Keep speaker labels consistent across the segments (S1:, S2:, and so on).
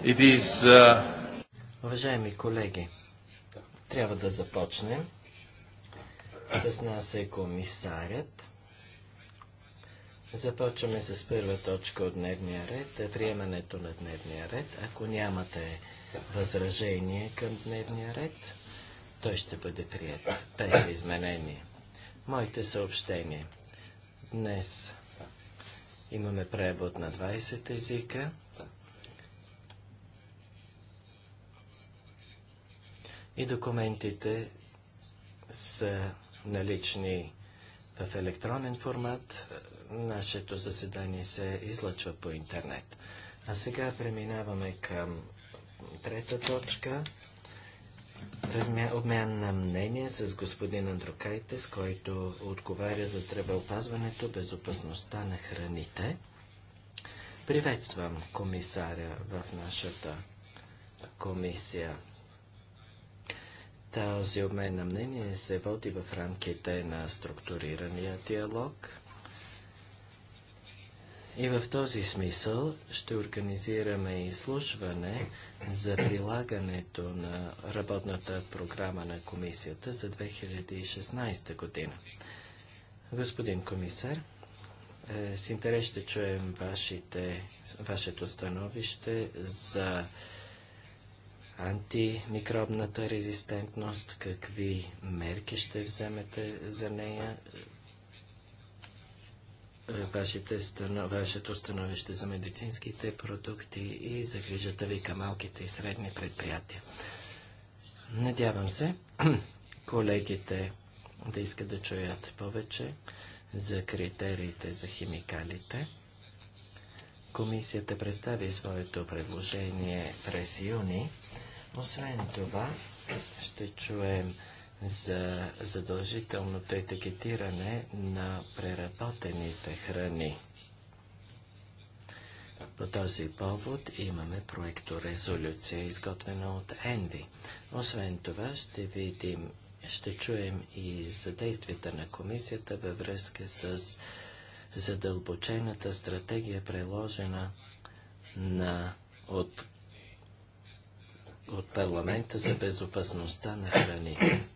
S1: Uh, Уважаеми колеги, трябва да започнем. С нас е комисарят. Започваме с първа точка от дневния ред, е приемането на дневния ред. Ако нямате възражение към дневния ред, той ще бъде прият без изменение. Моите съобщения. Днес Имаме превод на 20 езика. И документите са налични в електронен формат. Нашето заседание се излъчва по интернет. А сега преминаваме към трета точка размя... на мнение с господин Андрокайтес, който отговаря за здравеопазването, безопасността на храните. Приветствам комисаря в нашата комисия. Този обмен на мнение се води в рамките на структурирания диалог – и в този смисъл ще организираме изслушване за прилагането на работната програма на комисията за 2016 година. Господин комисар, е, с интерес ще чуем вашите, вашето становище за антимикробната резистентност, какви мерки ще вземете за нея, вашите, вашето становище за медицинските продукти и за грижата ви към малките и средни предприятия. Надявам се колегите да искат да чуят повече за критериите за химикалите. Комисията представи своето предложение през юни. Освен това, ще чуем за задължителното етикетиране на преработените храни. По този повод имаме проекто резолюция, изготвена от Енви. Освен това ще видим, ще чуем и за действията на комисията във връзка с задълбочената стратегия, преложена на, от, от парламента за безопасността на храните.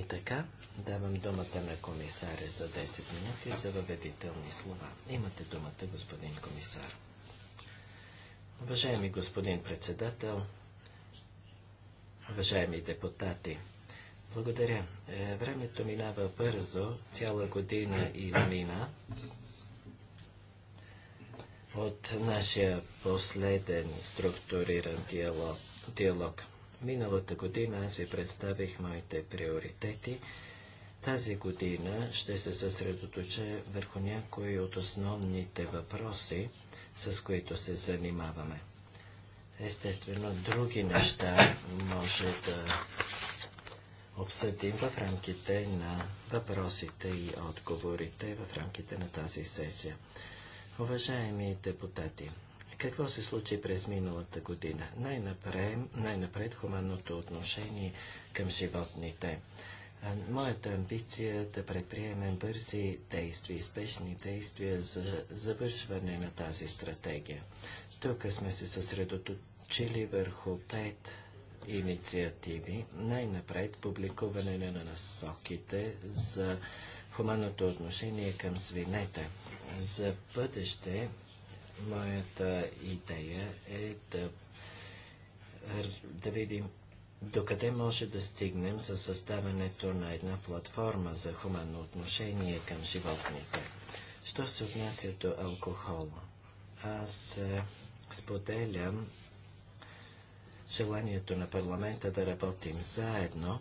S1: И така, давам думата на комисаря за 10 минути за въведителни слова. Имате думата, господин комисар. Уважаеми господин председател, уважаеми депутати, благодаря. Е, времето минава бързо, цяла година измина от нашия последен структуриран диалог. диалог. Миналата година аз ви представих моите приоритети. Тази година ще се съсредоточа върху някои от основните въпроси, с които се занимаваме. Естествено, други неща може да обсъдим в рамките на въпросите и отговорите в рамките на тази сесия. Уважаеми депутати, какво се случи през миналата година? Най-напред, най-напред хуманното отношение към животните. Моята амбиция е да предприемем бързи действия, спешни действия за завършване на тази стратегия. Тук сме се съсредоточили върху пет инициативи. Най-напред публикуване на насоките за хуманното отношение към свинете. За бъдеще Моята идея е да, да видим докъде може да стигнем за съставането на една платформа за хуманно отношение към животните. Що се отнася до алкохола? Аз е, споделям желанието на парламента да работим заедно.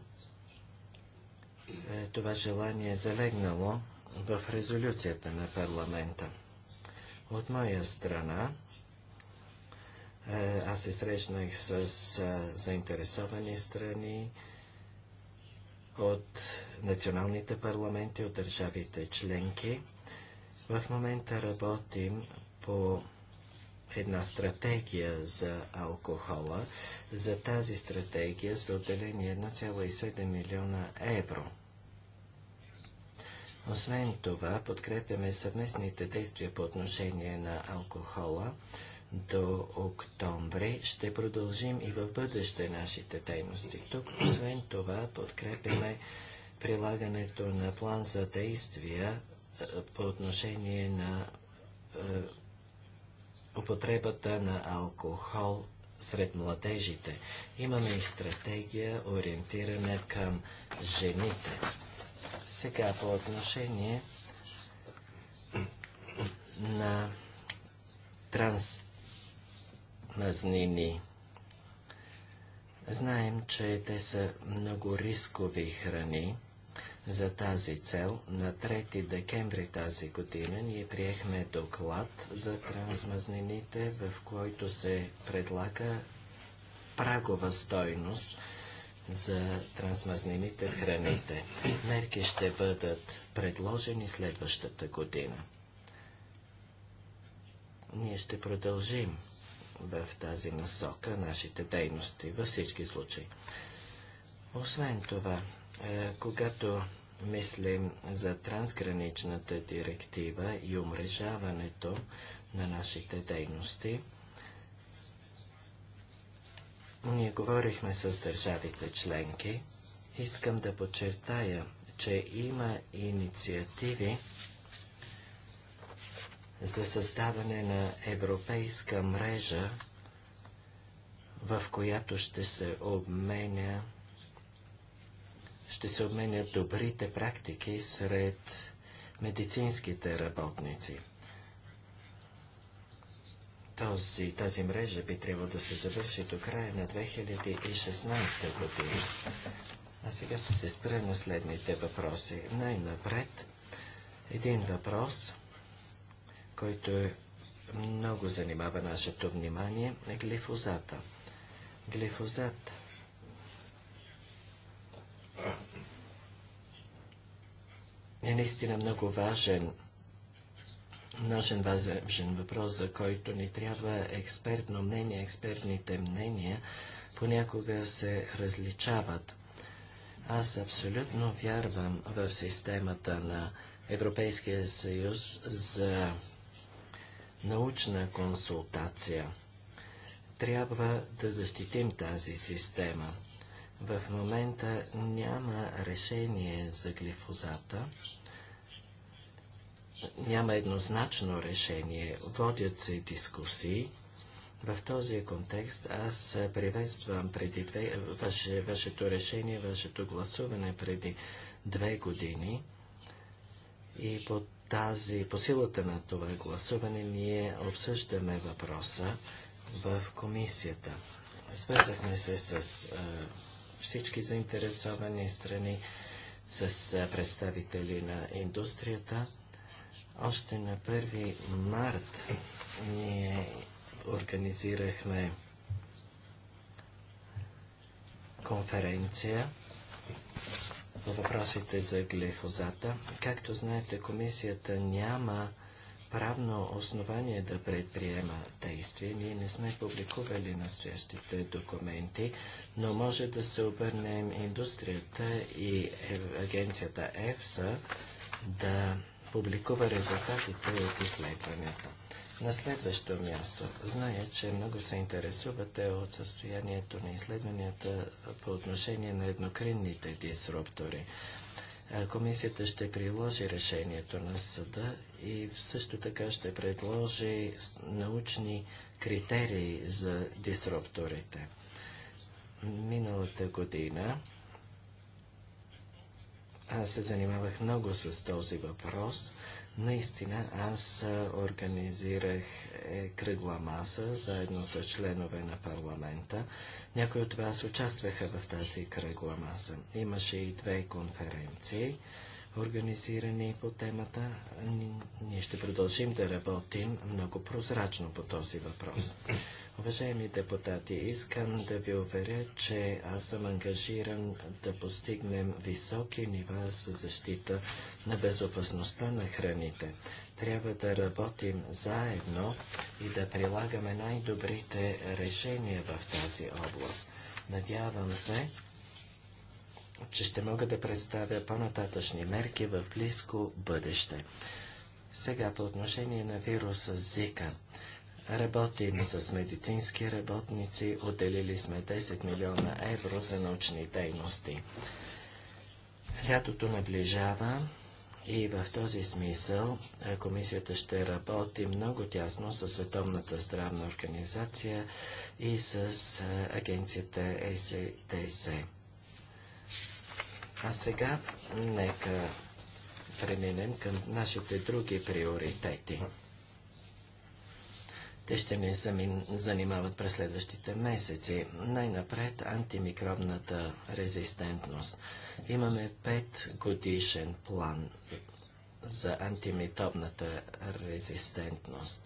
S1: Е, това желание е залегнало в резолюцията на парламента. От моя страна, е, аз се срещнах с е, заинтересовани страни от националните парламенти, от държавите членки. В момента работим по една стратегия за алкохола. За тази стратегия са отделени 1,7 милиона евро – освен това, подкрепяме съвместните действия по отношение на алкохола. До октомври ще продължим и в бъдеще нашите дейности. Тук, освен това, подкрепяме прилагането на план за действия е, по отношение на е, употребата на алкохол сред младежите. Имаме и стратегия, ориентирана към жените. Сега по отношение на трансмазнини. Знаем, че те са много рискови храни. За тази цел на 3 декември тази година ние приехме доклад за трансмазнините, в който се предлага прагова стойност – за трансмазнените храните. Мерки ще бъдат предложени следващата година. Ние ще продължим в тази насока нашите дейности във всички случаи. Освен това, е, когато мислим за трансграничната директива и умрежаването на нашите дейности, ние говорихме с държавите членки. Искам да подчертая, че има инициативи за създаване на европейска мрежа, в която ще се обменя ще се обменят добрите практики сред медицинските работници. Този, тази мрежа би трябвало да се завърши до края на 2016 година. А сега ще се спра на следните въпроси. Най-напред един въпрос, който е много занимава нашето внимание, е глифозата. Глифозат е наистина много важен нашен важен въпрос, за който ни трябва експертно мнение, експертните мнения понякога се различават. Аз абсолютно вярвам в системата на Европейския съюз за научна консултация. Трябва да защитим тази система. В момента няма решение за глифозата няма еднозначно решение. Водят се дискусии. В този контекст аз приветствам преди две, ваше, вашето решение, вашето гласуване преди две години. И по тази, по силата на това гласуване, ние обсъждаме въпроса в комисията. Свързахме се с а, всички заинтересовани страни, с а, представители на индустрията. Още на 1 март ние организирахме конференция по въпросите за глифозата. Както знаете, комисията няма правно основание да предприема действия. Ние не сме публикували настоящите документи, но може да се обърнем индустрията и агенцията ЕФСА да публикува резултатите от изследването. На следващо място, зная, че много се интересувате от състоянието на изследванията по отношение на еднокринните дисруптори. Комисията ще приложи решението на съда и също така ще предложи научни критерии за дисрупторите. Миналата година аз се занимавах много с този въпрос. Наистина, аз организирах е, кръгла маса заедно с членове на парламента. Някои от вас участваха в тази кръгла маса. Имаше и две конференции организирани по темата. Ние ще продължим да работим много прозрачно по този въпрос. Уважаеми депутати, искам да ви уверя, че аз съм ангажиран да постигнем високи нива за защита на безопасността на храните. Трябва да работим заедно и да прилагаме най-добрите решения в тази област. Надявам се, че ще мога да представя по-нататъчни мерки в близко бъдеще. Сега по отношение на вируса Зика. Работим с медицински работници, отделили сме 10 милиона евро за научни дейности. Лятото наближава и в този смисъл е, комисията ще работи много тясно с Световната здравна организация и с е, агенцията ЕСДС. А сега нека преминем към нашите други приоритети. Те ще ни занимават през следващите месеци. Най-напред антимикробната резистентност. Имаме пет годишен план за антимитобната резистентност.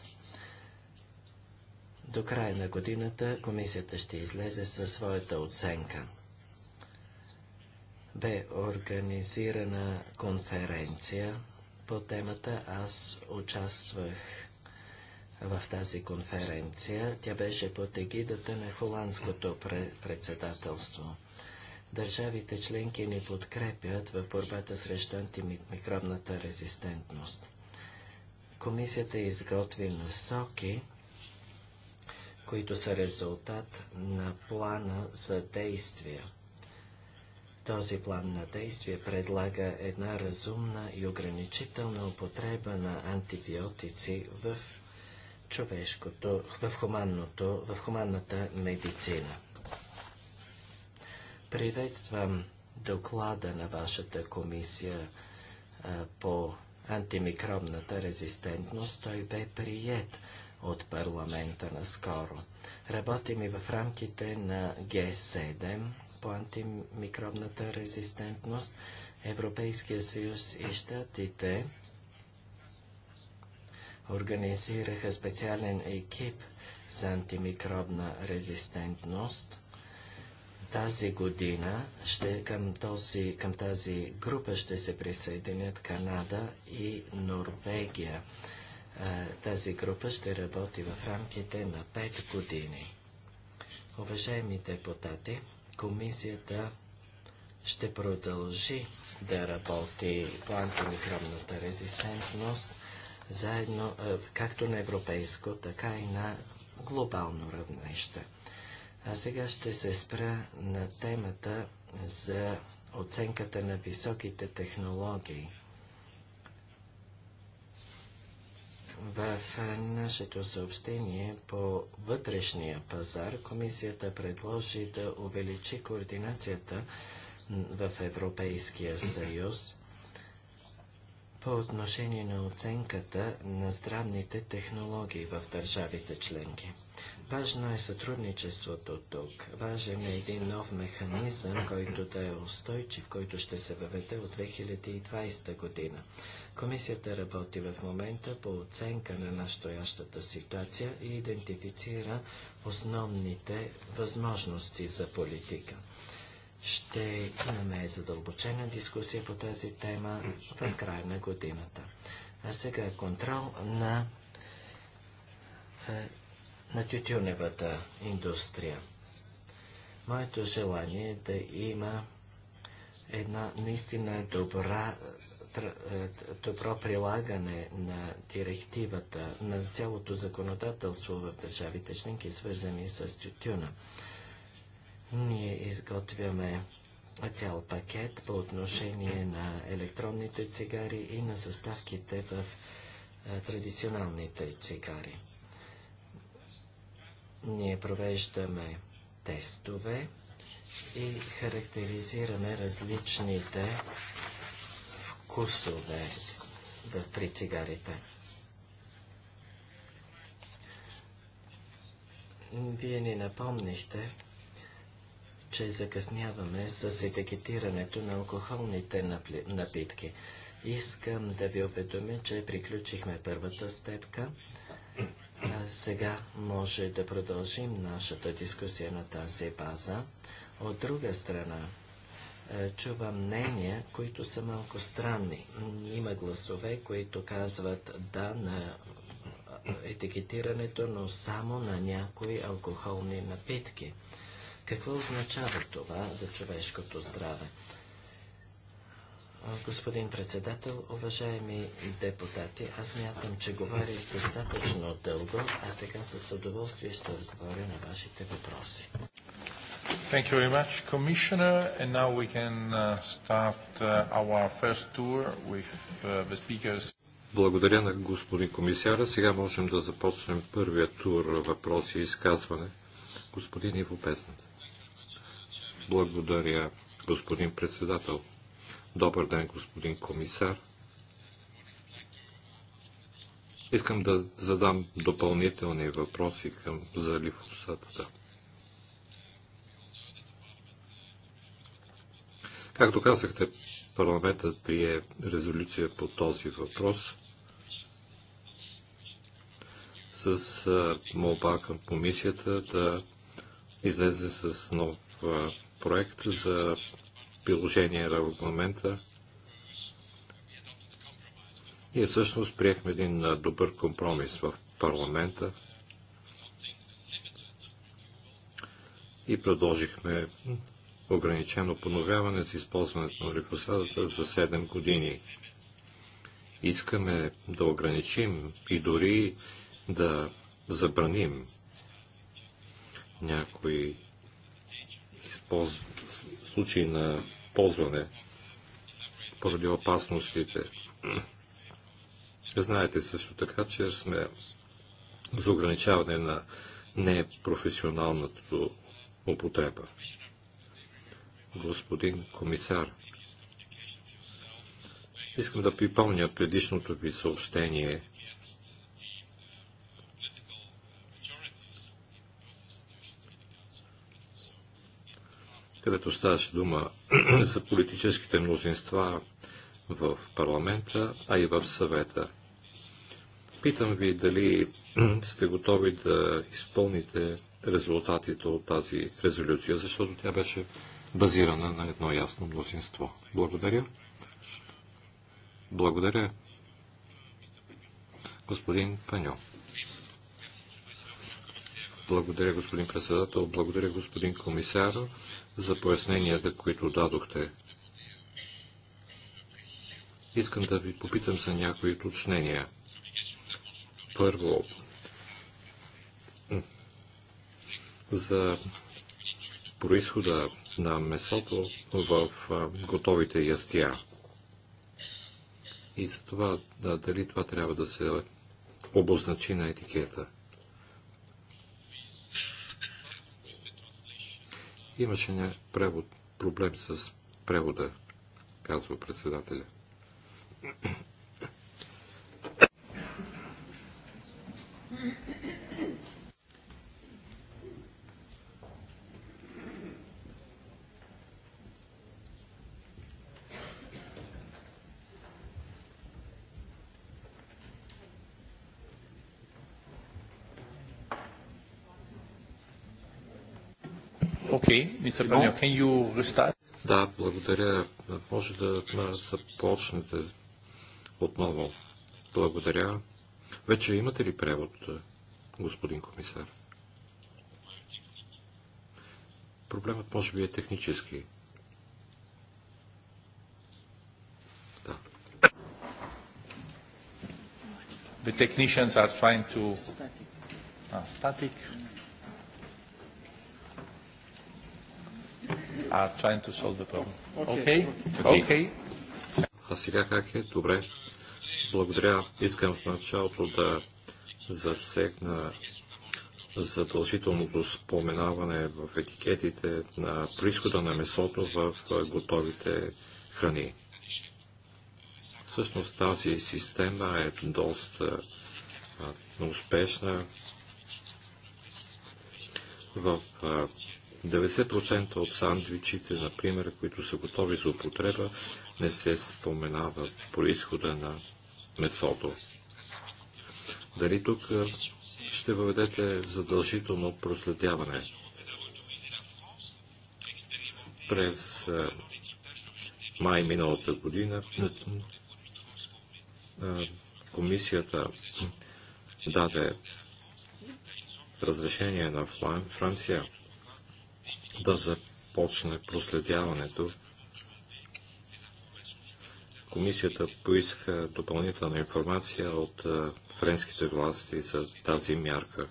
S1: До края на годината комисията ще излезе със своята оценка – бе организирана конференция по темата. Аз участвах в тази конференция. Тя беше под егидата на холандското председателство. Държавите членки ни подкрепят в борбата срещу антимикробната резистентност. Комисията изготви насоки, които са резултат на плана за действия – този план на действие предлага една разумна и ограничителна употреба на антибиотици в човешкото, в, хуманното, в хуманната медицина. Приветствам доклада на вашата комисия а, по антимикробната резистентност. Той бе прият от парламента наскоро. Работим и в рамките на Г7 по антимикробната резистентност, Европейския съюз и щатите организираха специален екип за антимикробна резистентност. Тази година ще, към, този, към тази група ще се присъединят Канада и Норвегия. Тази група ще работи в рамките на 5 години. Уважаеми депутати, комисията ще продължи да работи по антимикробната резистентност, заедно, е, както на европейско, така и на глобално равнище. А сега ще се спра на темата за оценката на високите технологии. В нашето съобщение по вътрешния пазар комисията предложи да увеличи координацията в Европейския съюз по отношение на оценката на здравните технологии в държавите членки. Важно е сътрудничеството тук. Важен е един нов механизъм, който да е устойчив, който ще се въведе от 2020 година. Комисията работи в момента по оценка на настоящата ситуация и идентифицира основните възможности за политика. Ще имаме задълбочена дискусия по тази тема в края на годината. А сега е контрол на, е, на тютюневата индустрия. Моето желание е да има една наистина добра е, добро прилагане на директивата, на цялото законодателство в държавите членки, свързани с тютюна. Ние изготвяме цял пакет по отношение на електронните цигари и на съставките в е, традиционалните цигари. Ние провеждаме тестове и характеризираме различните вкусове при цигарите. Вие ни напомнихте, че закъсняваме с етикетирането на алкохолните напитки. Искам да ви уведомя, че приключихме първата степка. А сега може да продължим нашата дискусия на тази база. От друга страна, е, чува мнения, които са малко странни. Има гласове, които казват да на е, етикетирането, но само на някои алкохолни напитки. Какво означава това за човешкото здраве? Господин председател, уважаеми депутати, аз мятам, че говорих достатъчно дълго, а сега с удоволствие ще отговоря на вашите въпроси.
S2: Thank you very much, Commissioner. And now we can uh, start uh, our first tour with uh, the speakers.
S3: Благодаря на господин комисаря. Сега можем да започнем първия тур въпроси и изказване. Господин Иво Песнец. Благодаря, господин председател. Добър ден, господин комисар. Искам да задам допълнителни въпроси към заливосъдата. Както казахте, парламентът прие резолюция по този въпрос с молба към комисията да излезе с нов проект за приложение на регламента. И всъщност приехме един добър компромис в парламента и предложихме ограничено подновяване с използването на глифосата за 7 години. Искаме да ограничим и дори да забраним някои случаи на ползване поради опасностите. Знаете също така, че сме за ограничаване на непрофесионалната употреба господин комисар. Искам да припомня предишното ви съобщение. където ставаше дума за политическите мнозинства в парламента, а и в съвета. Питам ви дали сте готови да изпълните резултатите от тази резолюция, защото тя беше базирана на едно ясно мнозинство. Благодаря. Благодаря, господин Паньо. Благодаря, господин председател. Благодаря, господин комисар, за поясненията, които дадохте. Искам да ви попитам за някои уточнения. Първо, за происхода на месото в готовите ястия. И за това, да, дали това трябва да се обозначи на етикета. Имаше не превод, проблем с превода, казва председателя.
S2: Окей, мистер Панел, can you restart?
S3: Да, благодаря. Може да започнете отново. Благодаря. Вече имате ли превод, господин комисар?
S2: Проблемът може би е технически. Да. The technicians are trying to... Ah, static. are trying to solve the problem. Okay? Okay. А
S3: сега как е? Добре. Благодаря. Искам в началото да засегна задължителното споменаване в етикетите на происхода на месото в готовите храни. Всъщност тази система е доста успешна. В а, 90% от сандвичите, например, които са готови за употреба, не се споменава происхода на месото. Дали тук ще въведете задължително проследяване през май миналата година комисията даде разрешение на Франция да започне проследяването. Комисията поиска допълнителна информация от френските власти за тази мярка.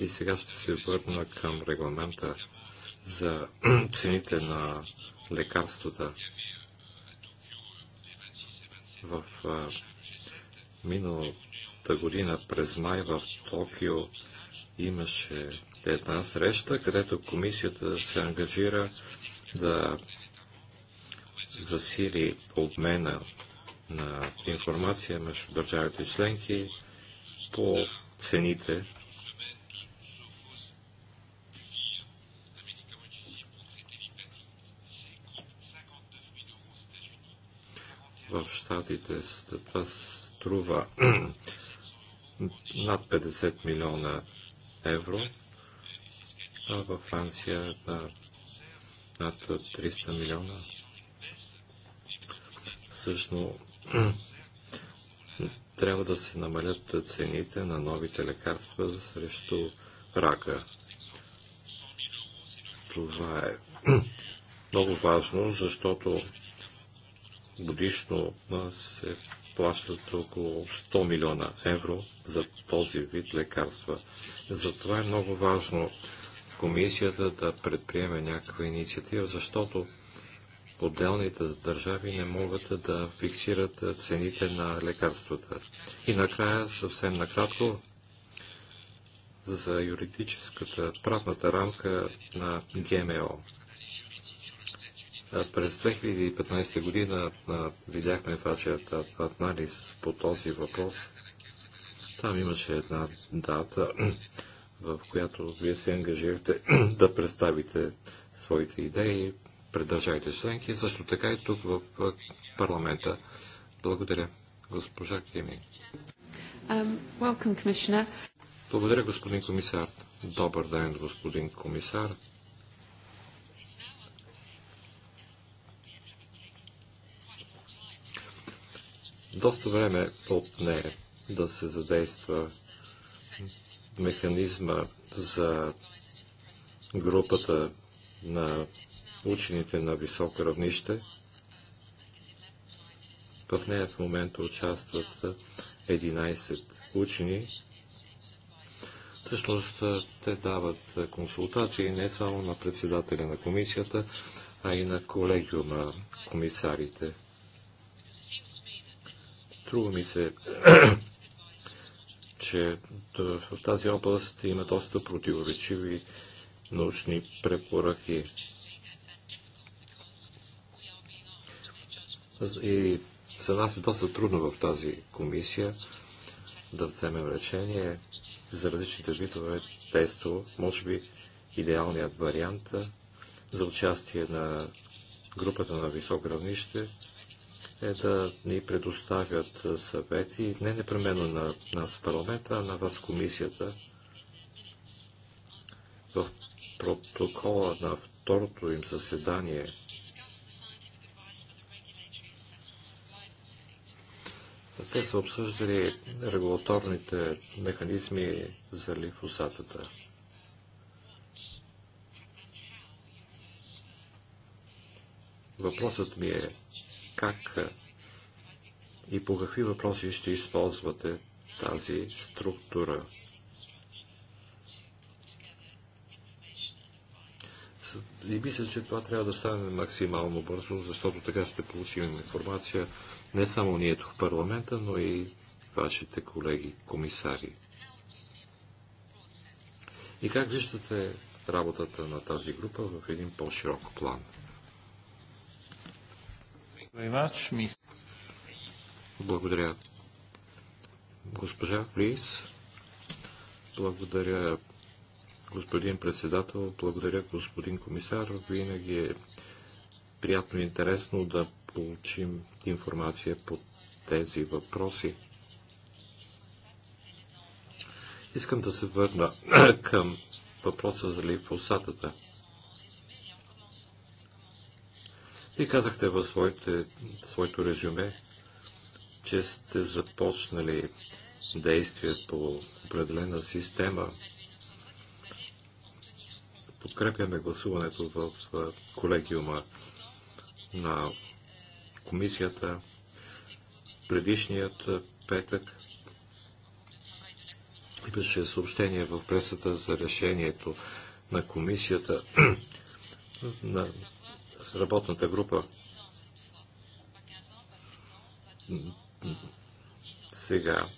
S3: И сега ще се върна към регламента за цените на лекарствата. В минало миналата година през май в Токио имаше една среща, където комисията се ангажира да засили обмена на информация между държавите членки по цените в Штатите това струва над 50 милиона евро, а във Франция на над 300 милиона. Също трябва да се намалят цените на новите лекарства срещу рака. Това е много важно, защото годишно се плащат около 100 милиона евро за този вид лекарства. Затова е много важно комисията да предприеме някаква инициатива, защото отделните държави не могат да фиксират цените на лекарствата. И накрая, съвсем накратко, за юридическата правната рамка на ГМО. През 2015 година видяхме вашият анализ по този въпрос. Там имаше една дата, в която вие се ангажирате да представите своите идеи пред държавите членки, също така и тук в парламента. Благодаря, госпожа Кими.
S4: Um,
S3: Благодаря, господин комисар. Добър ден, господин комисар. Доста време отне да се задейства механизма за групата на учените на високо равнище. В нея в момента участват 11 учени. Всъщност те дават консултации не само на председателя на комисията, а и на колегиума комисарите. Струва ми се, че в тази област има доста противоречиви научни препоръки. И за нас е доста трудно в тази комисия да вземем решение за различните видове тесто. Може би идеалният вариант е за участие на групата на високо равнище е да ни предоставят съвети, не непременно на нас в парламента, а на вас комисията. В протокола на второто им заседание те са обсъждали регулаторните механизми за лифосатата. Въпросът ми е как и по какви въпроси ще използвате тази структура. И мисля, че това трябва да стане максимално бързо, защото така ще получим информация не само ние тук в парламента, но и вашите колеги комисари. И как виждате работата на тази група в един по-широк план? Благодаря. Госпожа Крис, Благодаря, господин председател. Благодаря, господин комисар. Винаги е приятно и интересно да получим информация по тези въпроси. Искам да се върна към въпроса за лифосатата. И казахте в своите, своето резюме, че сте започнали действия по определена система. Подкрепяме гласуването в колегиума на комисията предишният петък имаше съобщение в пресата за решението на комисията на работната група сега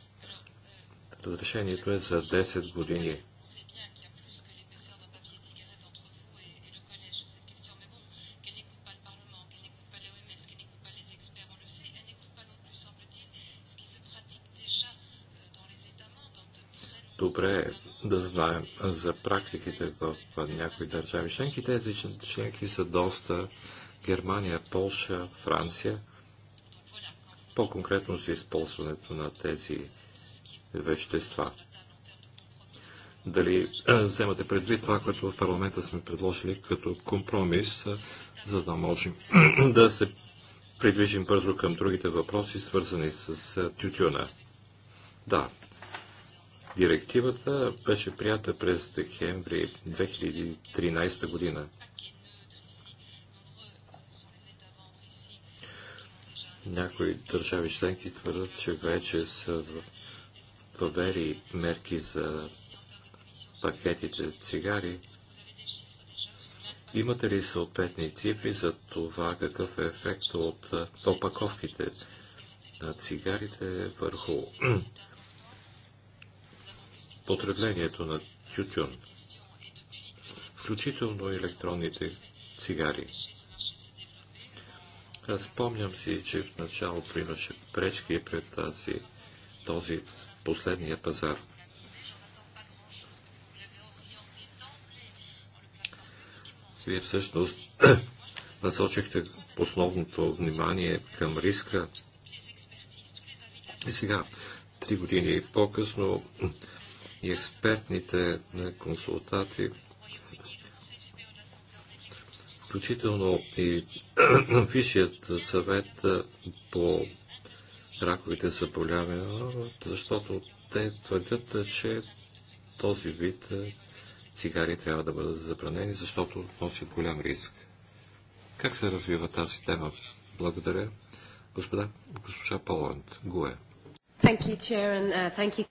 S3: разрешението е за 10 години. Добре, да знаем за практиките в някои държави членки. Тези членки са доста Германия, Полша, Франция. По-конкретно за използването на тези вещества. Дали вземате предвид това, което в парламента сме предложили като компромис, за да можем да се придвижим бързо към другите въпроси, свързани с тютюна. Да, Директивата беше прията през декември 2013 година. Някои държави членки твърдят, че вече са въвери мерки за пакетите цигари. Имате ли съответни цифри за това какъв е ефект от опаковките на цигарите върху потреблението на тютюн, включително електронните цигари. Аз спомням си, че в началото имаше пречки пред тази, този последния пазар. Вие всъщност насочихте основното внимание към риска. И сега, три години по-късно, и експертните е, консултати, включително и Висшият съвет е, по раковите заболявания, защото те твърдят, е, че този вид цигари трябва да бъдат забранени, защото носят голям риск. Как се развива тази тема? Благодаря. Господа, госпожа Поланд, Гуе.
S4: Thank you, Chair, and, uh, thank you.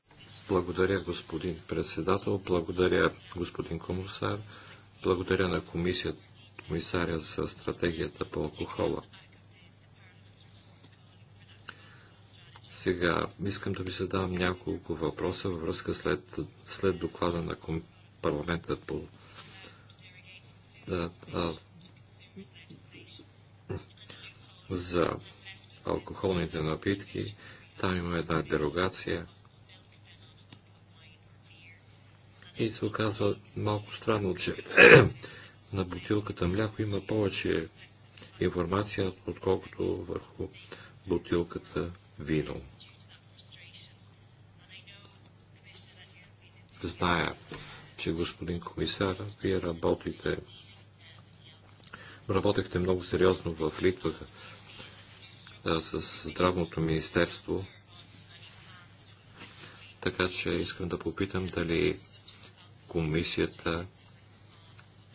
S3: Благодаря, господин председател. Благодаря, господин комисар. Благодаря на комисията, комисаря за стратегията по алкохола. Сега искам да ви задам няколко въпроса във връзка след, след доклада на парламента по да, а, за алкохолните напитки. Там има една дерогация И се оказва малко странно, че на бутилката мляко има повече информация, отколкото върху бутилката вино. Зная, че господин комисар, вие работите, работехте много сериозно в Литва да, с здравното министерство, така че искам да попитам дали комисията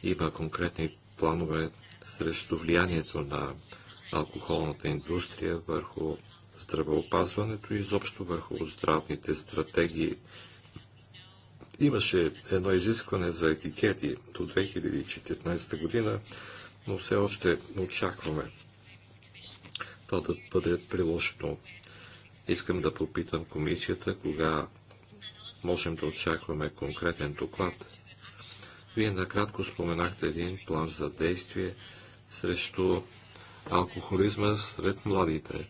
S3: има конкретни планове срещу влиянието на алкохолната индустрия върху здравеопазването и изобщо върху здравните стратегии. Имаше едно изискване за етикети до 2014 година, но все още очакваме това да бъде приложено. Искам да попитам комисията, кога можем да очакваме конкретен доклад. Вие накратко споменахте един план за действие срещу алкохолизма сред младите.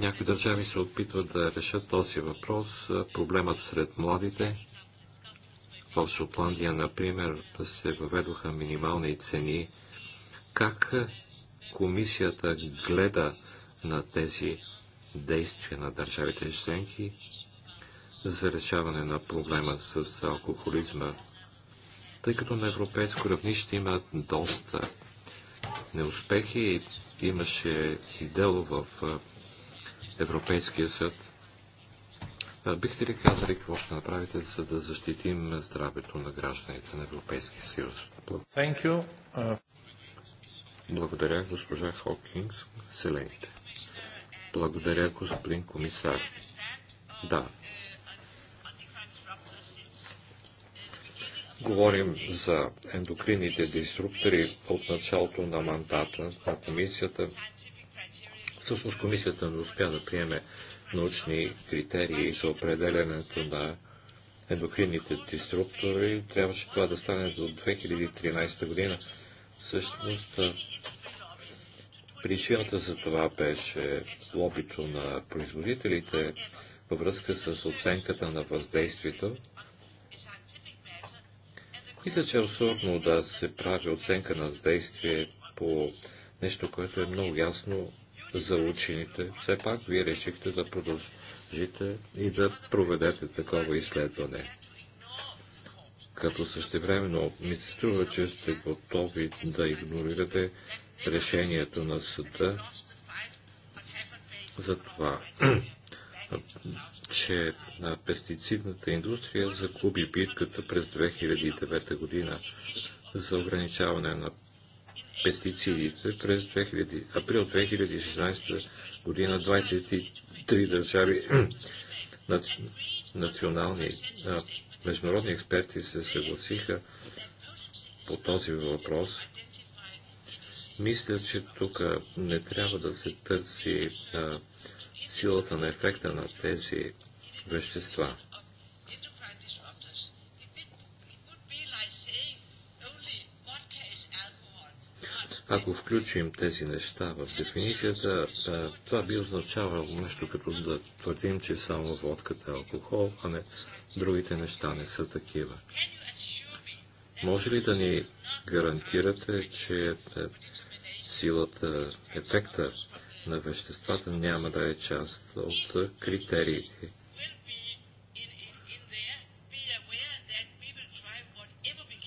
S3: Някои държави се опитват да решат този въпрос. Проблемът сред младите в Шотландия, например, да се въведоха минимални цени. Как комисията гледа на тези действия на държавите членки за решаване на проблема с алкохолизма, тъй като на европейско равнище има доста неуспехи. Имаше и дело в Европейския съд. Бихте ли казали какво ще направите, за да защитим здравето на гражданите на Европейския съюз?
S2: Благодаря.
S3: Благодаря, госпожа Хокинс, Селените. Благодаря, господин комисар. Да, Говорим за ендокрините диструктори от началото на мандата на комисията. Всъщност комисията не успя да приеме научни критерии за определенето на ендокринните диструктори. Трябваше това да стане до 2013 година. Всъщност причината за това беше лобито на производителите във връзка с оценката на въздействието мисля, че е абсурдно да се прави оценка на въздействие по нещо, което е много ясно за учените. Все пак вие решихте да продължите и да проведете такова изследване. Като същевременно ми се струва, че сте готови да игнорирате решението на съда за това че пестицидната индустрия загуби битката през 2009 година за ограничаване на пестицидите през 2000, април 2016 година 23 държави национални международни експерти се съгласиха по този въпрос. Мисля, че тук не трябва да се търси а, силата на ефекта на тези вещества. Ако включим тези неща в дефиницията, това би означавало нещо като да твърдим, че само водката е алкохол, а не другите неща не са такива. Може ли да ни гарантирате, че е, силата, ефекта на веществата няма да е част от критериите.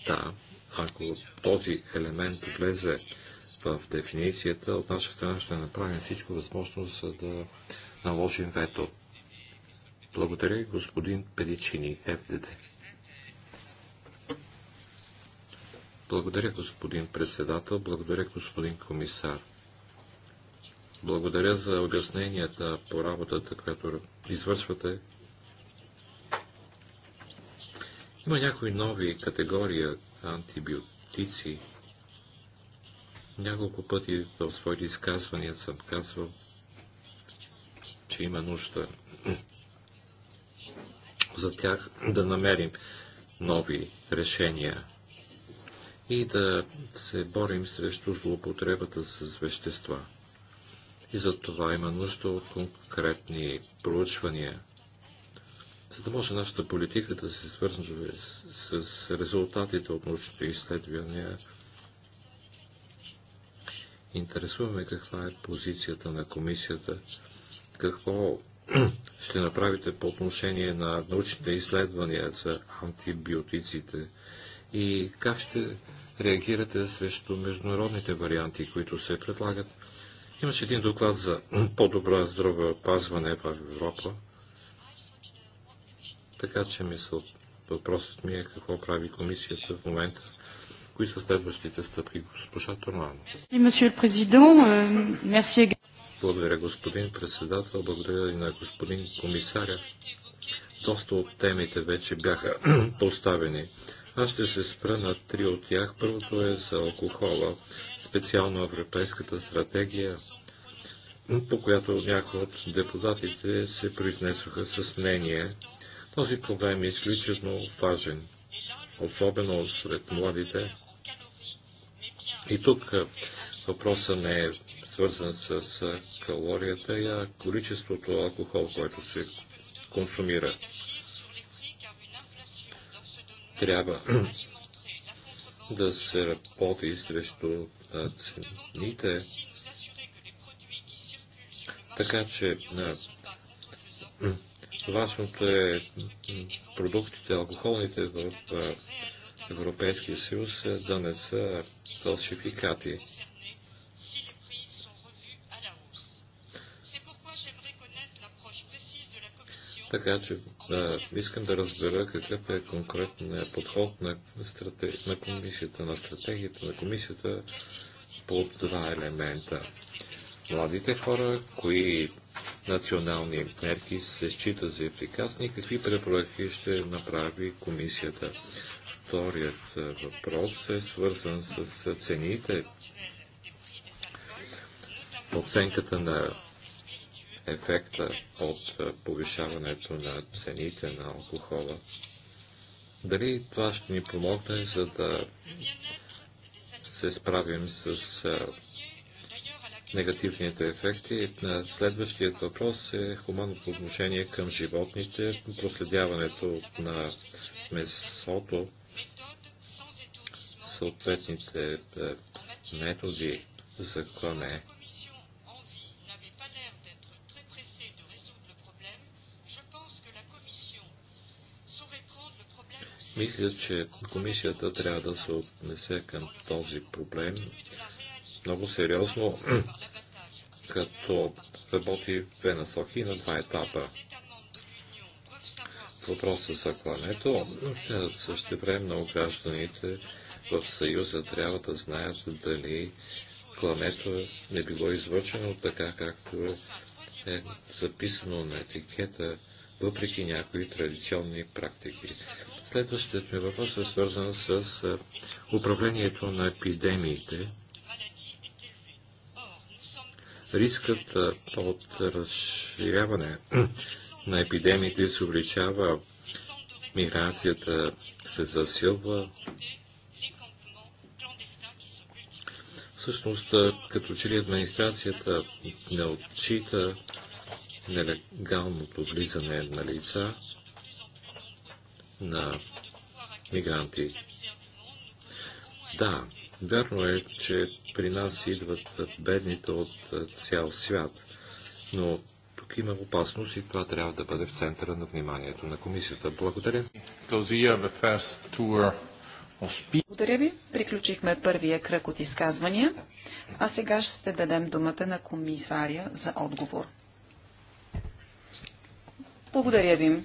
S3: Да, ако този елемент влезе в дефиницията, от наша страна ще направим всичко възможно, за да наложим вето. Благодаря, господин Педичини, ФДД. Благодаря, господин председател, благодаря, господин комисар. Благодаря за обясненията по работата, която извършвате. Има някои нови категории антибиотици. Няколко пъти в своите изказвания съм казвал, че има нужда за тях да намерим нови решения и да се борим срещу злоупотребата с вещества и за това има нужда от конкретни проучвания, за да може нашата политика да се свързва с, с резултатите от научните изследвания. Интересуваме каква е позицията на комисията, какво ще направите по отношение на научните изследвания за антибиотиците и как ще реагирате срещу международните варианти, които се предлагат Имаше един доклад за по-добро опазване в Европа. Така че мисъл, въпросът ми е какво прави комисията в момента, кои са следващите стъпки, госпожа Тормано.
S4: Euh,
S3: благодаря, господин председател, благодаря и на господин комисаря. Доста от темите вече бяха поставени. Аз ще се спра на три от тях. Първото е за алкохола специално Европейската стратегия, по която някои от депутатите се произнесоха с мнение. Този проблем е изключително важен, особено сред младите. И тук въпросът не е свързан с калорията, а количеството алкохол, който се консумира. Трябва да се работи срещу цените, така че важното е продуктите, алкохолните в Европейския съюз е да не са фалшификати. Така че да, искам да разбера какъв е конкретният подход на, стратег... на комисията, на стратегията на комисията по два елемента. Младите хора, кои национални мерки се считат за ефикасни, какви препоръки ще направи комисията. Вторият е, въпрос е свързан с цените. Оценката на ефекта от е, повишаването на цените на алкохола. Дали това ще ни помогне, за да се справим с негативните ефекти. На Следващият въпрос е хуманното отношение към животните, проследяването на месото, съответните методи за клане. Мисля, че комисията трябва да се отнесе към този проблем много сериозно, като работи в две насоки на два етапа. Въпроса за клането също време гражданите в Съюза трябва да знаят дали клането не било извършено така, както е записано на етикета, въпреки някои традиционни практики. Следващият ми въпрос е свързан с е, управлението на епидемиите. Рискът е, от разширяване на епидемиите се увеличава, миграцията се засилва. Всъщност, е, като че ли администрацията не отчита нелегалното влизане на лица, на мигранти. Да, верно е, че при нас идват бедните от цял свят, но тук има опасност и това трябва да бъде в центъра на вниманието на комисията. Благодаря.
S4: Благодаря ви. Приключихме първия кръг от изказвания, а сега ще дадем думата на комисаря за отговор. Благодаря ви.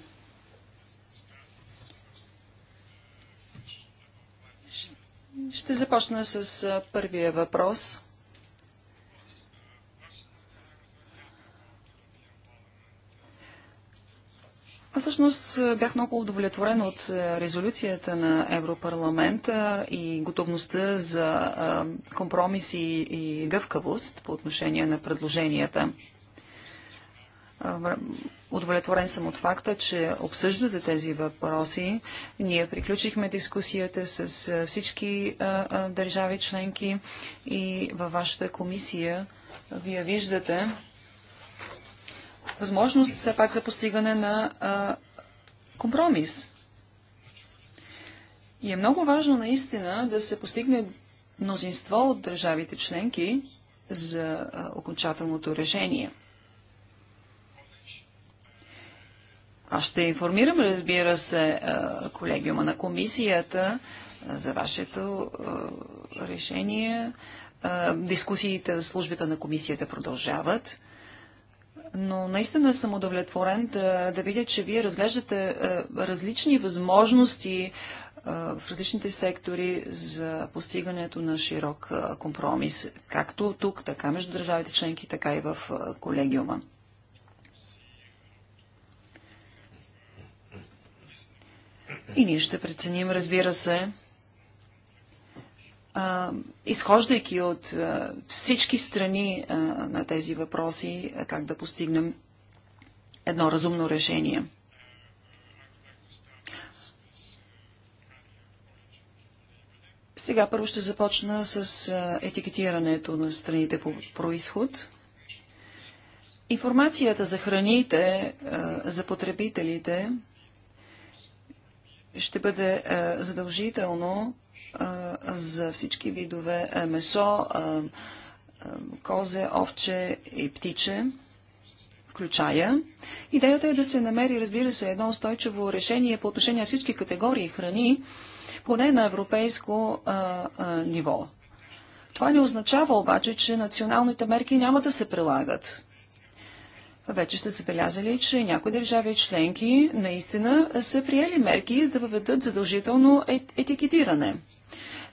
S4: Ще започна с първия въпрос. Аз всъщност бях много удовлетворен от резолюцията на Европарламента и готовността за компромиси и гъвкавост по отношение на предложенията. Удовлетворен съм от факта, че обсъждате тези въпроси. Ние приключихме дискусията с всички държави членки и във вашата комисия вие виждате възможност все пак за постигане на компромис. И е много важно наистина да се постигне мнозинство от държавите членки за окончателното решение. Аз ще информирам, разбира се, колегиума на комисията за вашето решение. Дискусиите в службите на комисията продължават. Но наистина съм удовлетворен да, да видя, че вие разглеждате различни възможности в различните сектори за постигането на широк компромис, както тук, така между държавите членки, така и в колегиума. И ние ще преценим, разбира се, а, изхождайки от а, всички страни а, на тези въпроси, как да постигнем едно разумно решение. Сега първо ще започна с етикетирането на страните по происход. Информацията за храните, за потребителите ще бъде е, задължително е, за всички видове е, месо, козе, овче и птиче, включая. Идеята е да се намери, разбира се, едно устойчиво решение по отношение на всички категории храни, поне на европейско а, а, ниво. Това не означава обаче, че националните мерки няма да се прилагат вече сте забелязали, че някои държави членки наистина са приели мерки да въведат задължително етикетиране.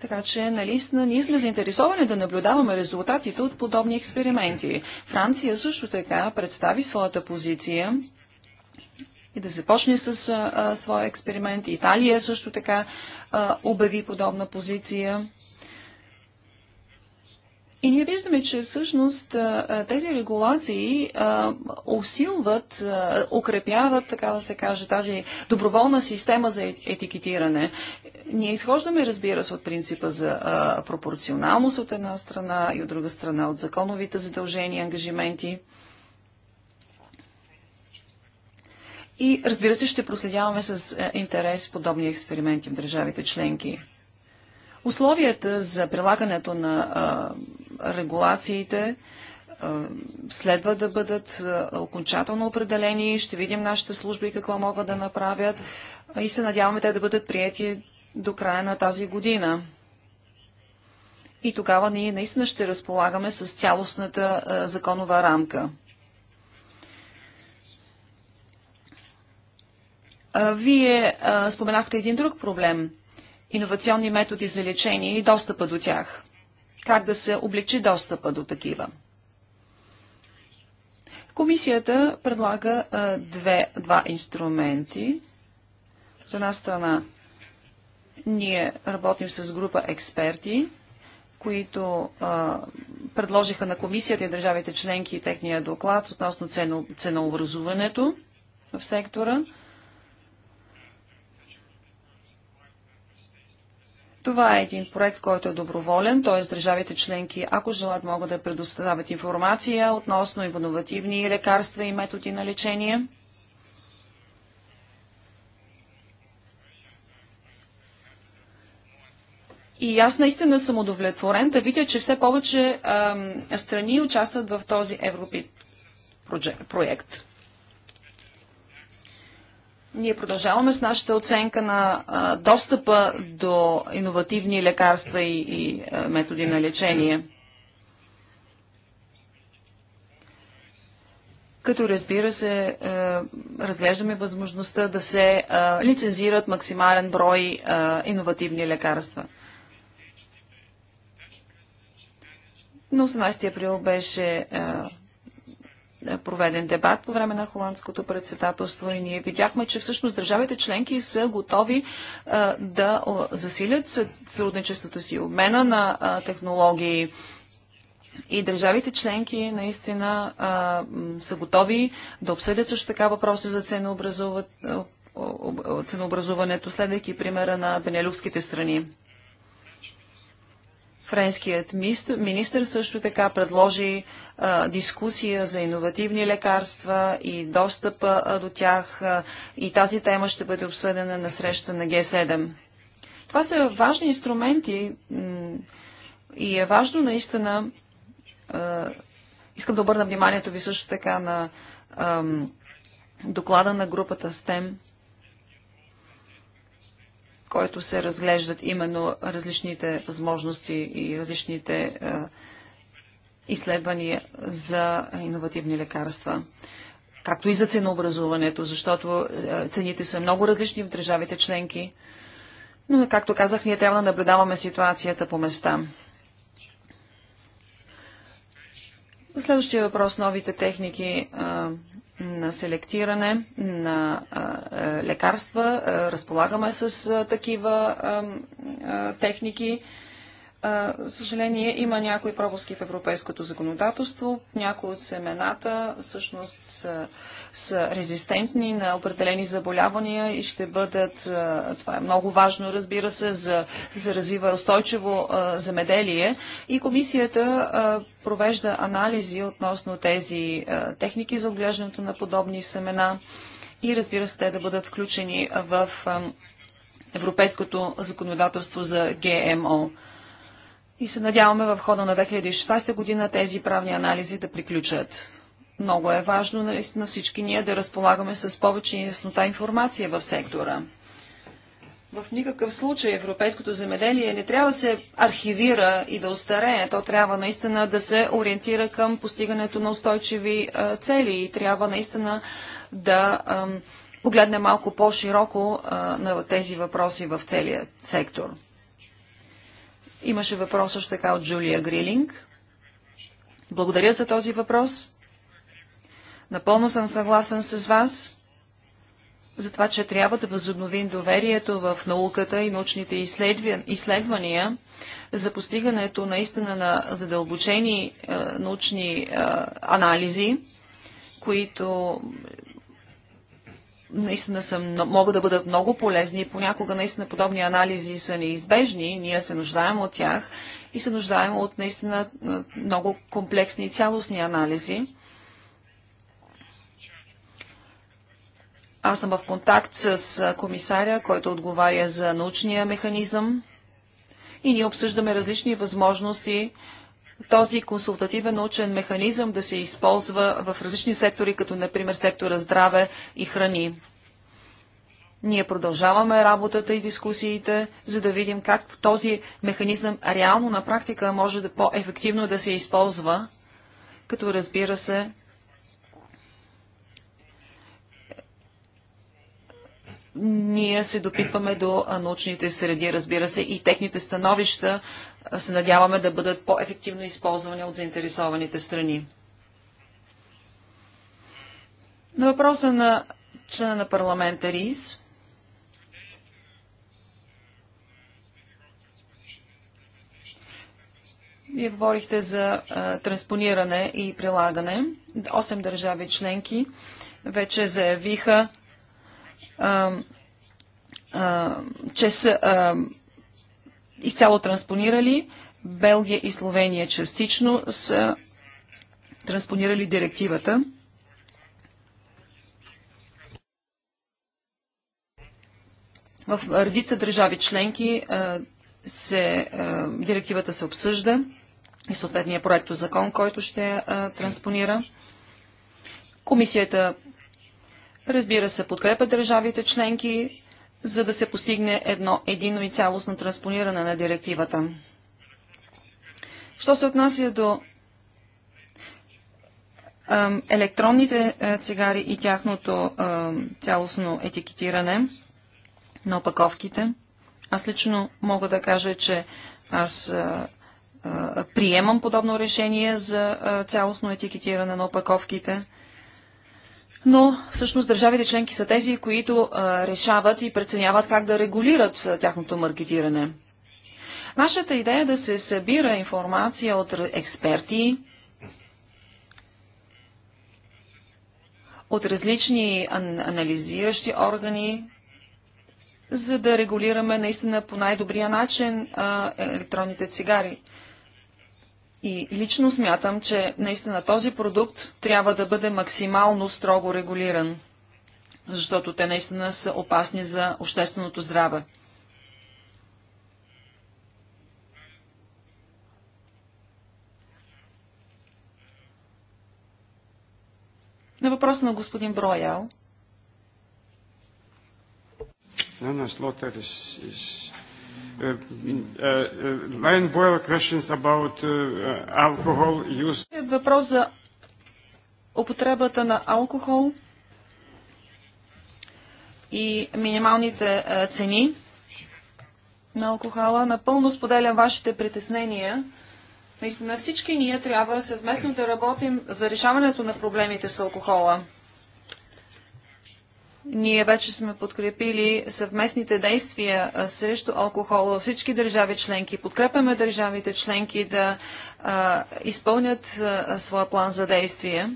S4: Така че, нали, ние сме заинтересовани да наблюдаваме резултатите от подобни експерименти. Франция също така представи своята позиция и да започне с а, своя експеримент. Италия също така а, обяви подобна позиция. И ние виждаме, че всъщност тези регулации усилват, укрепяват, така да се каже, тази доброволна система за е-, етикетиране. Ние изхождаме, разбира се, от принципа за пропорционалност от една страна и от друга страна от законовите задължения и ангажименти. И разбира се, ще проследяваме с интерес подобни експерименти в държавите членки. Условията за прилагането на а, регулациите следва да бъдат окончателно определени. Ще видим нашите служби какво могат да направят и се надяваме те да бъдат прияти до края на тази година. И тогава ние наистина ще разполагаме с цялостната законова рамка. Вие споменахте един друг проблем – иновационни методи за лечение и достъпа до тях – как да се облегчи достъпа до такива. Комисията предлага а, две, два инструменти. От една страна ние работим с група експерти, които а, предложиха на комисията и държавите членки и техния доклад относно цено, ценообразуването в сектора. Това е един проект, който е доброволен, т.е. държавите членки, ако желат, могат да предоставят информация относно иновативни лекарства и методи на лечение. И аз наистина съм удовлетворен да видя, че все повече а, страни участват в този Европит проект. Ние продължаваме с нашата оценка на достъпа до иновативни лекарства и, и методи на лечение. Като разбира се, разглеждаме възможността да се лицензират максимален брой иновативни лекарства. На 18 април беше проведен дебат по време на холандското председателство и ние видяхме, че всъщност държавите членки са готови да засилят сътрудничеството си, обмена на технологии. И държавите членки наистина а, са готови да обсъдят също така въпроси за ценообразуването, следвайки примера на бенелюкските страни. Френският министр също така предложи а, дискусия за иновативни лекарства и достъпа а, до тях а, и тази тема ще бъде обсъдена на среща на Г7. Това са важни инструменти и е важно наистина, искам да обърна вниманието ви също така на доклада на групата STEM, който се разглеждат именно различните възможности и различните е, изследвания за иновативни лекарства. Както и за ценообразуването, защото е, цените са много различни в държавите членки. Но, както казах, ние трябва да наблюдаваме ситуацията по места. Следващия въпрос новите техники на селектиране на е, лекарства. Разполагаме с такива техники. За съжаление, има някои пропуски в европейското законодателство. Някои от семената всъщност са, са резистентни на определени заболявания и ще бъдат, това е много важно, разбира се, за да се развива устойчиво замеделие. И комисията провежда анализи относно тези техники за отглеждането на подобни семена и разбира се, те да бъдат включени в европейското законодателство за ГМО. И се надяваме в хода на 2016 година тези правни анализи да приключат. Много е важно нали, на всички ние да разполагаме с повече яснота информация в сектора. В никакъв случай европейското земеделие не трябва да се архивира и да остарее. То трябва наистина да се ориентира към постигането на устойчиви цели и трябва наистина да погледне малко по-широко на тези въпроси в целия сектор. Имаше въпрос също така от Джулия Грилинг. Благодаря за този въпрос. Напълно съм съгласен с вас за това, че трябва да възобновим доверието в науката и научните изследвания за постигането наистина на задълбочени е, научни е, анализи, които наистина са, могат да бъдат много полезни понякога наистина подобни анализи са неизбежни, ние се нуждаем от тях и се нуждаем от наистина много комплексни и цялостни анализи. Аз съм в контакт с комисаря, който отговаря за научния механизъм и ние обсъждаме различни възможности този консултативен научен механизъм да се използва в различни сектори, като например сектора здраве и храни. Ние продължаваме работата и дискусиите, за да видим как този механизъм реално на практика може да по-ефективно да се използва, като разбира се, ние се допитваме до научните среди, разбира се, и техните становища се надяваме да бъдат по-ефективно използвани от заинтересованите страни. На въпроса на члена на парламента РИС, Вие говорихте за а, транспониране и прилагане. Осем държави членки вече заявиха, че са изцяло транспонирали. Белгия и Словения частично са транспонирали директивата. В редица държави членки се, директивата се обсъжда и съответния проект закон, който ще транспонира. Комисията Разбира се, подкрепят държавите членки, за да се постигне едно едино и цялостно транспониране на директивата. Що се отнася до електронните е, цигари и тяхното цялостно етикетиране на опаковките, аз лично мога да кажа, че аз е, е, приемам подобно решение за цялостно етикетиране на опаковките но всъщност държавите членки са тези, които а, решават и преценяват как да регулират а, тяхното маркетиране. Нашата идея е да се събира информация от експерти, от различни анализиращи органи, за да регулираме наистина по най-добрия начин а, електронните цигари. И лично смятам, че наистина този продукт трябва да бъде максимално строго регулиран, защото те наистина са опасни за общественото здраве. На въпроса на господин Броял.
S3: No, no, Uh, uh, uh,
S4: е, въпрос за употребата на алкохол и минималните е, цени на алкохола. Напълно споделям вашите притеснения. Наистина всички ние трябва съвместно да работим за решаването на проблемите с алкохола. Ние вече сме подкрепили съвместните действия срещу алкохол във всички държави членки. Подкрепяме държавите членки да а, изпълнят а, своя план за действие,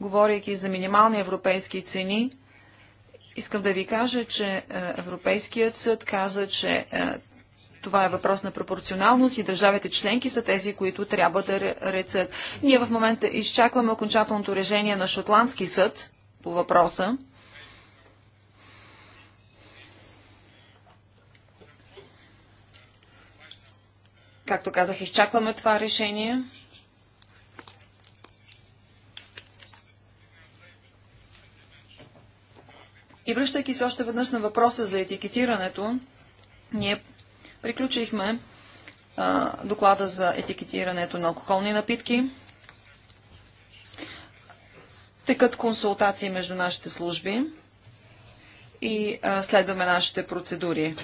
S4: говорейки за минимални европейски цени. Искам да ви кажа, че Европейският съд каза, че това е въпрос на пропорционалност и държавите членки са тези, които трябва да рецат. Ние в момента изчакваме окончателното решение на Шотландски съд, по въпроса. Както казах, изчакваме това решение. И връщайки се още веднъж на въпроса за етикетирането, ние приключихме а, доклада за етикетирането на алкохолни напитки. Текат консултации между нашите служби и следваме нашите процедури.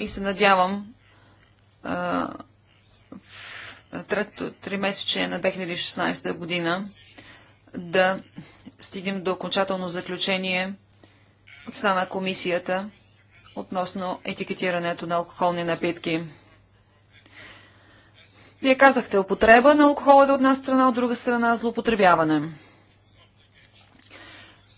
S4: И се надявам третото три месече на 2016 година да стигнем до окончателно заключение от страна комисията относно етикетирането на алкохолни напитки. Вие казахте употреба на алкохол е от една страна, от друга страна злоупотребяване.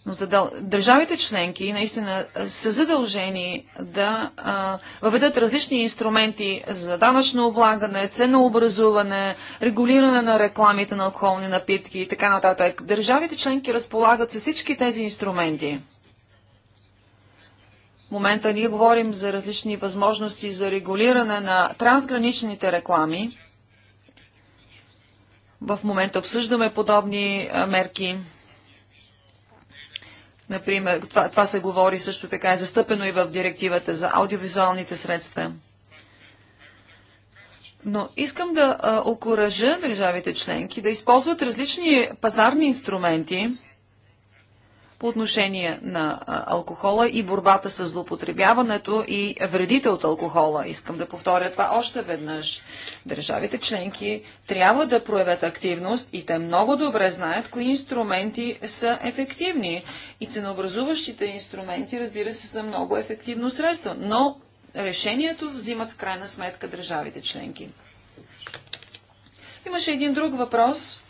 S4: Но задъл... държавите членки наистина са задължени да а, въведат различни инструменти за данъчно облагане, ценообразуване, регулиране на рекламите на алкохолни напитки и така нататък. Държавите членки разполагат с всички тези инструменти. В момента ние говорим за различни възможности за регулиране на трансграничните реклами в момента обсъждаме подобни мерки. Например, това, това се говори също така е застъпено и в директивата за аудиовизуалните средства. Но искам да окоръжа държавите членки да използват различни пазарни инструменти, по отношение на алкохола и борбата с злоупотребяването и вредите от алкохола. Искам да повторя това още веднъж. Държавите членки трябва да проявят активност и те много добре знаят кои инструменти са ефективни. И ценообразуващите инструменти, разбира се, са много ефективно средство, но решението взимат в крайна сметка държавите членки. Имаше един друг въпрос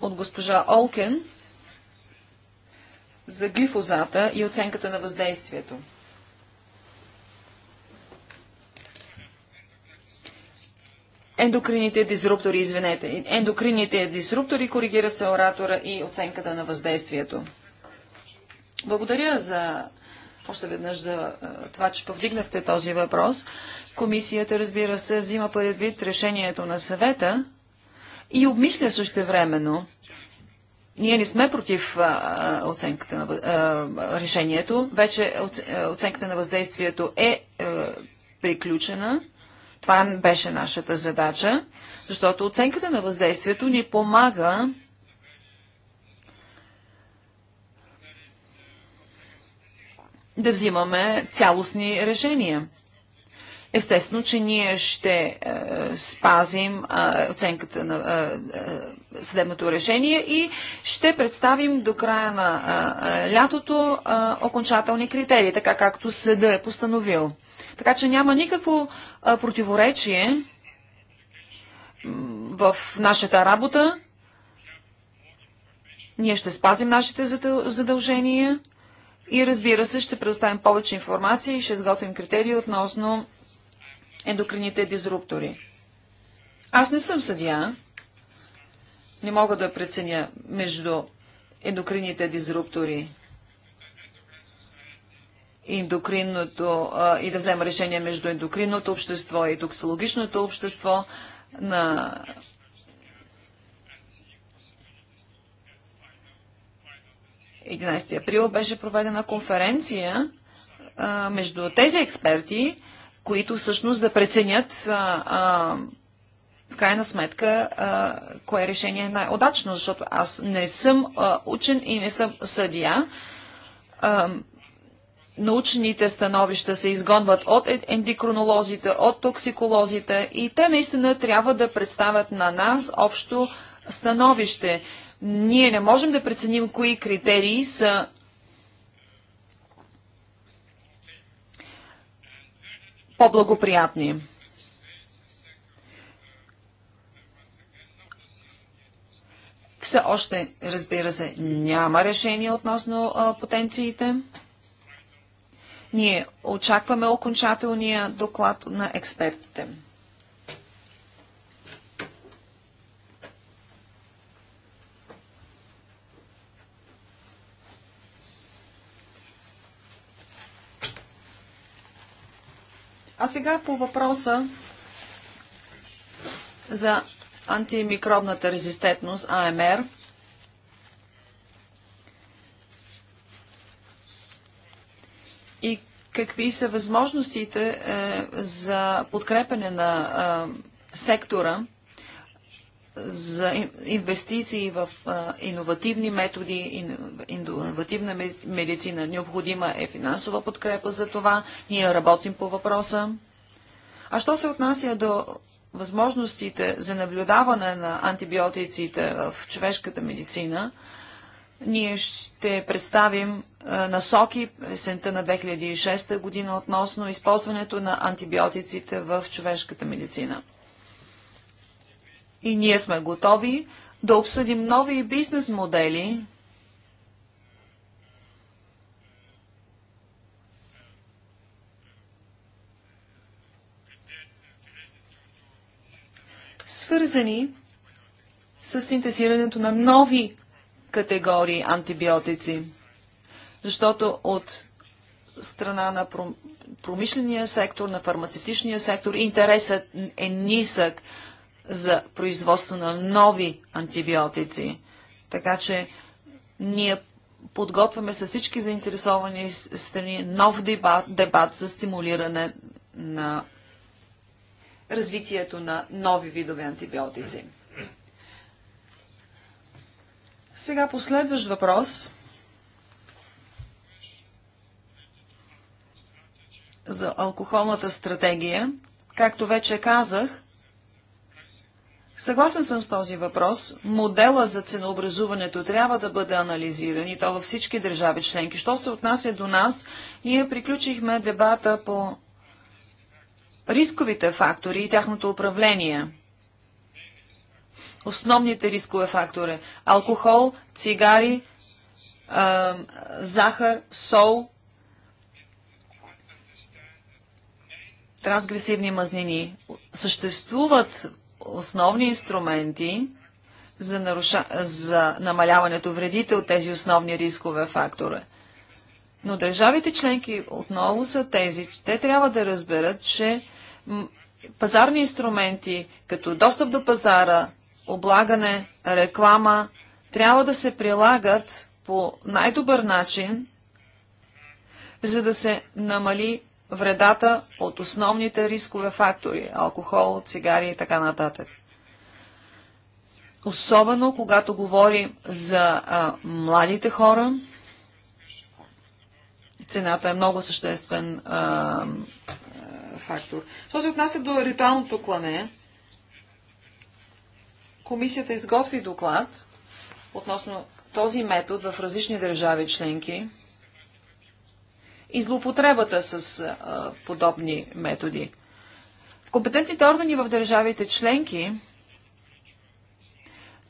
S4: от госпожа Олкен за глифозата и оценката на въздействието. Ендокрините дизруптори, извинете, ендокрините дисруптори, коригира се оратора и оценката на въздействието. Благодаря за още веднъж за това, че повдигнахте този въпрос. Комисията, разбира се, взима предвид решението на съвета и обмисля също времено. Ние не сме против а, оценката на а, решението. Вече оценката на въздействието е а, приключена. Това беше нашата задача, защото оценката на въздействието ни помага да взимаме цялостни решения. Естествено, че ние ще е, спазим е, оценката на е, е съдебното решение и ще представим до края на е, е, лятото окончателни критерии, така както съда е постановил. Така че няма никакво противоречие в нашата работа. Ние ще спазим нашите задължения. И разбира се, ще предоставим повече информация и ще изготвим критерии относно ендокрините дизруптори. Аз не съм съдия, не мога да преценя между ендокрините дизруптори и ендокринното и да взема решение между ендокринното общество и токсологичното общество на Единайсти април беше проведена конференция а, между тези експерти, които всъщност да преценят а, а, в крайна сметка а, кое решение е най-удачно, защото аз не съм а, учен и не съм съдия. А, научните становища се изгонват от е, ендикронолозите, от токсиколозите и те наистина трябва да представят на нас общо становище. Ние не можем да преценим кои критерии са по-благоприятни. Все още, разбира се, няма решение относно а, потенциите. Ние очакваме окончателния доклад на експертите. А сега по въпроса за антимикробната резистентност АМР. И какви са възможностите е, за подкрепене на е, сектора за инвестиции в иновативни методи, иновативна медицина. Необходима е финансова подкрепа за това. Ние работим по въпроса. А що се отнася до възможностите за наблюдаване на антибиотиците в човешката медицина, ние ще представим а, насоки есента на 2006 година относно използването на антибиотиците в човешката медицина. И ние сме готови да обсъдим нови бизнес модели, свързани с синтезирането на нови категории антибиотици. Защото от страна на промишления сектор, на фармацевтичния сектор, интересът е нисък за производство на нови антибиотици. Така че ние подготвяме с всички заинтересовани страни нов дебат, дебат за стимулиране на развитието на нови видове антибиотици. Сега последващ въпрос за алкохолната стратегия. Както вече казах, Съгласен съм с този въпрос. Модела за ценообразуването трябва да бъде анализиран и то във всички държави членки. Що се отнася до нас, ние приключихме дебата по рисковите фактори и тяхното управление. Основните рискове фактори – алкохол, цигари, захар, сол, трансгресивни мазнини. Съществуват основни инструменти за, наруша... за намаляването вредите от тези основни рискове фактора. Но държавите членки отново са тези, че те трябва да разберат, че пазарни инструменти, като достъп до пазара, облагане, реклама, трябва да се прилагат по най-добър начин, за да се намали вредата от основните рискове фактори – алкохол, цигари и така нататък. Особено когато говорим за а, младите хора, цената е много съществен а, фактор. Що се отнася до ритуалното клане, комисията изготви доклад относно този метод в различни държави членки – и злоупотребата с а, подобни методи. Компетентните органи в държавите членки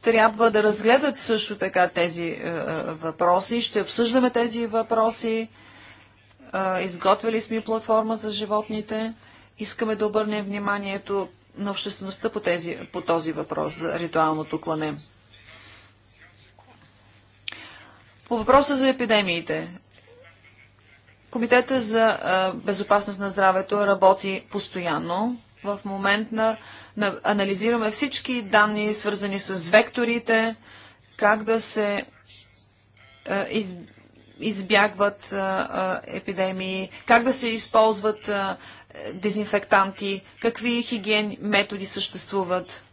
S4: трябва да разгледат също така тези въпроси. Ще обсъждаме тези въпроси. изготвили сме платформа за животните. Искаме да обърнем вниманието на обществеността по, тези, по този въпрос за ритуалното клане. По въпроса за епидемиите. Комитета за безопасност на здравето работи постоянно. В момент на, на анализираме всички данни, свързани с векторите, как да се из, избягват епидемии, как да се използват дезинфектанти, какви хигиен методи съществуват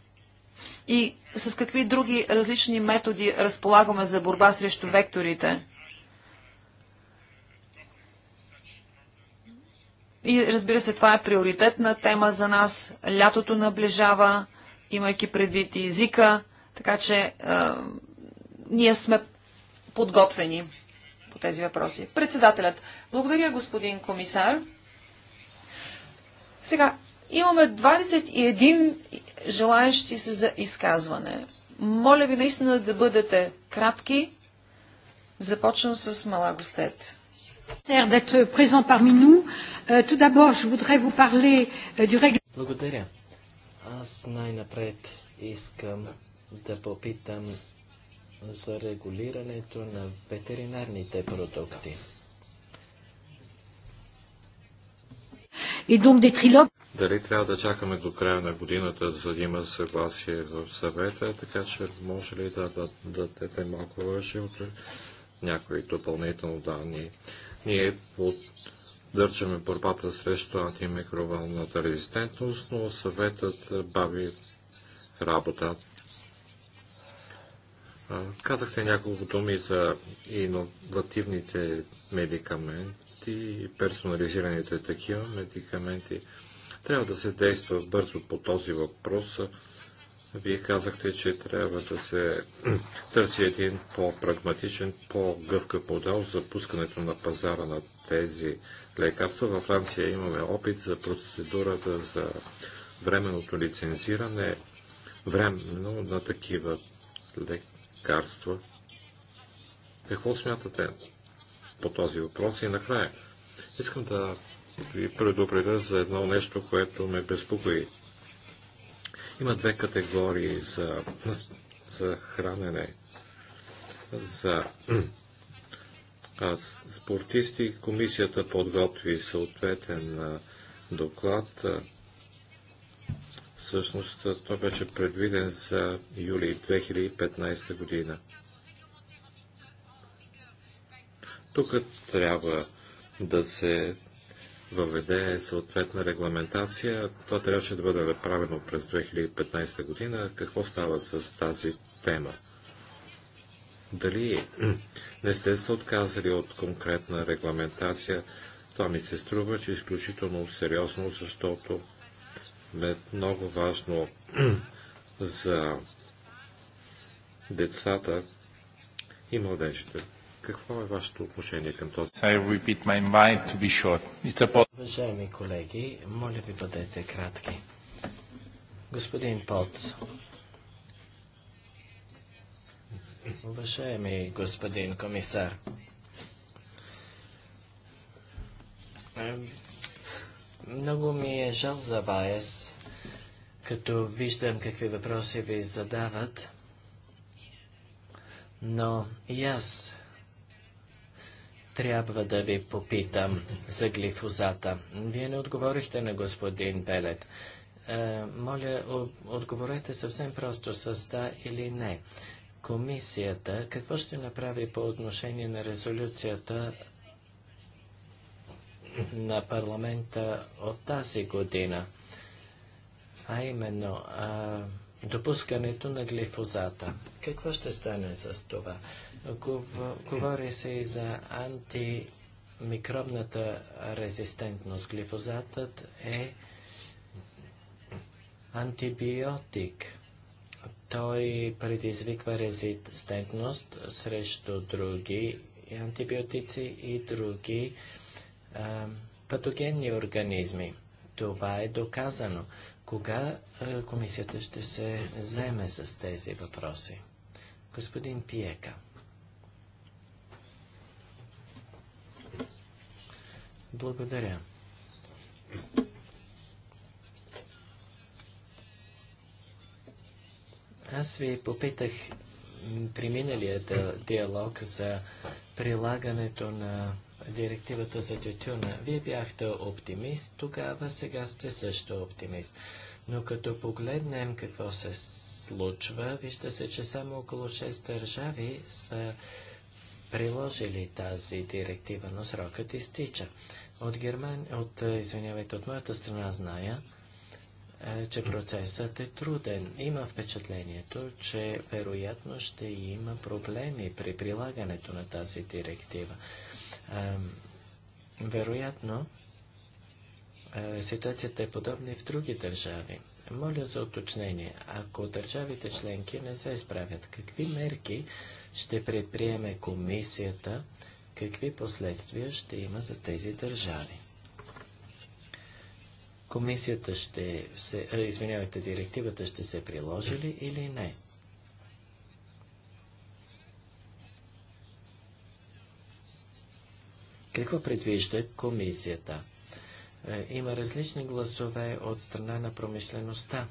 S4: и с какви други различни методи разполагаме за борба срещу векторите. И разбира се, това е приоритетна тема за нас. Лятото наближава, имайки предвид и езика, така че е, ние сме подготвени по тези въпроси. Председателят, благодаря господин комисар. Сега, имаме 21 желаящи се за изказване. Моля ви наистина да бъдете кратки. Започвам с Малагостет.
S1: Благодаря. Аз най-напред искам да попитам за регулирането на ветеринарните продукти. И дом де
S3: Дали трябва да чакаме до края на годината, за да има съгласие в съвета, така че може ли да, дадете малко лъжи от някои допълнително данни? Ние поддържаме борбата срещу антимикровалната резистентност, но съветът бави работа. Казахте няколко думи за иновативните медикаменти и персонализираните такива медикаменти. Трябва да се действа бързо по този въпрос. Вие казахте, че трябва да се търси един по-прагматичен, по-гъвкав модел за пускането на пазара на тези лекарства. Във Франция имаме опит за процедурата за временното лицензиране, временно на такива лекарства. Какво смятате по този въпрос? И накрая, искам да ви предупредя за едно нещо, което ме безпокои има две категории за, за хранене. За спортисти комисията подготви съответен доклад. Всъщност той беше предвиден за юли 2015 година. Тук трябва да се въведе съответна регламентация. Това трябваше да бъде направено през 2015 година. Какво става с тази тема? Дали не сте се отказали от конкретна регламентация? Това ми се струва, че е изключително сериозно, защото е много важно за децата и младежите.
S2: Какво е вашето отношение към този?
S1: Уважаеми колеги, моля ви бъдете кратки. Господин Поц. Уважаеми господин комисар. Много ми е жал за вас, като виждам какви въпроси ви задават, но и аз трябва да ви попитам за глифозата. Вие не отговорихте на господин Белет. Е, моля, отговорете съвсем просто с да или не. Комисията какво ще направи по отношение на резолюцията на парламента от тази година, а именно допускането на глифозата. Какво ще стане с това? Говори се и за антимикробната резистентност. Глифозатът е антибиотик. Той предизвиква резистентност срещу други антибиотици и други а, патогенни организми. Това е доказано. Кога комисията ще се заеме с тези въпроси? Господин Пиека. Благодаря. Аз ви попитах при миналия диалог за прилагането на директивата за тютюна. Вие бяхте оптимист, тогава сега сте също оптимист. Но като погледнем какво се случва, вижда се, че само около 6 държави са приложили тази директива, но срокът изтича. От Герман, от, е, извинявайте, от моята страна зная, е, че процесът е труден. Има впечатлението, че вероятно ще има проблеми при прилагането на тази директива. вероятно, е, ситуацията е подобна и в други държави. Моля за уточнение, ако държавите членки не се справят, какви мерки ще предприеме комисията, какви последствия ще има за тези държави. Комисията ще се, а, извинявайте, директивата ще се приложи ли или не? Какво предвижда комисията? Е, има различни гласове от страна на промишлеността.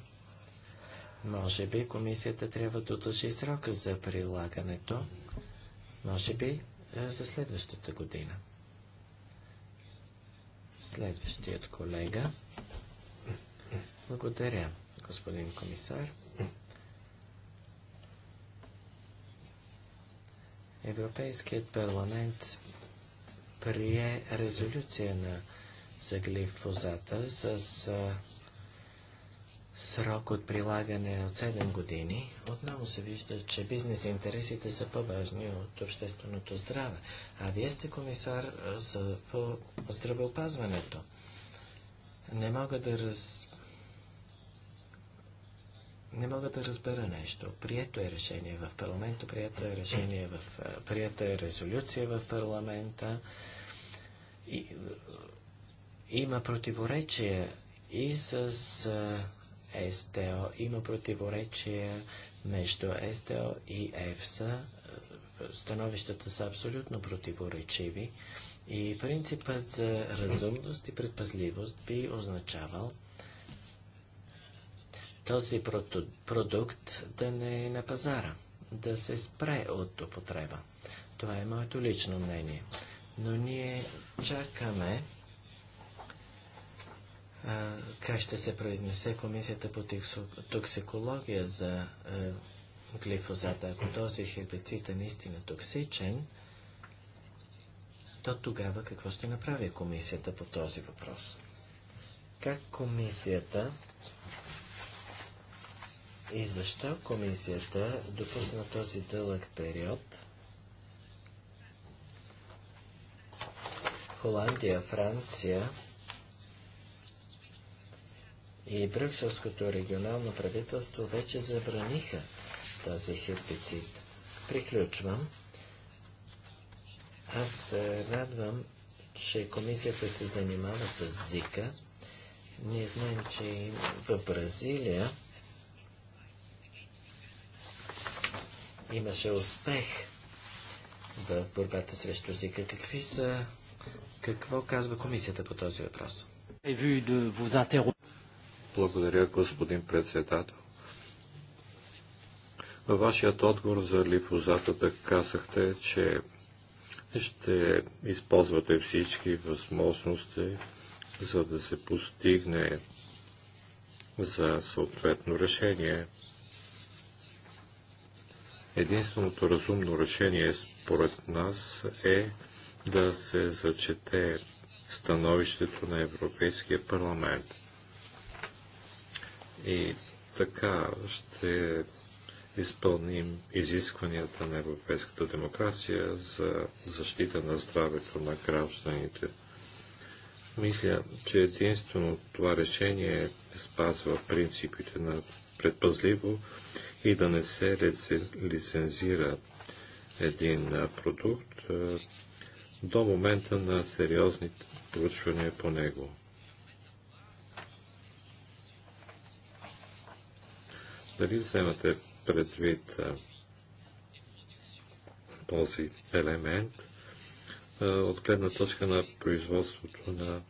S1: Може би комисията трябва да удължи срока за прилагането, може би е, за следващата година. Следващият колега. Благодаря, господин комисар. Европейският парламент прие резолюция на за глифозата с срок от прилагане от 7 години, отново се вижда, че бизнес интересите са по-важни от общественото здраве. А вие сте комисар за по здравеопазването. Не мога да раз... Не мога да разбера нещо. Прието е решение в парламента, прието е решение в... Прието е резолюция в парламента. И... Има противоречие и с СТО. Има противоречия между СТО и ЕФСА. Становищата са абсолютно противоречиви. И принципът за разумност и предпазливост би означавал този продукт да не е на пазара, да се спре от употреба. Това е моето лично мнение. Но ние чакаме как ще се произнесе комисията по токсикология за глифозата. Ако този хербицид е наистина токсичен, то тогава какво ще направи комисията по този въпрос? Как комисията и защо комисията допусна този дълъг период? Холандия, Франция, и Брюкселското регионално правителство вече забраниха този хербицид. Приключвам. Аз се радвам, че комисията се занимава с Зика. Ние знаем, че в Бразилия имаше успех в борбата срещу Зика. Какви са... Какво казва комисията по този въпрос?
S3: Благодаря, господин председател. Във вашият отговор за лифозатата казахте, че ще използвате всички възможности, за да се постигне за съответно решение. Единственото разумно решение според нас е да се зачете становището на Европейския парламент – и така ще изпълним изискванията на европейската демокрация за защита на здравето на гражданите. Мисля, че единствено това решение е спазва принципите на предпазливо и да не се лицензира един продукт до момента на сериозните проучвания по него. дали вземате предвид този елемент от гледна точка на производството на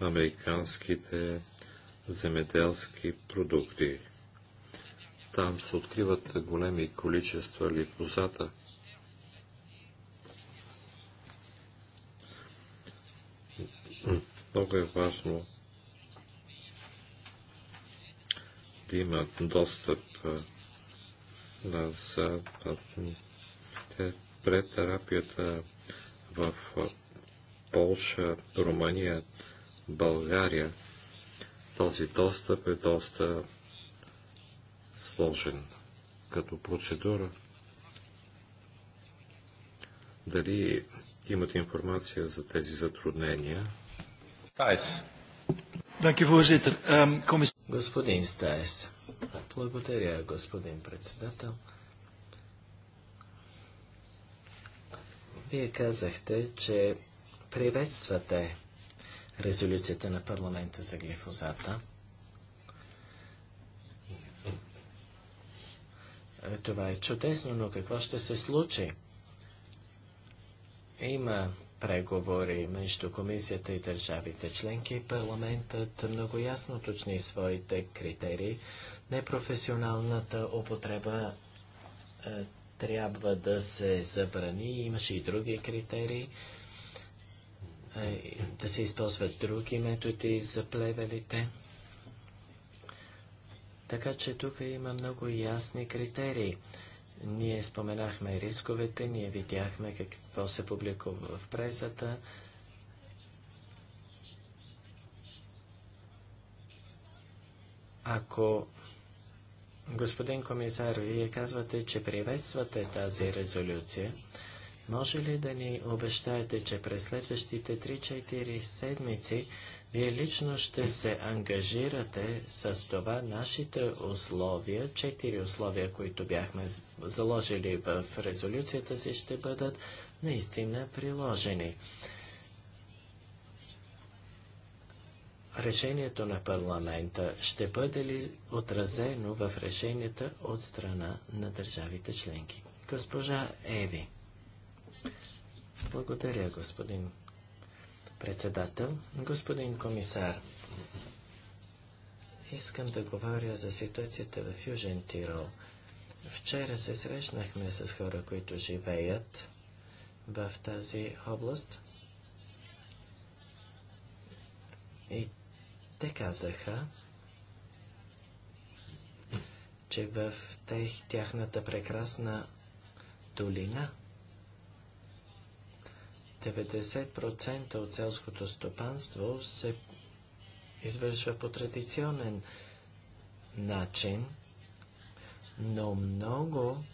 S3: американските земеделски продукти. Там се откриват големи количества липозата. Много е важно да имат достъп за терапията в Полша, Румъния, България. Този достъп е доста сложен като процедура. Дали имате информация за тези затруднения?
S2: Тайс.
S1: Dank u, voorzitter. Um, Господин Стаес. Благодаря, господин председател. Вие казахте, че приветствате резолюцията на парламента за глифозата. Е, това е чудесно, но какво ще се случи? Има преговори между комисията и държавите членки, парламентът много ясно уточни своите критерии. Непрофесионалната употреба е, трябва да се забрани. Имаше и други критерии. Е, да се използват други методи за плевелите. Така че тук има много ясни критерии. Ние споменахме рисковете, ние видяхме какво се публикува в пресата. Ако господин комисар, вие казвате, че приветствате тази резолюция, може ли да ни обещаете, че през следващите 3-4 седмици вие лично ще се ангажирате с това нашите условия, четири условия, които бяхме заложили в резолюцията си, ще бъдат наистина приложени. решението на парламента ще бъде ли отразено в решенията от страна на държавите членки? Госпожа Еви. Благодаря, господин председател. Господин комисар, искам да говоря за ситуацията в Южен Тирол. Вчера се срещнахме с хора, които живеят в тази област. И те казаха, че в тях, тяхната прекрасна долина – 90% от селското стопанство се извършва по традиционен начин, но много,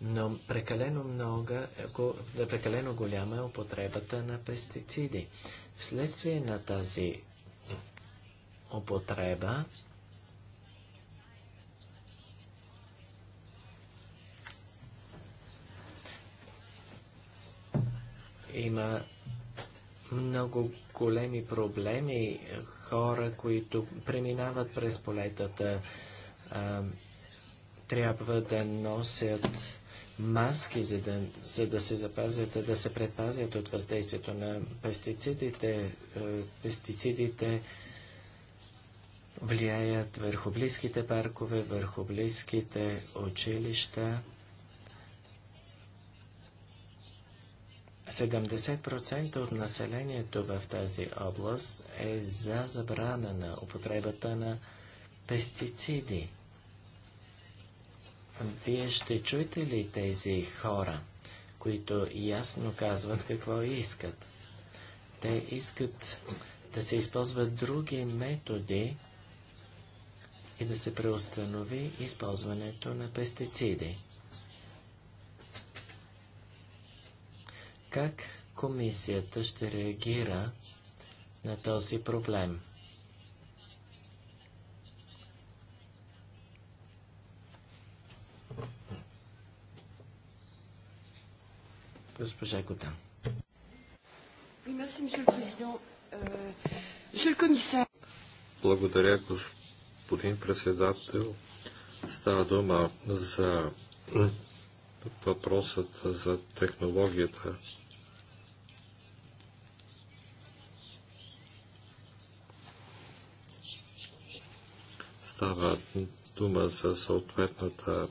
S1: но прекалено много, прекалено голяма е употребата на пестициди. Вследствие на тази употреба, Има много големи проблеми. Хора, които преминават през полетата, а, трябва да носят маски, за да, за да се запазят, за да се предпазят от въздействието на пестицидите. Е, пестицидите влияят върху близките паркове, върху близките училища. 70% от населението в тази област е за забрана на употребата на пестициди. Вие ще чуете ли тези хора, които ясно казват какво искат? Те искат да се използват други методи и да се преустанови използването на пестициди. Как комисията ще реагира на този проблем? Госпожа Кота.
S4: Euh,
S3: Благодаря, господин председател. Става дума за въпросът за технологията става дума за съответната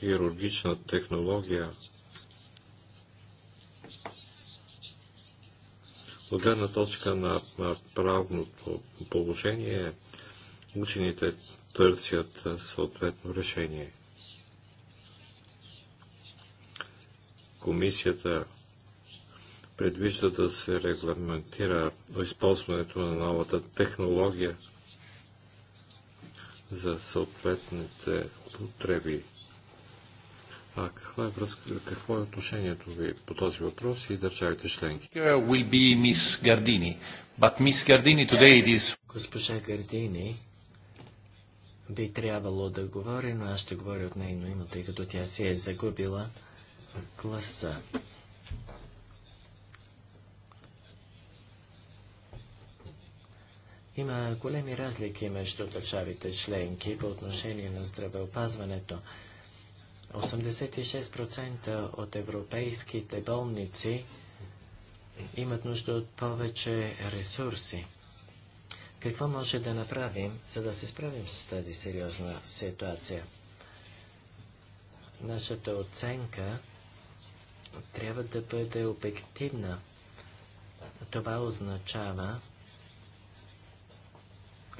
S3: хирургична технология. От гледна точка на правното положение, учените търсят съответно решение. Комисията предвижда да се регламентира използването на новата технология – за съответните потреби. А каква е връзка, какво е отношението ви по този въпрос и държавите членки?
S2: Gardini, Gardini is...
S1: Госпожа Гардини би трябвало да говори, но аз ще говоря от нейно име, тъй като тя се е загубила гласа. Има големи разлики между държавите членки по отношение на здравеопазването. 86% от европейските болници имат нужда от повече ресурси. Какво може да направим, за да се справим с тази сериозна ситуация? Нашата оценка трябва да бъде обективна. Това означава,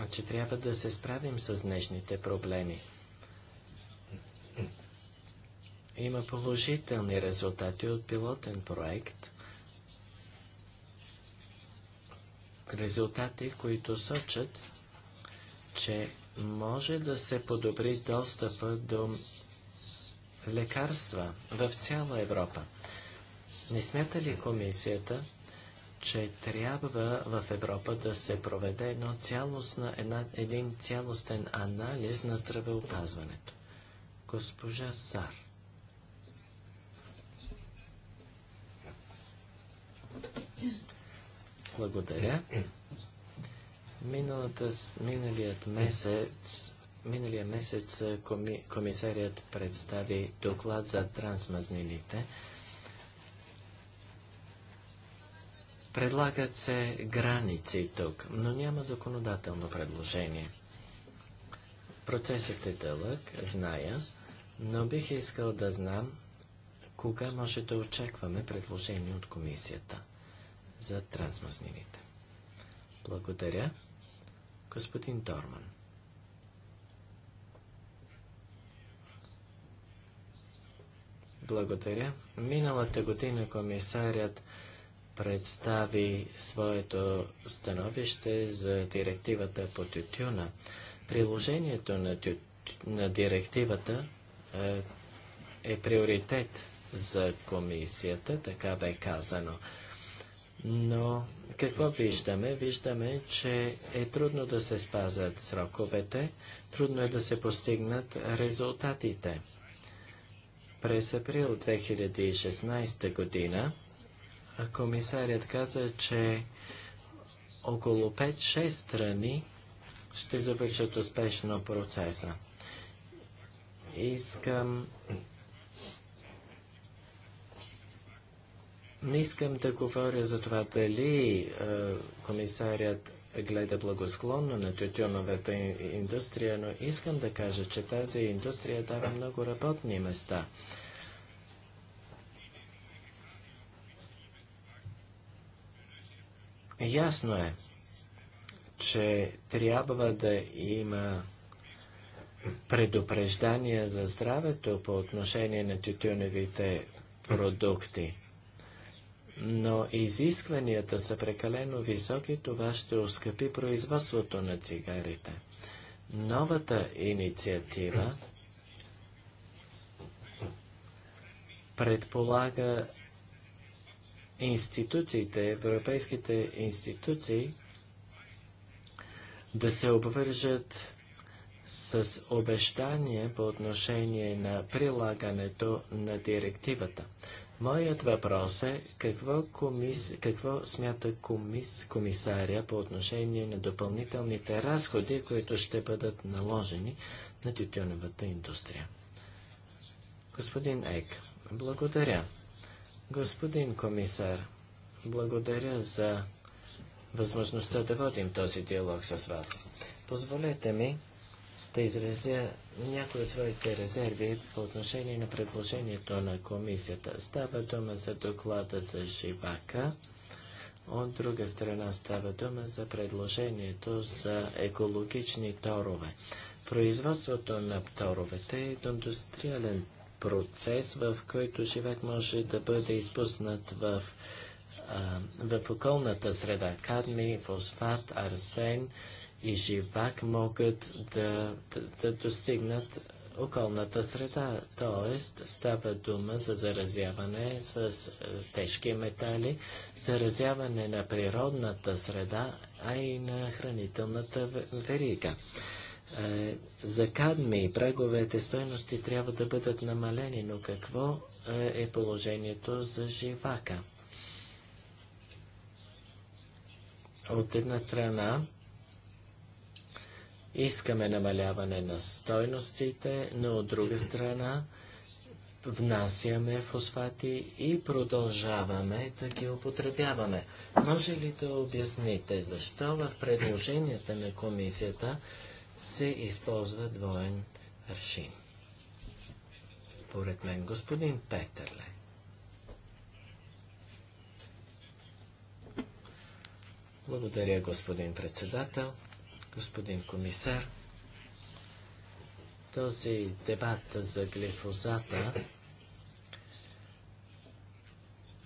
S1: че трябва да се справим с днешните проблеми. Има положителни резултати от пилотен проект. Резултати, които сочат, че може да се подобри достъпа до лекарства в цяла Европа. Не смята ли комисията, че трябва в Европа да се проведе едно цялостна, една, един цялостен анализ на здравеопазването. Госпожа Сар. Благодаря. Миналата, миналият месец Миналия месец коми, комисарият представи доклад за трансмазнилите. Предлагат се граници тук, но няма законодателно предложение. Процесът е дълъг, зная, но бих искал да знам кога може да очакваме предложение от комисията за трансмазнините. Благодаря, господин Торман. Благодаря. Миналата година комисарят представи своето становище за директивата по тютюна. Приложението на, тю... на директивата е, е приоритет за комисията, така бе казано. Но какво виждаме? Виждаме, че е трудно да се спазят сроковете, трудно е да се постигнат резултатите. През април 2016 година комисарият каза, че около 5-6 страни ще завършат успешно процеса. Искам Не искам да говоря за това дали комисарият гледа благосклонно на тютюновата индустрия, но искам да кажа, че тази индустрия дава много работни места. Е, ясно е, че трябва да има предупреждания за здравето по отношение на тютюневите продукти. Но изискванията са прекалено високи, това ще ускъпи производството на цигарите. Новата инициатива предполага институциите, европейските институции да се обвържат с обещание по отношение на прилагането на директивата. Моят въпрос е какво, комис... какво смята комис... комисаря по отношение на допълнителните разходи, които ще бъдат наложени на тютюневата индустрия. Господин Ек, благодаря. Господин комисар, благодаря за възможността да водим този диалог с вас. Позволете ми да изразя някои от своите резерви по отношение на предложението на комисията. Става дума за доклада за живака. От друга страна става дума за предложението за екологични торове. Производството на торовете е индустриален процес, в който човек може да бъде изпуснат в, а, в околната среда. Кадми, фосфат, арсен и живак могат да, да, да достигнат околната среда, т.е. става дума за заразяване с тежки метали, заразяване на природната среда, а и на хранителната верига. Е, за кадми и праговете стойности трябва да бъдат намалени, но какво е, е положението за живака? От една страна, искаме намаляване на стойностите, но от друга страна внасяме фосфати и продължаваме да ги употребяваме. Може ли да обясните защо в предложенията на комисията се използва двоен аршин. Според мен, господин Петърле. Благодаря, господин председател, господин комисар. Този дебат за глифозата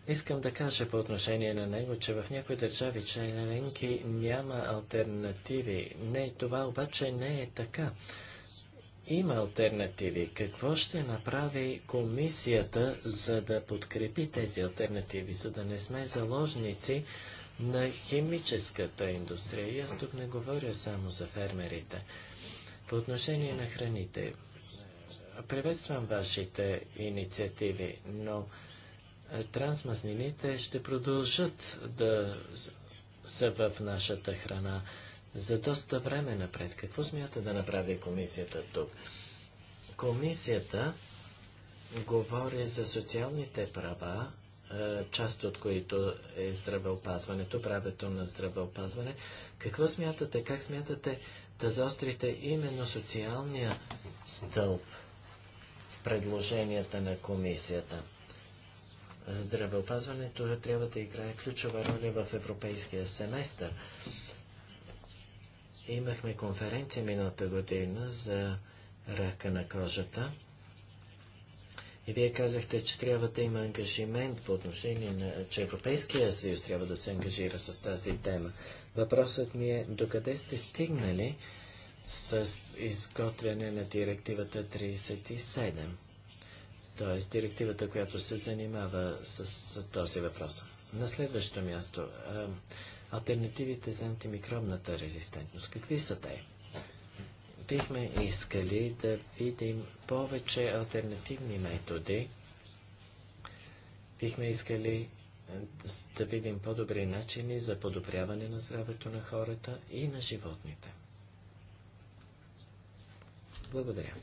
S1: Искам да кажа по отношение на него, че в някои държави членки няма альтернативи. Не, това обаче не е така. Има альтернативи. Какво ще направи комисията, за да подкрепи тези альтернативи, за да не сме заложници на химическата индустрия? И аз тук не говоря само за фермерите. По отношение на храните, приветствам вашите инициативи, но е, трансмазнините ще продължат да са в нашата храна за доста време напред. Какво смята да направи комисията тук? Комисията говори за социалните права, е, част от които е здравеопазването, правето на здравеопазване. Какво смятате, как смятате да заострите именно социалния стълб в предложенията на комисията? Здравеопазването трябва да играе ключова роля в европейския семестър. Имахме конференция миналата година за рака на кожата. И вие казахте, че трябва да има ангажимент в отношение на, че Европейския съюз трябва да се ангажира с тази тема. Въпросът ми е, докъде сте стигнали с изготвяне на директивата 37? т.е. директивата, която се занимава с, с този въпрос. На следващо място, а, альтернативите за антимикробната резистентност. Какви са те? Бихме искали да видим повече альтернативни методи. Бихме искали да видим по-добри начини за подобряване на здравето на хората и на животните. Благодаря.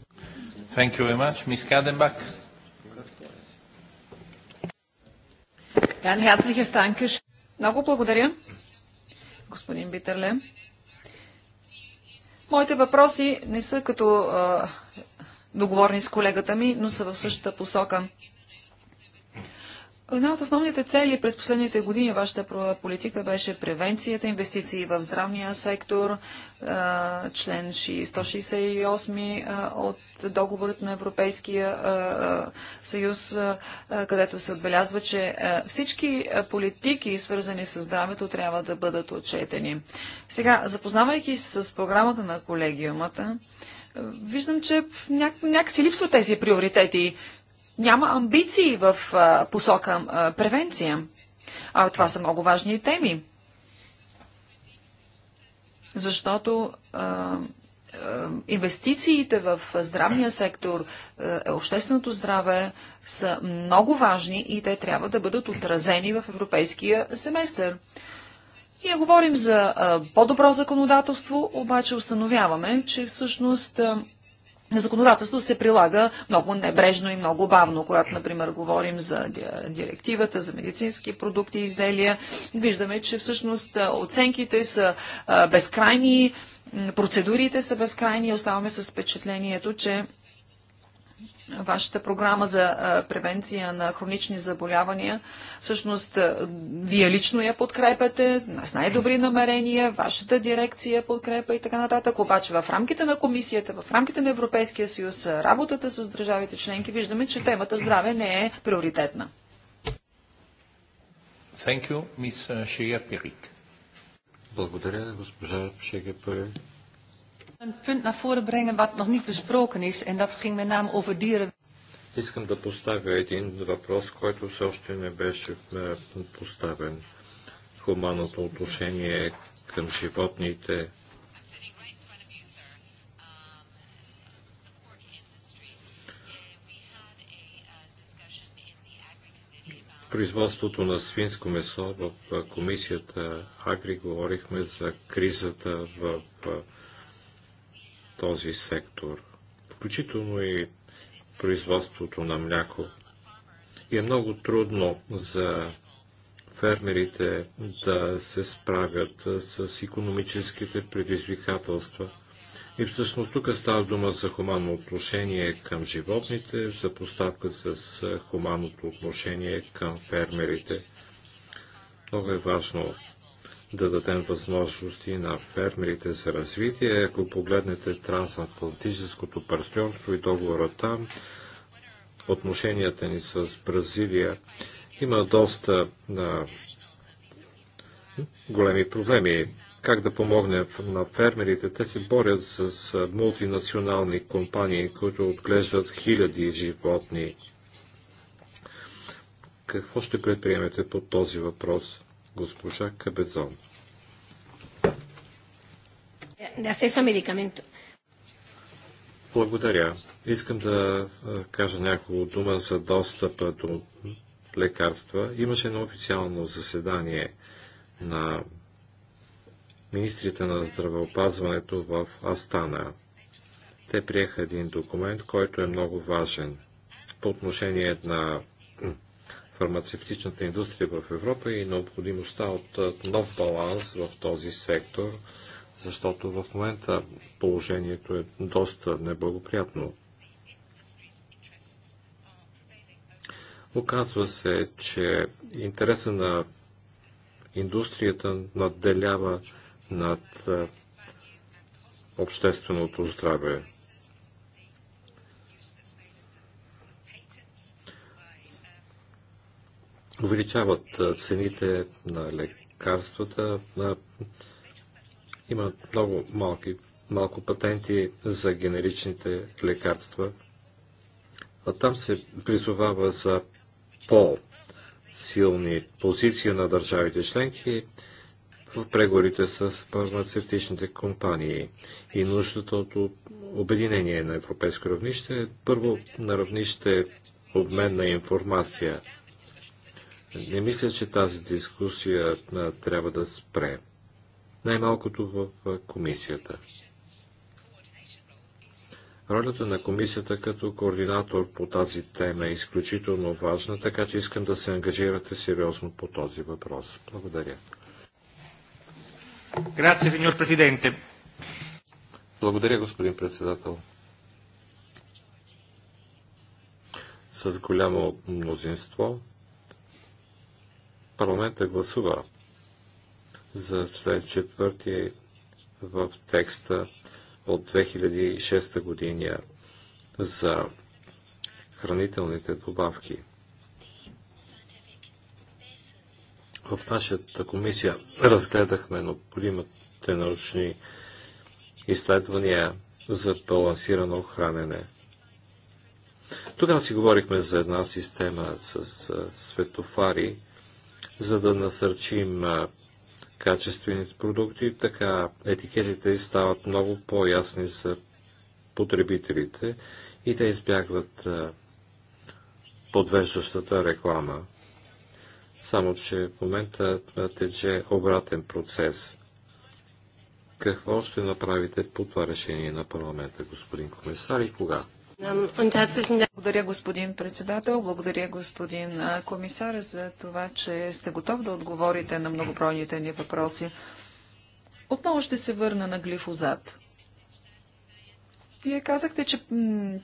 S2: Thank you very much. Ms. Kadenbach.
S4: Много благодаря, господин Битерле. Моите въпроси не са като договорни с колегата ми, но са в същата посока. Една от основните цели през последните години вашата политика беше превенцията, инвестиции в здравния сектор, член 168 от договорът на Европейския съюз, където се отбелязва, че всички политики, свързани с здравето, трябва да бъдат отчетени. Сега, запознавайки се с програмата на колегиумата, виждам, че някакси липсват тези приоритети няма амбиции в а, посока а, превенция. А това са много важни теми. Защото а, инвестициите в здравния сектор, общественото здраве са много важни и те трябва да бъдат отразени в европейския семестър. Ние говорим за по-добро законодателство, обаче установяваме, че всъщност законодателство се прилага много небрежно и много бавно, когато, например, говорим за директивата, за медицински продукти и изделия. Виждаме, че всъщност оценките са безкрайни, процедурите са безкрайни и оставаме с впечатлението, че вашата програма за превенция на хронични заболявания. Всъщност, вие лично я подкрепяте, с най-добри намерения, вашата дирекция подкрепа и така нататък. Обаче в рамките на комисията, в рамките на Европейския съюз, работата с държавите членки, виждаме, че темата здраве не е приоритетна.
S2: Thank you, Благодаря, госпожа Шея
S3: Искам да поставя един въпрос, който все още не беше е, поставен. Хуманното отношение към животните. производството на свинско месо в е, комисията Агри говорихме за кризата в е, този сектор, включително и производството на мляко. И е много трудно за фермерите да се справят с економическите предизвикателства. И всъщност тук става дума за хуманно отношение към животните, за поставка с хуманното отношение към фермерите. Много е важно да дадем възможности на фермерите за развитие. Ако погледнете трансатлантическото партньорство и договора там, отношенията ни с Бразилия, има доста на големи проблеми. Как да помогне на фермерите? Те се борят с мултинационални компании, които отглеждат хиляди животни. Какво ще предприемете по този въпрос? госпожа Кабезон. Благодаря. Искам да кажа няколко дума за достъпа до лекарства. Имаше едно официално заседание на министрите на здравеопазването в Астана. Те приеха един документ, който е много важен по отношение на фармацевтичната индустрия в Европа и необходимостта от нов баланс в този сектор, защото в момента положението е доста неблагоприятно. Оказва се, че интереса на индустрията надделява над общественото здраве. увеличават цените на лекарствата. Има много малки, малко патенти за генеричните лекарства. А там се призовава за по-силни позиции на държавите членки в преговорите с фармацевтичните компании и нуждата от обединение на европейско равнище, е първо на равнище обмен на информация – не мисля, че тази дискусия трябва да спре. Най-малкото в комисията. Ролята на комисията като координатор по тази тема е изключително важна, така че искам да се ангажирате сериозно по този въпрос. Благодаря. Грация, сеньор президенте. Благодаря, господин председател. С голямо мнозинство парламента гласува за член 4 в текста от 2006 година за хранителните добавки. В нашата комисия разгледахме необходимите научни изследвания за балансирано хранене. Тогава си говорихме за една система с светофари, за да насърчим качествените продукти, така етикетите стават много по-ясни за потребителите и те избягват подвеждащата реклама. Само, че в момента тече обратен процес. Какво ще направите по това решение на парламента, господин комисар, и кога?
S4: Благодаря, господин председател. Благодаря, господин комисар, за това, че сте готов да отговорите на многобройните ни въпроси. Отново ще се върна на глифозат. Вие казахте, че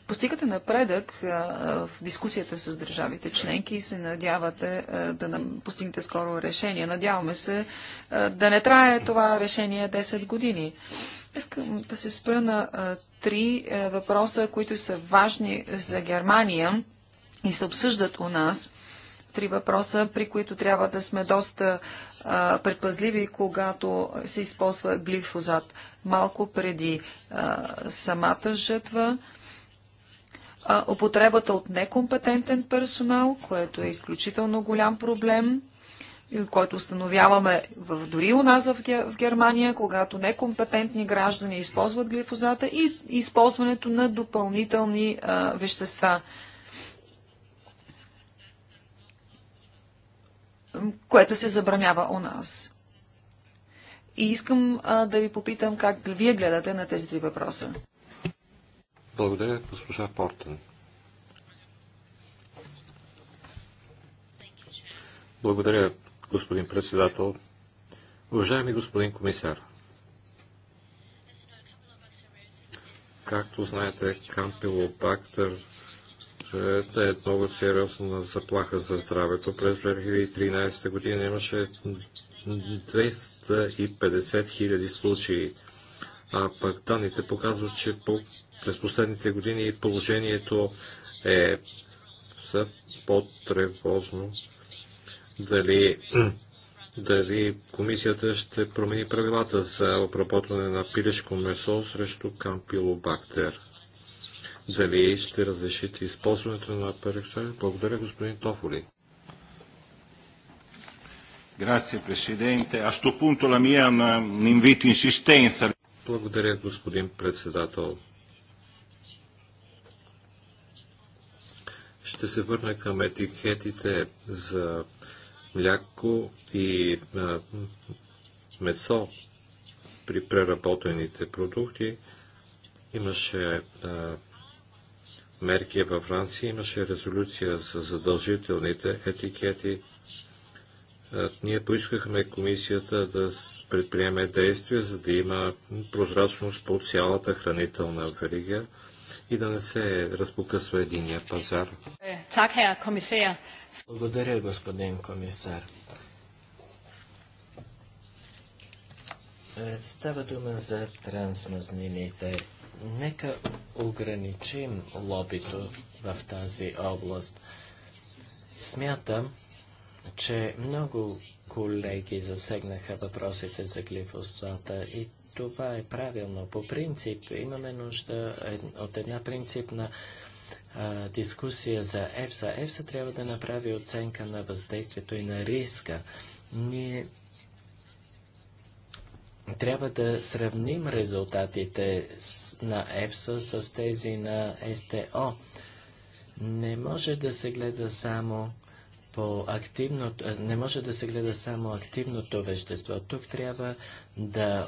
S4: постигате напредък в дискусията с държавите членки и се надявате да нам постигнете скоро решение. Надяваме се да не трае това решение 10 години. Искам да се спра на три въпроса, които са важни за Германия и се обсъждат у нас три въпроса, при които трябва да сме доста а, предпазливи, когато се използва глифозат. Малко преди а, самата жътва, а, употребата от некомпетентен персонал, което е изключително голям проблем който установяваме в, дори у нас в, в Германия, когато некомпетентни граждани използват глифозата и използването на допълнителни а, вещества. което се забранява у нас. И искам а, да ви попитам как вие гледате на тези три въпроса.
S3: Благодаря, госпожа Портен. Благодаря, господин председател. Уважаеми господин комисар, както знаете, Кампилобактер е много сериозна заплаха за здравето. През 2013 година имаше 250 хиляди случаи, а пък данните показват, че по, през последните години положението е все по-тревожно. Дали, дали комисията ще промени правилата за обработване на пилешко месо срещу кампилобактер? дали ще разрешите използването на пероксид. Благодаря, господин Тофоли. Grazie Presidente. A sto punto la mia è un invito insistenza. Благодаря, господин председател. Ще се върна към етикетите за мляко и а, месо при преработените продукти. Имаше а, мерки е във Франция. Имаше резолюция за задължителните етикети. Ние поискахме комисията да предприеме действия, за да има прозрачност по цялата хранителна верига и да не се разпокъсва единия пазар.
S1: Благодаря, господин комисар. Е, става дума за трансмазнините Нека ограничим лобито в тази област. Смятам, че много колеги засегнаха въпросите за глифосата и това е правилно. По принцип имаме нужда от една принципна дискусия за ЕФСА. ЕФСА трябва да направи оценка на въздействието и на риска. Ние трябва да сравним резултатите на ЕФСА с тези на СТО. Не може да се гледа само по активното, не може да се гледа само активното вещество. Тук трябва да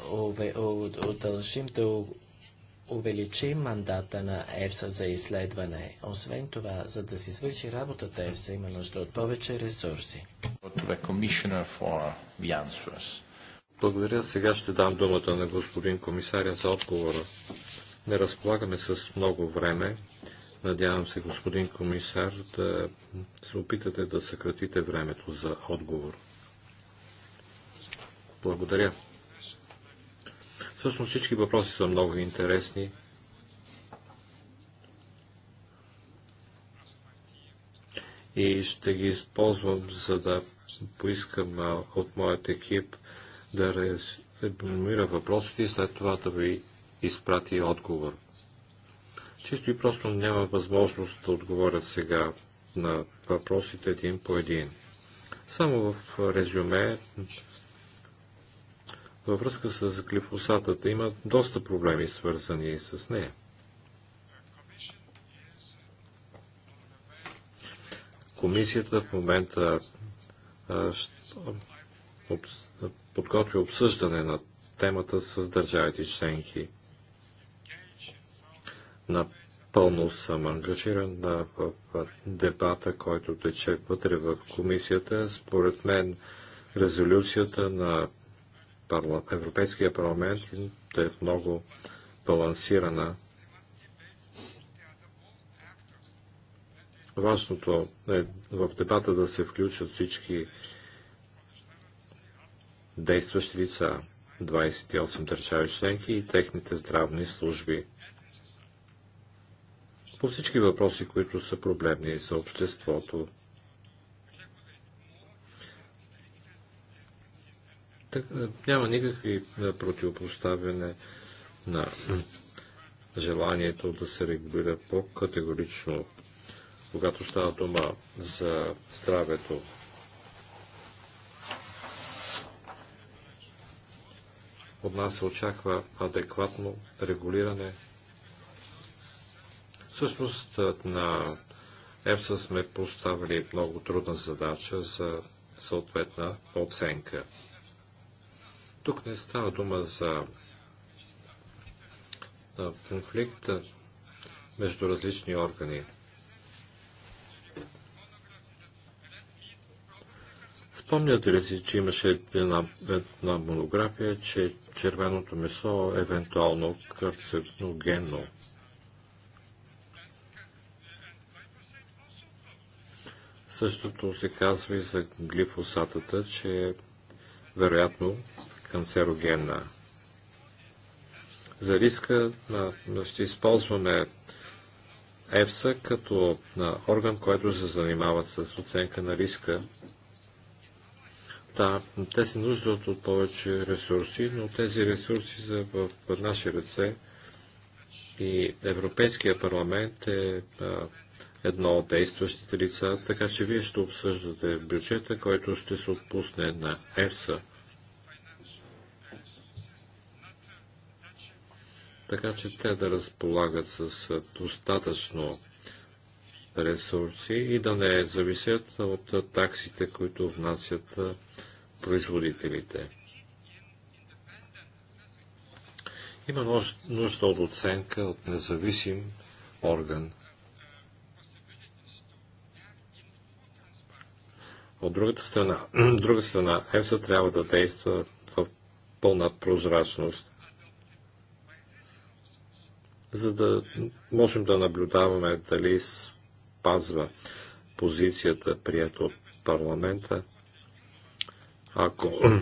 S1: удължим, да увеличим мандата на ЕФСА за изследване. Освен това, за да си свърши работата, ЕФСА има нужда от повече ресурси.
S3: Благодаря. Сега ще дам думата на господин комисаря за отговора. Не разполагаме с много време. Надявам се, господин комисар, да се опитате да съкратите времето за отговор. Благодаря. Всъщност всички въпроси са много интересни. И ще ги използвам, за да поискам от моят екип да реформира въпросите и след това да ви изпрати отговор. Чисто и просто няма възможност да отговоря сега на въпросите един по един. Само в резюме, във връзка с глифосатата, има доста проблеми свързани с нея. Комисията в момента подготви обсъждане на темата с държавите членки. Напълно съм ангажиран на в, в дебата, който тече вътре в комисията. Според мен резолюцията на парла... Европейския парламент е много балансирана. Важното е в дебата да се включат всички действащи лица, 28 държави членки и техните здравни служби. По всички въпроси, които са проблемни за обществото. Так, е, няма никакви е, противопоставяне на желанието да се регулира по-категорично, когато става дума за здравето От нас се очаква адекватно регулиране. Всъщност на ЕПСА сме поставили много трудна задача за съответна оценка. Тук не става дума за конфликт между различни органи. Спомняте ли си, че имаше една, една монография, че червеното месо евентуално евентуално карциногенно. Същото се казва и за глифосатата, че е вероятно канцерогенна. За риска на, ще използваме ЕФСА като на орган, който се занимава с оценка на риска да, те се нуждат от повече ресурси, но тези ресурси са в наши ръце и Европейския парламент е а, едно от действащите лица, така че вие ще обсъждате бюджета, който ще се отпусне на ЕФСА. Така че те да разполагат с достатъчно ресурси и да не зависят от таксите, които внасят производителите. Има нужда от оценка от независим орган. От другата страна, друга страна, ЕФСА трябва да действа в пълна прозрачност, за да можем да наблюдаваме дали с спазва позицията, прията от парламента, ако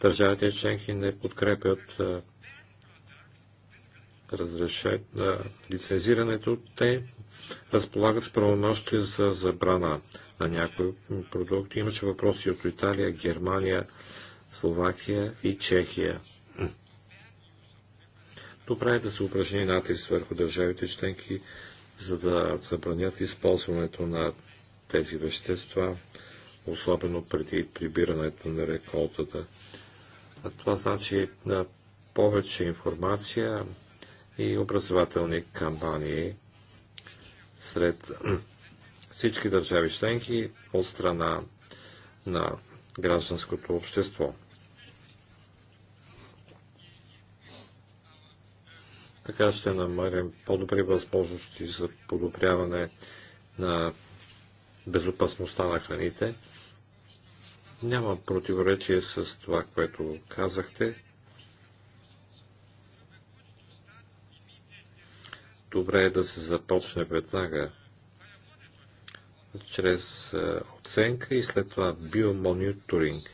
S3: държавите членки не подкрепят разрешат, лицензирането, те разполагат с правомощия за забрана на някои продукти. Имаше въпроси от Италия, Германия, Словакия и Чехия. Добре е да се упражни натиск върху държавите членки за да забранят използването на тези вещества, особено преди прибирането на реколтата. А това значи на повече информация и образователни кампании сред всички държави членки от страна на гражданското общество. Така ще намерим по-добри възможности за подобряване на безопасността на храните. Няма противоречие с това, което казахте. Добре е да се започне веднага чрез е, оценка и след това биомониторинг.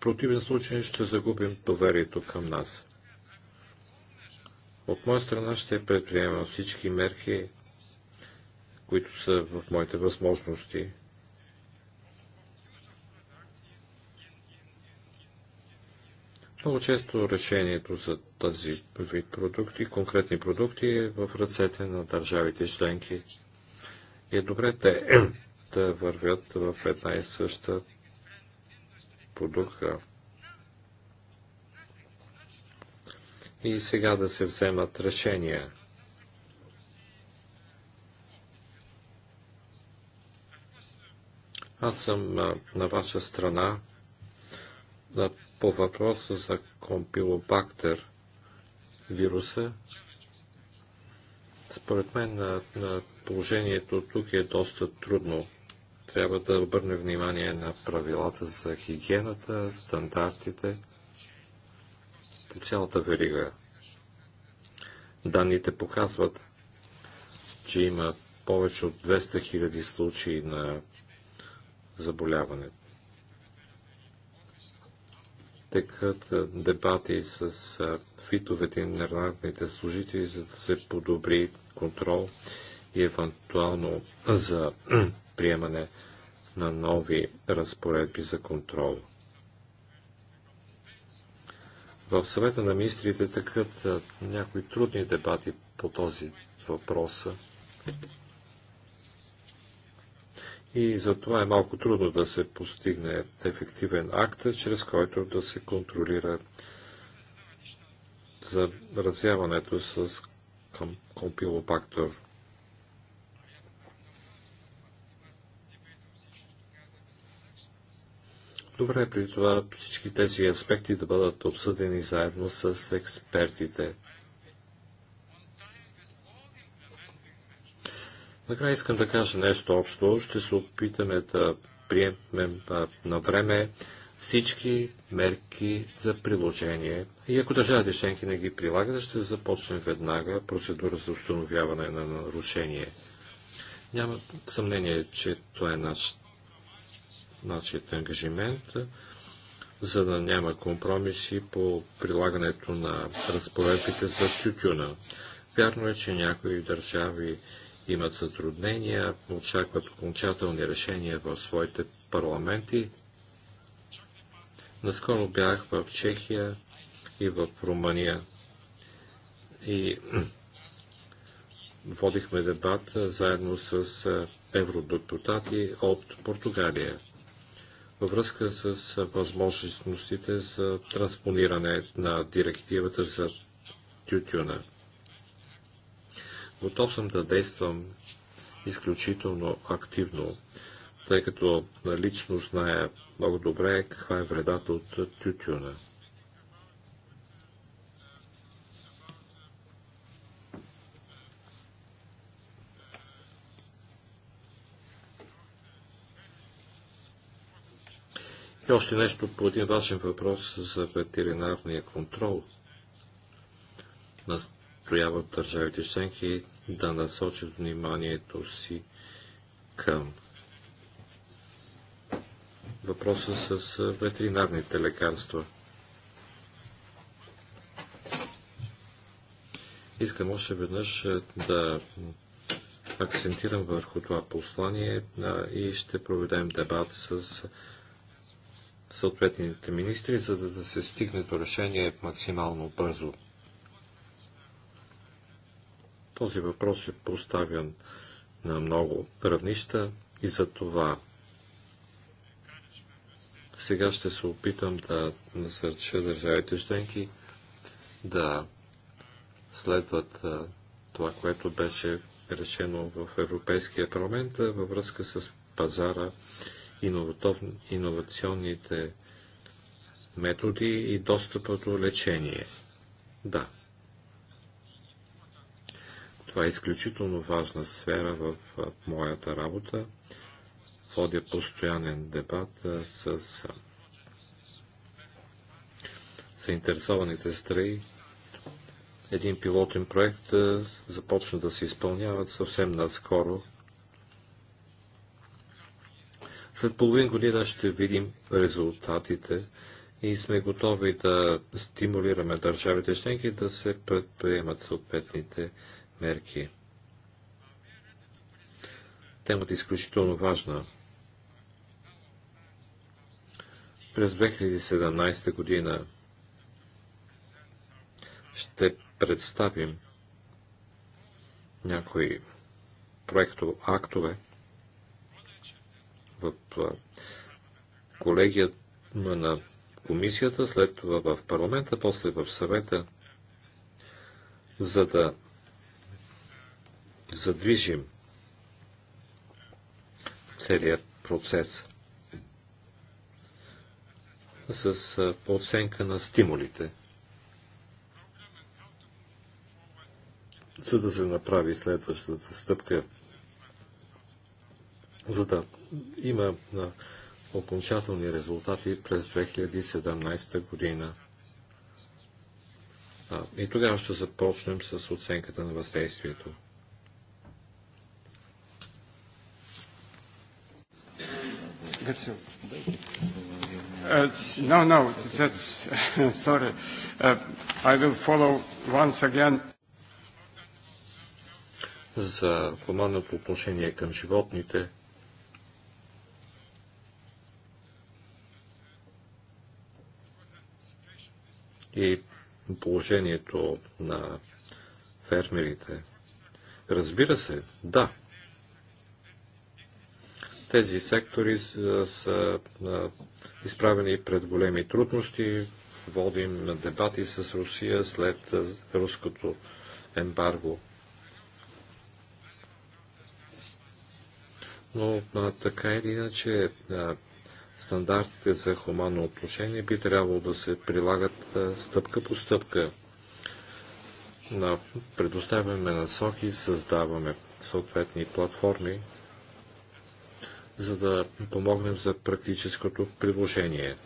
S3: противен случай ще загубим доверието към нас. От моя страна ще предприемам всички мерки, които са в моите възможности. Много често решението за тази вид продукти, конкретни продукти е в ръцете на държавите членки. И е добре те да вървят в една и съща продуха. И сега да се вземат решения. Аз съм на ваша страна по въпроса за компилобактер вируса. Според мен на, на положението тук е доста трудно трябва да обърне внимание на правилата за хигиената, стандартите по цялата верига. Данните показват, че има повече от 200 000 случаи на заболяването. Текат дебати с фитовете нервните служители, за да се подобри контрол и евентуално за приемане на нови разпоредби за контрол. В съвета на министрите такът някои трудни дебати по този въпрос. И затова е малко трудно да се постигне ефективен акт, чрез който да се контролира заразяването с компилопактор. Добре е при това всички тези аспекти да бъдат обсъдени заедно с експертите. Накрая искам да кажа нещо общо. Ще се опитаме да приемем на време всички мерки за приложение. И ако държавите членки не ги прилагат, ще започнем веднага процедура за установяване на нарушение. Няма съмнение, че това е наш нашият ангажимент, за да няма компромиси по прилагането на разпоредбите за тютюна. Вярно е, че някои държави имат затруднения, очакват окончателни решения в своите парламенти. Наскоро бях в Чехия и в Румъния и водихме дебат заедно с евродепутати от Португалия във връзка с възможностите за транспониране на директивата за тютюна. Готов съм да действам изключително активно, тъй като лично зная много добре каква е вредата от тютюна. И още нещо по един важен въпрос за ветеринарния контрол. Настояват държавите членки да насочат вниманието си към въпроса с ветеринарните лекарства. Искам още веднъж е, да акцентирам върху това послание и ще проведем дебат с съответните министри, за да, да се стигне до решение максимално бързо. Този въпрос е поставен на много равнища и за това сега ще се опитам да насърча държавите членки да следват това, което беше решено в Европейския парламент във връзка с пазара иновационните методи и достъпа до лечение. Да. Това е изключително важна сфера в моята работа. Водя постоянен дебат с заинтересованите страни. Един пилотен проект започна да се изпълняват съвсем наскоро след половин година ще видим резултатите и сме готови да стимулираме държавите членки да се предприемат съответните мерки. Темата е изключително важна. През 2017 година ще представим някои проекто актове, в колегията на комисията, след това в парламента, после в съвета, за да задвижим целият процес с оценка на стимулите, за да се направи следващата стъпка, за да има на окончателни резултати през 2017 година. А, И тогава ще започнем с оценката на въздействието.
S4: Е, no, no, that's sorry. Uh,
S2: I will follow once again.
S3: За командното отношение към животните – и положението на фермерите. Разбира се, да. Тези сектори са, изправени пред големи трудности. Водим дебати с Русия след руското ембарго. Но така или иначе Стандартите за хуманно отношение би трябвало да се прилагат стъпка по стъпка. На предоставяме насоки, създаваме съответни платформи, за да помогнем за практическото приложение.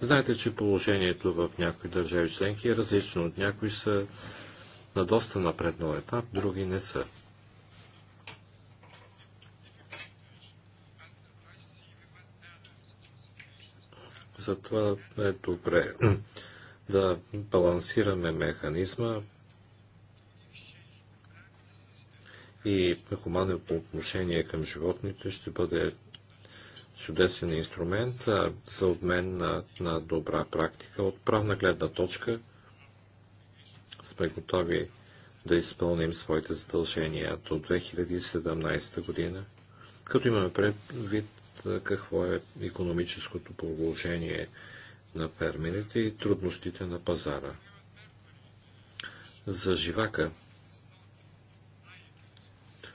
S3: Знаете, че положението в някои държави членки е различно. от Някои са на доста напреднал етап, други не са. Затова е добре да балансираме механизма и хуманно по отношение към животните ще бъде чудесен инструмент за обмен на, на добра практика. От правна гледна точка сме готови да изпълним своите задължения до 2017 година, като имаме предвид е, какво е економическото положение на фермерите и трудностите на пазара. За живака.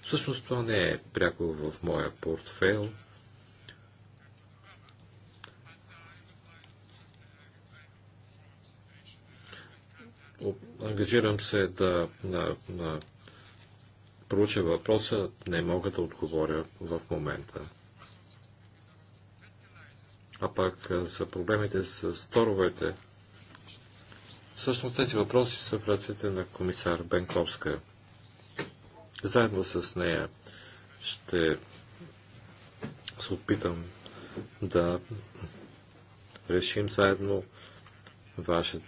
S3: Всъщност това не е пряко в моя портфейл. Ангажирам се да на, на проуча въпроса, не мога да отговоря в момента. А пък за е, проблемите с торовете, всъщност тези въпроси са в ръцете на комисар Бенковска. Заедно с нея ще се опитам да решим заедно ваше,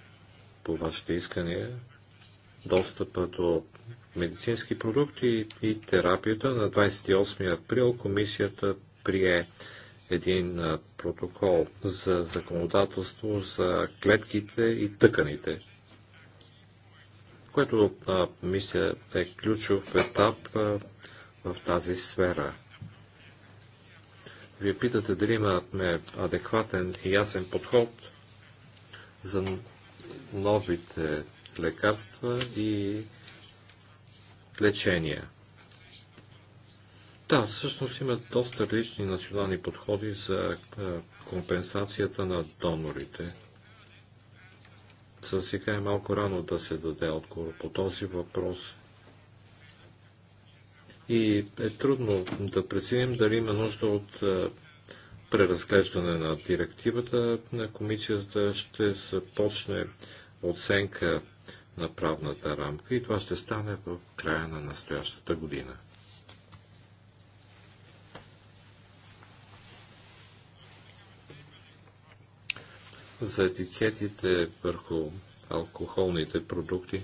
S3: по вашите искания достъпа до медицински продукти и терапията. На 28 април комисията прие един протокол за законодателство за клетките и тъканите, което мисля е ключов етап в тази сфера. Вие питате дали имаме адекватен и ясен подход за новите лекарства и лечения. Да, всъщност има доста лични национални подходи за компенсацията на донорите. За сега е малко рано да се даде отговор по този въпрос. И е трудно да преценим дали има нужда от преразглеждане на директивата. На комисията ще започне оценка на правната рамка и това ще стане в края на настоящата година. за етикетите върху алкохолните продукти.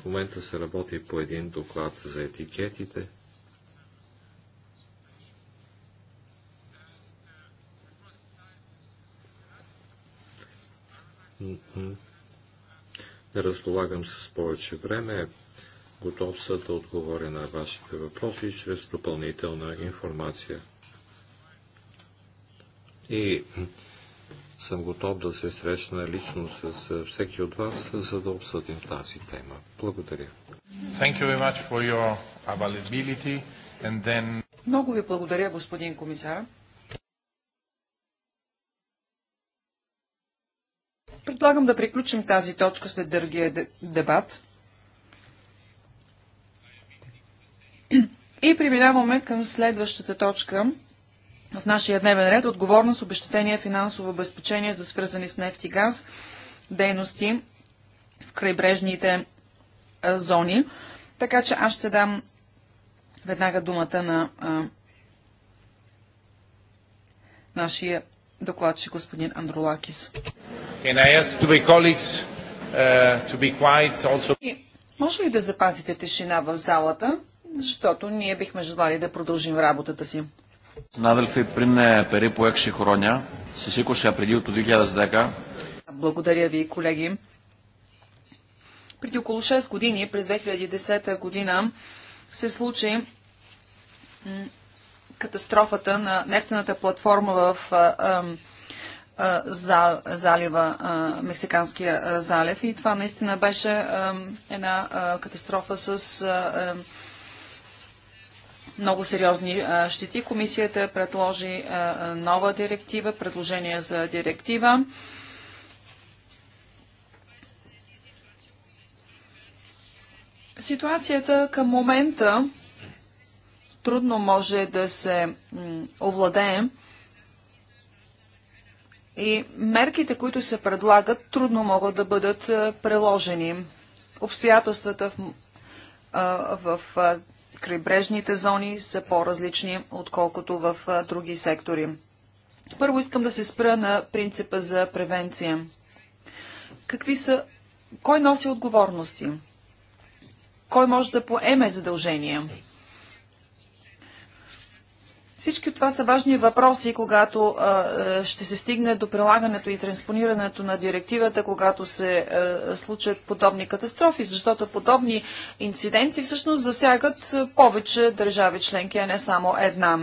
S3: В момента се работи по един доклад за етикетите. Не разполагам с повече време. Готов са да отговоря на вашите въпроси чрез допълнителна информация. И съм готов да се срещна лично с всеки от вас, за да обсъдим тази тема. Благодаря.
S2: Thank you very much for your availability and then...
S4: Много ви благодаря, господин комисар. Предлагам да приключим тази точка след дъргия дебат. И преминаваме към следващата точка – в нашия дневен ред отговорност, обещетение, финансово обезпечение за свързани с нефт и газ дейности в крайбрежните зони. Така че аз ще дам веднага думата на а, нашия докладчик господин Андролакис.
S2: Uh,
S4: може ли да запазите тишина в залата, защото ние бихме желали да продължим работата си.
S3: Συνάδελφοι, πριν περίπου 6 χρόνια, στις 20 Απριλίου του 2010...
S4: Благодаря ви, колеги. Преди около 6 години, през 2010 година, се случи катастрофата на нефтената платформа в залива, Мексиканския залив. И това наистина беше една катастрофа с много сериозни щети. Комисията предложи нова директива, предложение за директива. Ситуацията към момента трудно може да се овладее. и мерките, които се предлагат, трудно могат да бъдат приложени. Обстоятелствата в, в крайбрежните зони са по-различни, отколкото в други сектори. Първо искам да се спра на принципа за превенция. Какви са... Кой носи отговорности? Кой може да поеме задължения? Всички това са важни въпроси, когато а, ще се стигне до прилагането и транспонирането на директивата, когато се а, случат подобни катастрофи, защото подобни инциденти всъщност засягат повече държави членки, а не само една.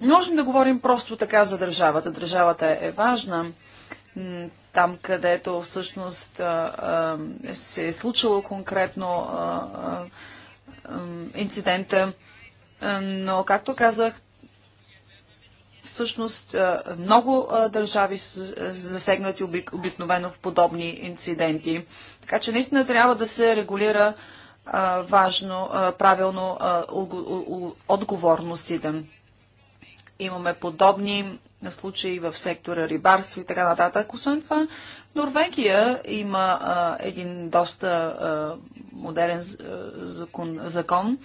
S4: Можем да говорим просто така за държавата. Държавата е важна. Там, където всъщност а, се е случило конкретно инцидента. Но, както казах, всъщност много държави са засегнати обикновено в подобни инциденти. Така че наистина трябва да се регулира важно, правилно отговорностите. Имаме подобни случаи в сектора рибарство и така нататък. Освен това, в Норвегия има а, един доста а, модерен закон, закон,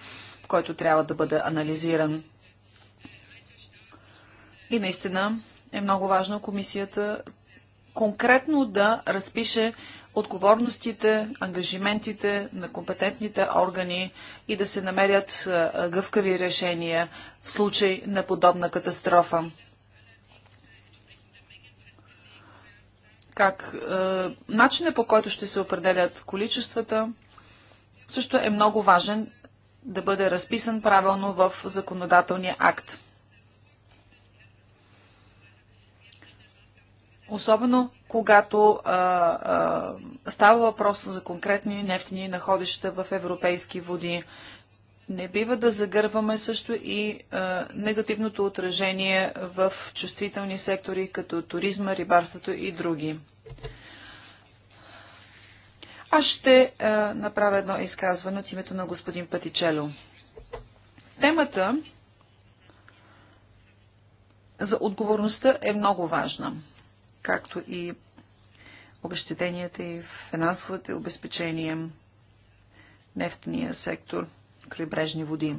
S4: който трябва да бъде анализиран. И наистина е много важно комисията конкретно да разпише отговорностите, ангажиментите на компетентните органи и да се намерят гъвкави решения в случай на подобна катастрофа. Как е, начинът по който ще се определят количествата също е много важен да бъде разписан правилно в законодателния акт. Особено когато а, а, става въпрос за конкретни нефтени находища в европейски води. Не бива да загърваме също и а, негативното отражение в чувствителни сектори, като туризма, рибарството и други. Аз ще а, направя едно изказване от името на господин Патичело. Темата за отговорността е много важна както и обещетенията и финансовите обезпечения, нефтния сектор, крайбрежни води.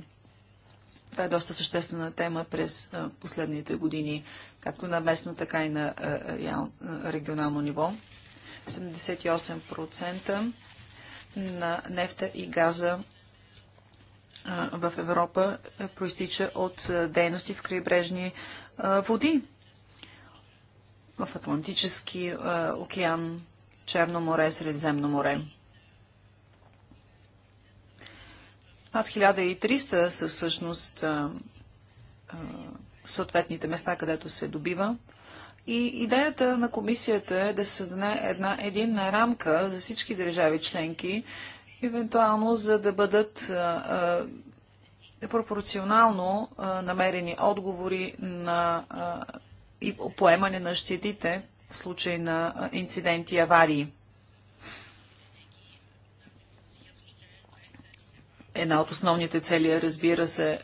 S4: Това е доста съществена тема през последните години, както на местно, така и на регионално ниво. 78% на нефта и газа в Европа проистича от дейности в крайбрежни води в Атлантически е, океан, Черно море, Средиземно море. Над 1300 са всъщност е, е, съответните места, където се добива. И идеята на комисията е да се създаде една единна рамка за всички държави членки, евентуално за да бъдат а, пропорционално намерени отговори на и поемане на щетите в случай на инциденти и аварии. Една от основните цели е, разбира се,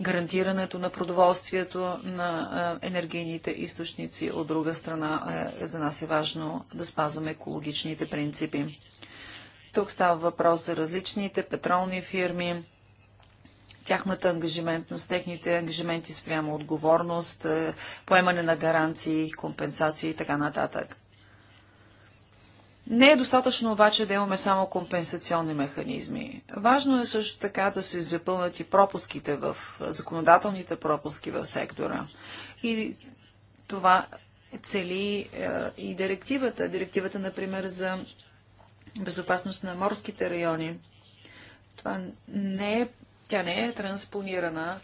S4: гарантирането на продоволствието на енергийните източници. От друга страна, за нас е важно да спазваме екологичните принципи. Тук става въпрос за различните петролни фирми, тяхната ангажиментност, техните ангажименти спрямо отговорност, е, поемане на гаранции, компенсации и така нататък. Не е достатъчно обаче да имаме само компенсационни механизми. Важно е също така да се запълнат и пропуските в е, законодателните пропуски в сектора. И това цели е, и директивата. Директивата, например, за безопасност на морските райони. Това не е тя не е транспонирана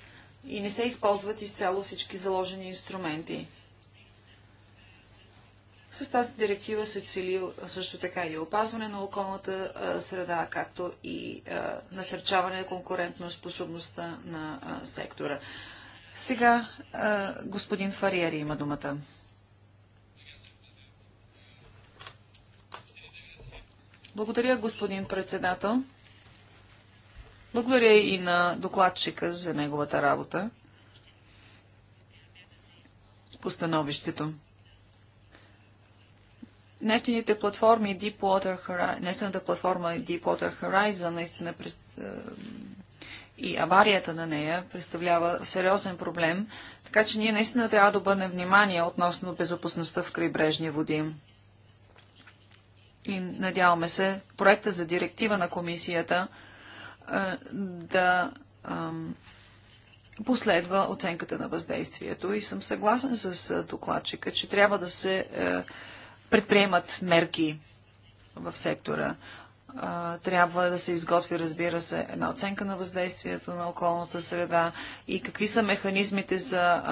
S4: и не се използват изцяло всички заложени инструменти. С тази директива се цели също така и опазване на околната среда, както и насърчаване на конкурентно способността на сектора. Сега господин Фариери има думата. Благодаря, господин председател. Благодаря и на докладчика за неговата работа по становището. Нефтените платформи Deepwater Horizon, нефтената платформа Deepwater Horizon наистина през, е, и аварията на нея представлява сериозен проблем, така че ние наистина трябва да обърнем внимание относно безопасността в крайбрежния води. И надяваме се проекта за директива на комисията – е, да последва оценката на въздействието. И съм съгласен с е, докладчика, че трябва да се е, предприемат мерки в сектора. Трябва да се изготви, разбира се, една оценка на въздействието на околната среда и какви са механизмите за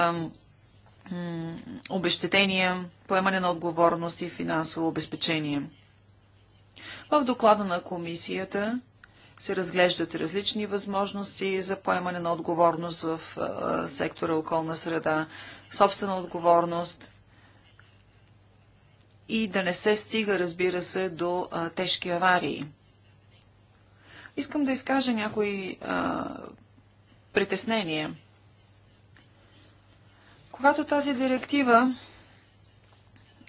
S4: обещетения, поемане на отговорност и финансово обезпечение. В доклада на комисията се разглеждат различни възможности за поемане на отговорност в сектора околна среда, собствена отговорност и да не се стига, разбира се, до тежки аварии. Искам да изкажа някои притеснения. Когато тази директива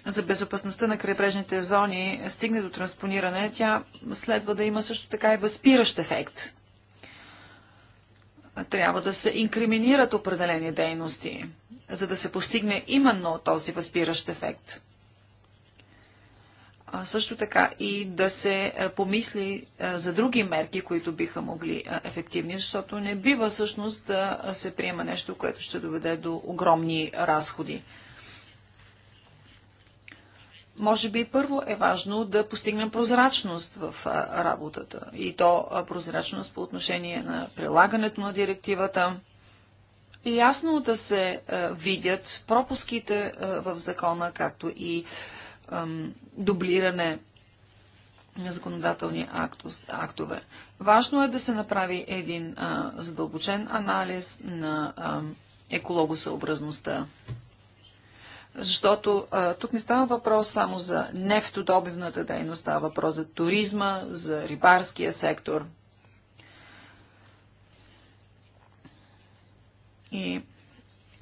S4: за безопасността на крайбрежните зони стигне до транспониране, тя следва да има също така и възпиращ ефект. Трябва да се инкриминират определени дейности, за да се постигне именно този възпиращ ефект. А също така и да се е, помисли е, за други мерки, които биха могли е, ефективни, защото не бива всъщност да се приема нещо, което ще доведе до огромни разходи. Може би първо е важно да постигнем прозрачност в работата и то прозрачност по отношение на прилагането на директивата. И ясно да се видят пропуските в закона, както и дублиране на законодателни актове. Важно е да се направи един задълбочен анализ на екологосъобразността защото а, тук не става въпрос само за нефтодобивната дейност, става въпрос за туризма, за рибарския сектор. И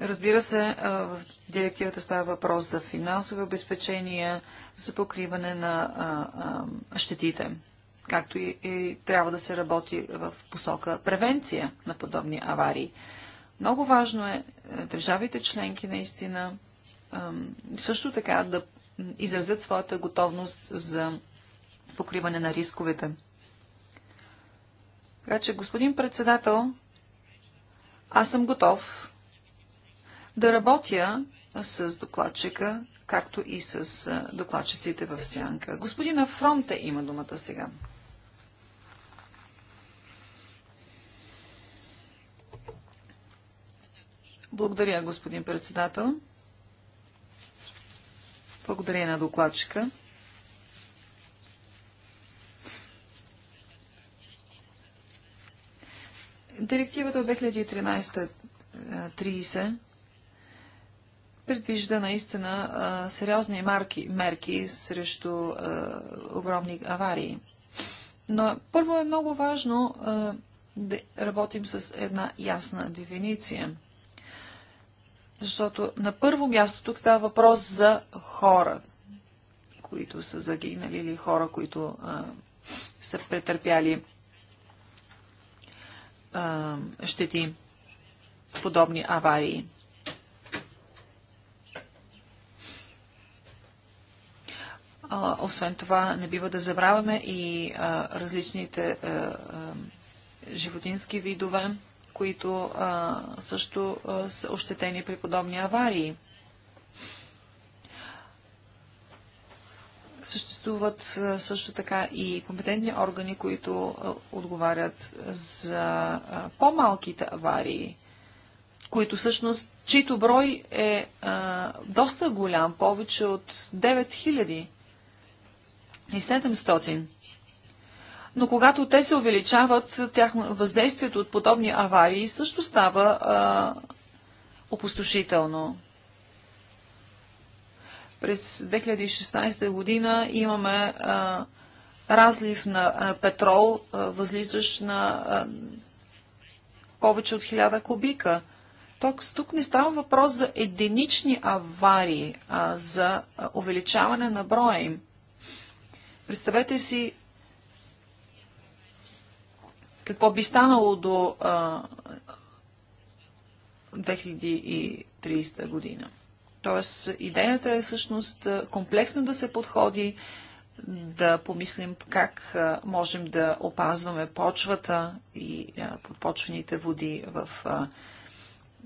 S4: разбира се, а, в директивата става въпрос за финансови обезпечения, за покриване на а, а, щетите, както и, и трябва да се работи в посока превенция на подобни аварии. Много важно е, е държавите членки наистина също така да изразят своята готовност за покриване на рисковете. Така че, господин председател, аз съм готов да работя с докладчика, както и с докладчиците в сянка. Господина Фронте има думата сега. Благодаря, господин председател. Благодаря на докладчика. Директивата от 2013-30 предвижда наистина а, сериозни марки, мерки срещу а, огромни аварии. Но първо е много важно а, да работим с една ясна дефиниция – защото на първо място тук става въпрос за хора, които са загинали или хора, които а, са претърпяли а, щети, подобни аварии. А, освен това, не бива да забравяме и а, различните а, а, животински видове, които а, също а, са ощетени при подобни аварии. Съществуват а, също така и компетентни органи, които а, отговарят за по-малките аварии, които всъщност, чийто брой е а, доста голям, повече от 9700 но когато те се увеличават, тяхно въздействието от подобни аварии също става а, опустошително. През 2016 година имаме а, разлив на а, петрол, а, възлизащ на а, повече от 1000 кубика. Тук, тук не става въпрос за единични аварии, а за увеличаване на броя им. Представете си какво би станало до а, 2030 година. Тоест, идеята е всъщност комплексно да се подходи, да помислим как а, можем да опазваме почвата и а, подпочвените води в а,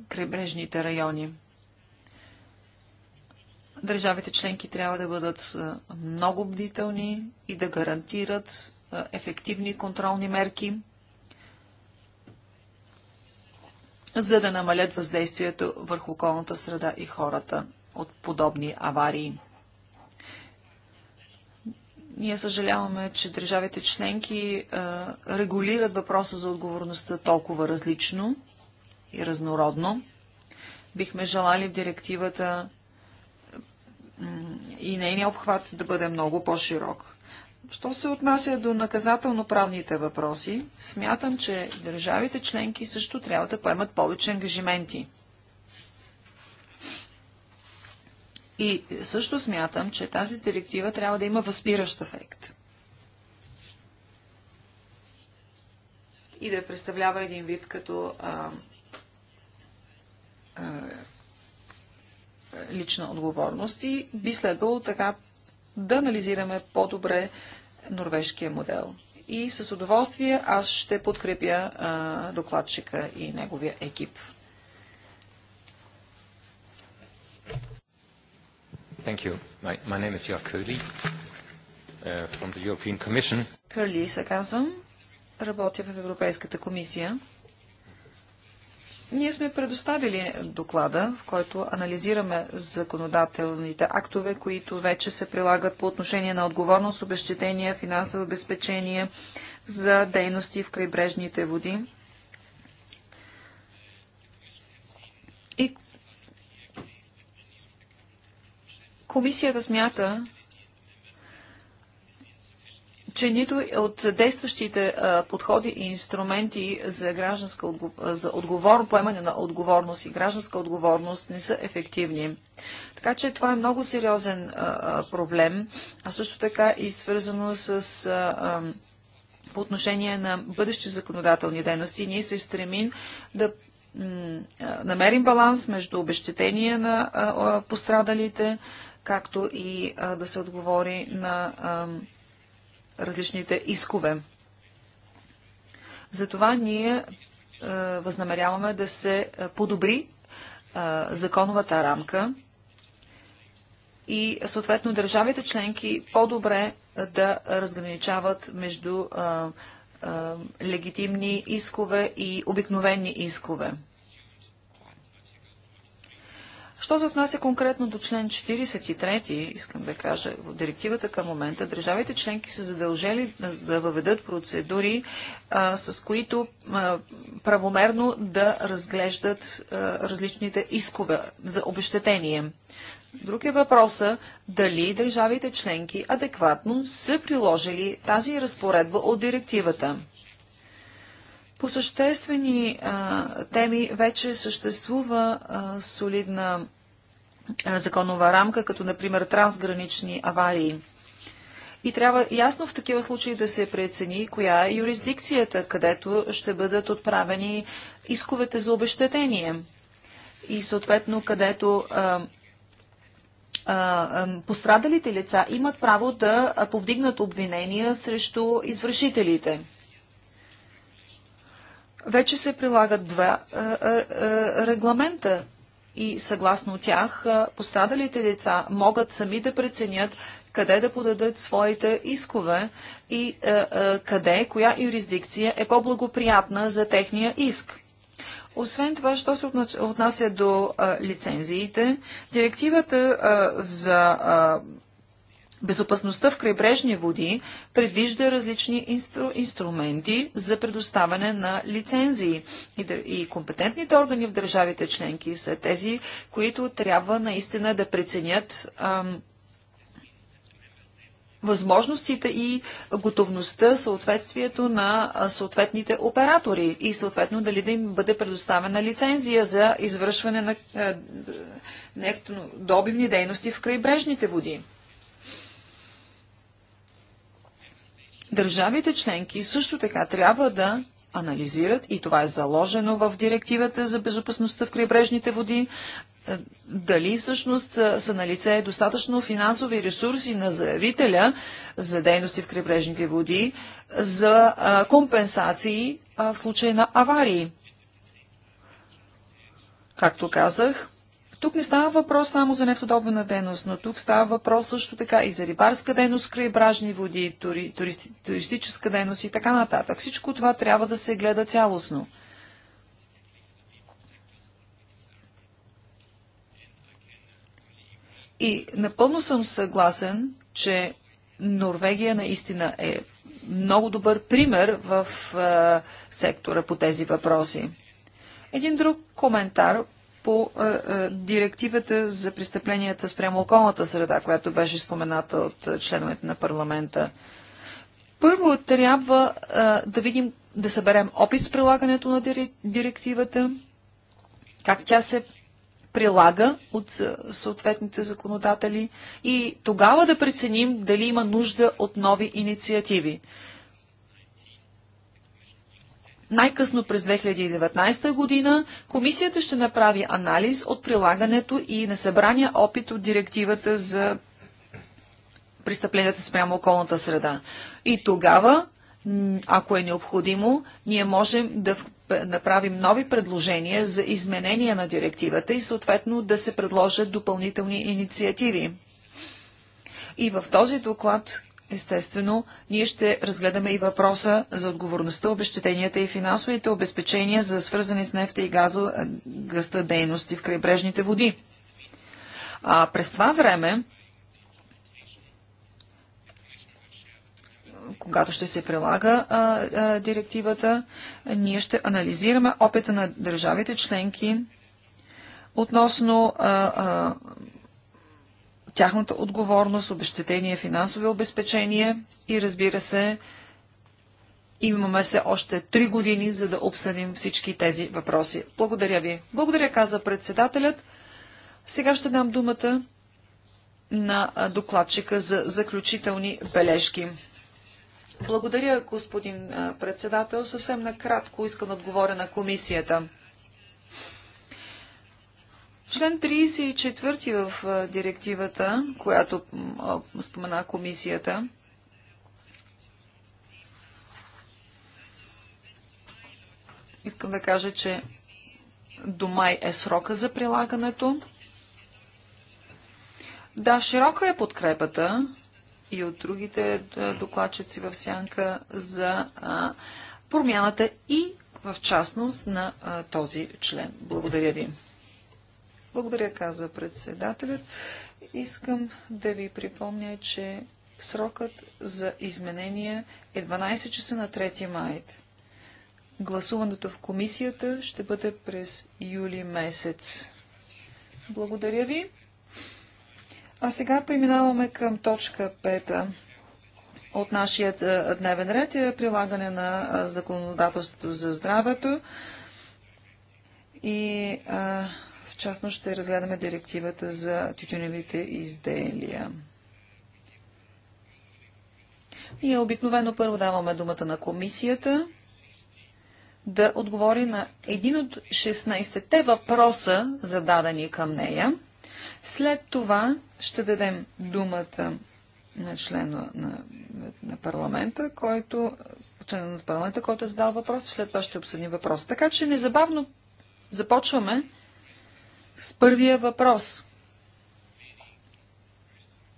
S4: крайбрежните райони. Държавите членки трябва да бъдат много бдителни и да гарантират ефективни контролни мерки за да намалят въздействието върху околната среда и хората от подобни аварии. Ние съжаляваме, че държавите членки е, регулират въпроса за отговорността толкова различно и разнородно. Бихме желали в директивата и нейния обхват да бъде много по-широк. Що се отнася до наказателно-правните въпроси, смятам, че държавите членки също трябва да поемат повече ангажименти. И също смятам, че тази директива трябва да има възпиращ ефект. И да представлява един вид като а, а, лична отговорност и би следвало така да анализираме по-добре норвежкия модел. И с удоволствие аз ще подкрепя а, докладчика и неговия екип.
S3: Thank you. My, my name is Jörg Curly uh, from the European Commission.
S4: Curly се казвам. Работя в Европейската комисия. Ние сме предоставили доклада, в който анализираме законодателните актове, които вече се прилагат по отношение на отговорност, обещетения, финансово обезпечение за дейности в крайбрежните води. И комисията смята, че нито от действащите а, подходи и инструменти за, гражданска, за отговор, поемане на отговорност и гражданска отговорност не са ефективни. Така че това е много сериозен а, проблем, а също така и свързано с. А, по отношение на бъдещи законодателни дейности. Ние се стремим да намерим баланс между обещетения на пострадалите, както и да се отговори на различните искове. Затова ние е, възнамеряваме да се е, подобри е, законовата рамка и съответно държавите членки по-добре е, да разграничават между е, е, легитимни искове и обикновени искове. Що се отнася конкретно до член 43, искам да кажа, в директивата към момента държавите членки са задължели да въведат процедури, а, с които а, правомерно да разглеждат а, различните искове за обещетение. Друг е въпроса дали държавите членки адекватно са приложили тази разпоредба от директивата. По съществени а, теми вече съществува а, солидна а, законова рамка, като например трансгранични аварии. И трябва ясно в такива случаи да се прецени коя е юрисдикцията, където ще бъдат отправени исковете за обещетение. И съответно, където а, а, пострадалите лица имат право да повдигнат обвинения срещу извършителите вече се прилагат два регламента и съгласно тях пострадалите деца могат сами да преценят къде да подадат своите искове и къде, коя юрисдикция е по-благоприятна за техния иск. Освен това, що се отнася до лицензиите, директивата за Безопасността в крайбрежни води предвижда различни инстру, инструменти за предоставяне на лицензии. И, и компетентните органи в държавите членки са тези, които трябва наистина да преценят ам, възможностите и готовността, съответствието на съответните оператори и съответно дали да им бъде предоставена лицензия за извършване на нефтодобивни дейности в крайбрежните води. Държавите членки също така трябва да анализират, и това е заложено в директивата за безопасността в крайбрежните води, е, дали всъщност е, са, на лице достатъчно финансови ресурси на заявителя за дейности в крайбрежните води за е, компенсации в случай на аварии. Както казах, тук не става въпрос само за нефтодобна дейност, но тук става въпрос също така и за рибарска дейност, крайбражни води, тури, туристи, туристическа дейност и така нататък. Всичко това трябва да се гледа цялостно. И напълно съм съгласен, че Норвегия наистина е много добър пример в е, сектора по тези въпроси. Един друг коментар по а, е, а, е, директивата за престъпленията спрямо околната среда, която беше спомената от е, членовете на парламента. Първо трябва а, да видим, да съберем опит с прилагането на директивата, как тя се прилага от съответните законодатели и тогава да преценим дали има нужда от нови инициативи. Най-късно през 2019 година комисията ще направи анализ от прилагането и на събрания опит от директивата за престъпленията спрямо околната среда. И тогава, ако е необходимо, ние можем да направим нови предложения за изменения на директивата и съответно да се предложат допълнителни инициативи. И в този доклад Естествено, ние ще разгледаме и въпроса за отговорността, обещетенията и финансовите обезпечения за свързани с нефта и газо, гъста дейности в крайбрежните води. А през това време, когато ще се прилага а, а, директивата, ние ще анализираме опита на държавите членки относно а, а, тяхната отговорност, обещетение, финансови обезпечения и разбира се, имаме се още три години, за да обсъдим всички тези въпроси. Благодаря ви. Благодаря, каза председателят. Сега ще дам думата на докладчика за заключителни бележки. Благодаря, господин председател. Съвсем накратко искам да отговоря на комисията. Член 34 в директивата, която спомена комисията, искам да кажа, че до май е срока за прилагането. Да, широка е подкрепата и от другите докладчици в сянка за промяната и в частност на този член. Благодаря ви. Благодаря, каза председателят. Искам да ви припомня, че срокът за изменения е 12 часа на 3 май. Гласуването в комисията ще бъде през юли месец. Благодаря ви. А сега преминаваме към точка 5 от нашия дневен ред е прилагане на законодателството за здравето. И а, в частност ще разгледаме директивата за тютюневите изделия. Ние обикновено първо даваме думата на комисията да отговори на един от 16-те въпроса, зададени към нея. След това ще дадем думата на члена на, на парламента, който члена на парламента, който е задал въпрос, след това ще обсъдим въпроса. Така че незабавно започваме с първия въпрос.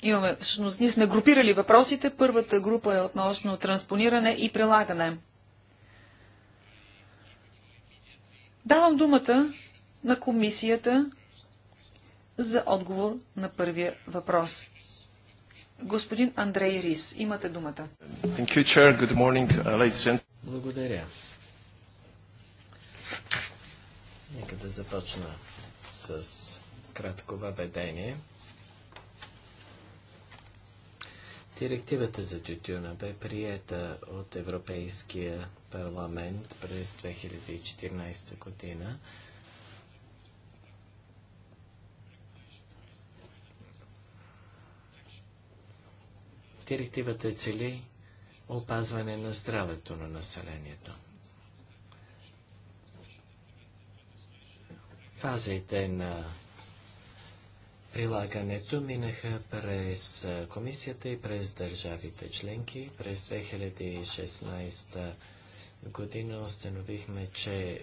S4: Имаме, всъщност, ние сме групирали въпросите. Първата група е относно транспониране и прилагане. Давам думата на комисията за отговор на първия въпрос. Господин Андрей Рис, имате думата.
S2: Uh,
S1: Благодаря. Нека да започна с кратко въведение. Директивата за тютюна бе приета от Европейския парламент през 2014 година. Директивата цели опазване на здравето на населението. Фазите на прилагането минаха през комисията и през държавите членки. През 2016 година установихме, че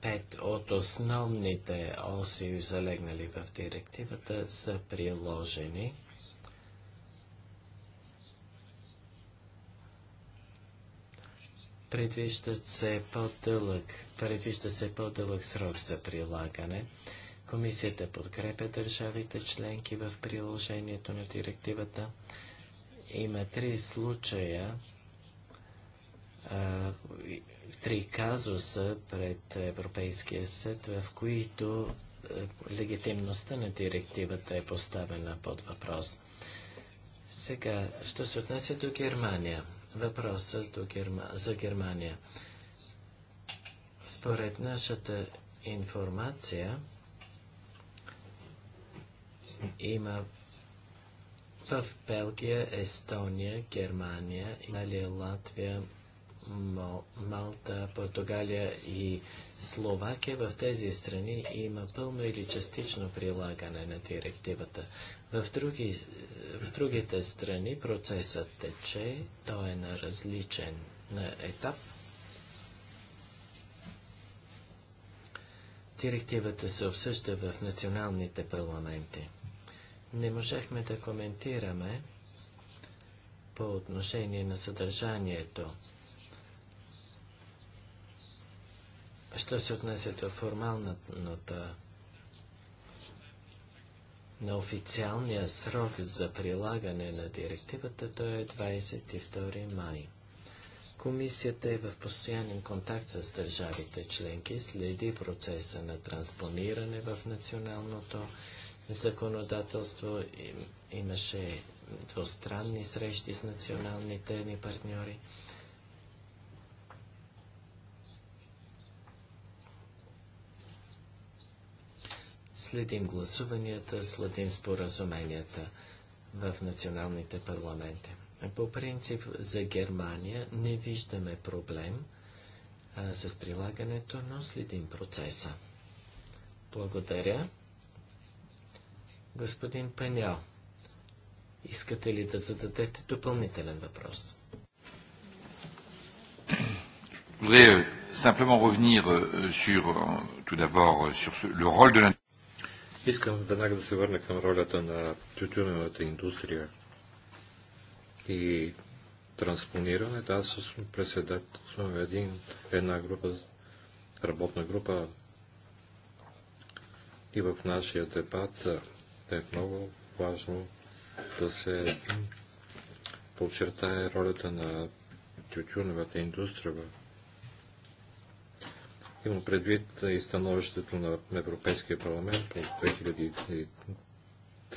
S1: пет от основните оси, залегнали в директивата, са приложени. предвижда се по-дълъг, предвижда се по-дълъг срок за прилагане. Комисията подкрепя държавите членки в приложението на директивата. Има три случая, три казуса пред Европейския съд, в които е, легитимността на директивата е поставена под въпрос. Сега, що се отнася до Германия? въпроса за Германия. Според нашата информация има в Белгия, Естония, Германия, Италия, Латвия, Малта, Португалия и Словакия, в тези страни има пълно или частично прилагане на директивата. В, други, в другите страни процесът тече, той е на различен на етап. Директивата се обсъжда в националните парламенти. Не можехме да коментираме по отношение на съдържанието Що се отнесе до формалната на официалния срок за прилагане на директивата, то е 22 май. Комисията е в постоянен контакт с държавите членки, следи процеса на транспониране в националното законодателство. Имаше двустранни срещи с националните ни партньори. Следим гласуванията, следим споразуменията в националните парламенти. По принцип за Германия не виждаме проблем а, с прилагането, но следим процеса. Благодаря. Господин Панял, искате ли да зададете допълнителен въпрос?
S2: Je voudrais euh, simplement revenir euh, sur, euh, tout d'abord sur le rôle de l'industrie.
S3: Искам веднага да се върна към ролята на тютюнената индустрия и транспонирането. Аз всъщност председателствам един, една група, работна група и в нашия дебат е много важно да се подчертае ролята на тютюневата индустрия в Имам предвид и становището на Европейския парламент от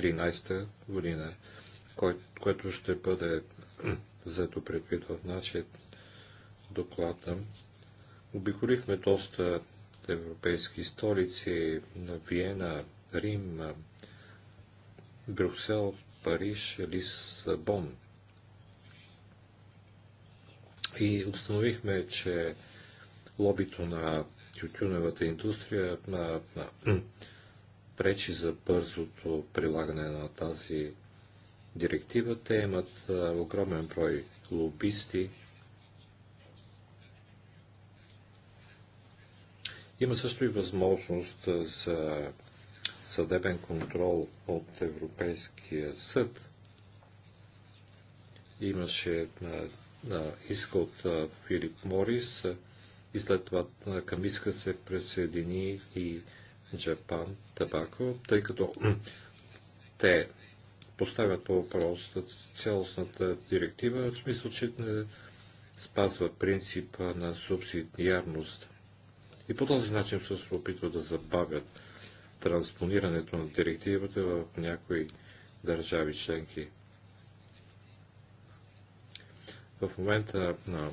S3: 2013 година, кое, което ще бъде взето предвид в нашия доклад. Обиколихме доста европейски столици на Виена, Рим, Брюксел, Париж, Лисабон. И установихме, че лобито на тютюневата индустрия а, а, пречи за бързото прилагане на тази директива. Те имат а, огромен брой лобисти. Има също и възможност за съдебен контрол от Европейския съд. Имаше а, иска от Филип Морис и след това към иска се присъедини и Джапан Табако, тъй като те поставят по въпрос цялостната директива, в смисъл, че не спазва принципа на субсидиарност. И по този начин се опитват да забавят транспонирането на директивата в някои държави членки. В момента на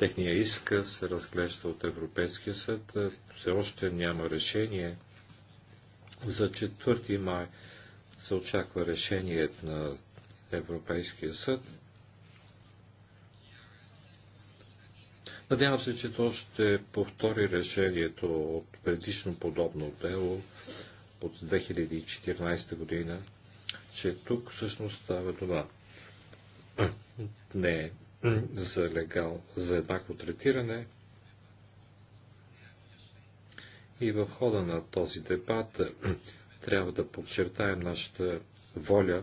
S3: Техния иск се разглежда от Европейския съд. Все още няма решение. За 4 май се очаква решение на Европейския съд. Надявам се, че то ще повтори решението от предишно подобно дело от 2014 година, че тук всъщност става това. Не за, легал, за еднакво третиране. И в хода на този дебат трябва да подчертаем нашата воля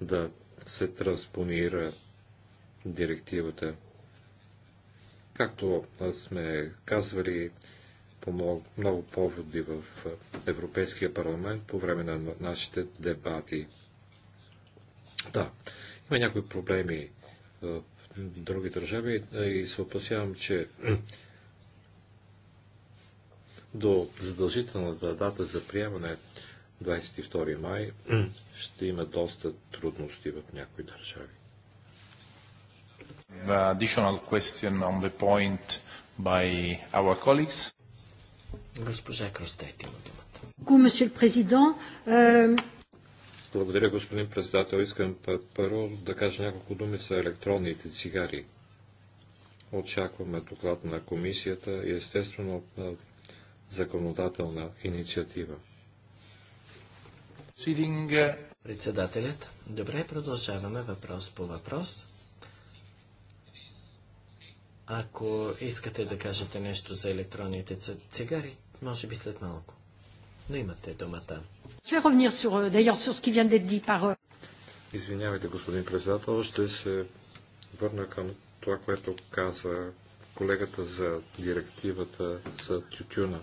S3: да се транспонира директивата. Както сме казвали по много, много поводи в Европейския парламент по време на нашите дебати. Да, има някои проблеми в други държави е, и се опасявам, че до задължителната дата за приемане 22 май ще има доста
S2: трудности в някои държави. Additional question on the point by our colleagues.
S1: Госпожа Кростет
S2: има думата. Благодаря, господин председател.
S3: Искам първо да кажа няколко думи за електронните цигари. Очакваме доклад на комисията и естествено законодателна инициатива.
S1: Председателят. Добре, продължаваме въпрос по въпрос. Ако искате да кажете нещо за електронните цигари, може би след малко. Но имате думата.
S3: Извинявайте, господин председател, ще се върна към това, което каза колегата за директивата за тютюна.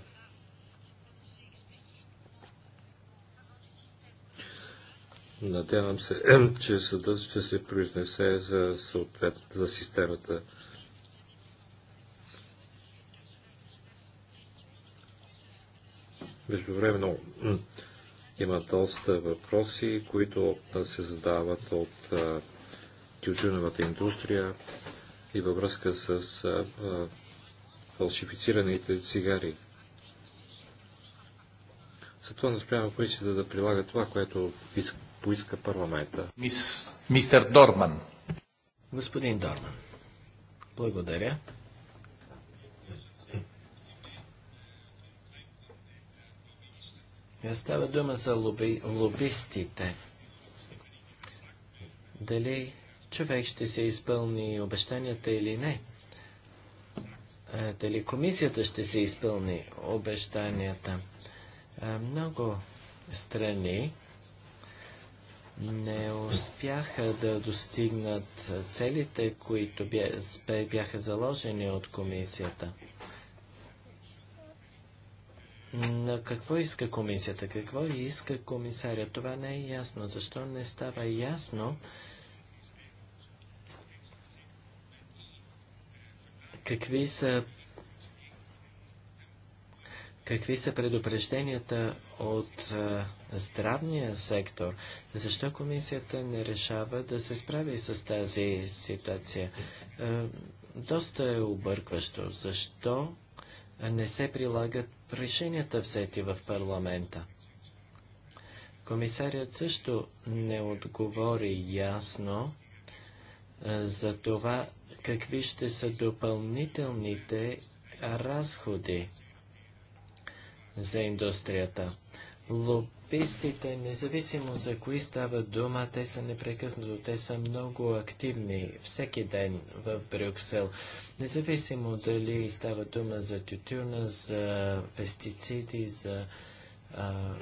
S3: Надявам се, че съдът ще се произнесе за, съответ, за системата. Междувременно Има доста въпроси, които се задават от тютюневата индустрия и във връзка с а, а, фалшифицираните цигари. Затова настояваме комисията да прилага това, което поиска парламента.
S2: Мис...
S1: Мистер Дорман. Господин Дорман, благодаря. Е, става дума за лоби, лобистите. Дали човек ще се изпълни обещанията или не? Е, дали комисията ще се изпълни обещанията? Е, много страни не успяха да достигнат целите, които бяха заложени от комисията. На какво иска комисията? Какво иска комисаря? Това не е ясно. Защо не става ясно какви са Какви са предупрежденията от а, здравния сектор? Защо комисията не решава да се справи с тази ситуация? А, доста е объркващо. Защо не се прилагат решенията взети в парламента. Комисарят също не отговори ясно за това какви ще са допълнителните разходи за индустрията. Лоб Пистите, независимо за кои става дума, те са непрекъснато, те са много активни всеки ден в Брюксел. Независимо дали става дума за тютюна, за пестициди, за а,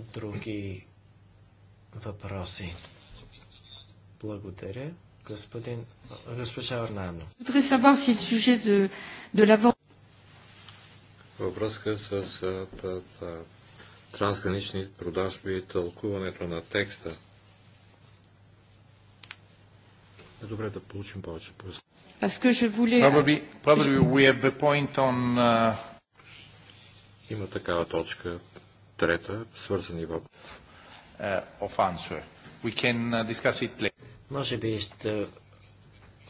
S1: други въпроси. Благодаря. Господин, госпожа Орнано.
S3: Въпросът е с трансгранични продажби и тълкуването на текста. Е добре да получим повече просто.
S2: Uh, Има такава точка, трета, свързани въпроси. Uh, We can
S1: uh, discuss it later. Може би ще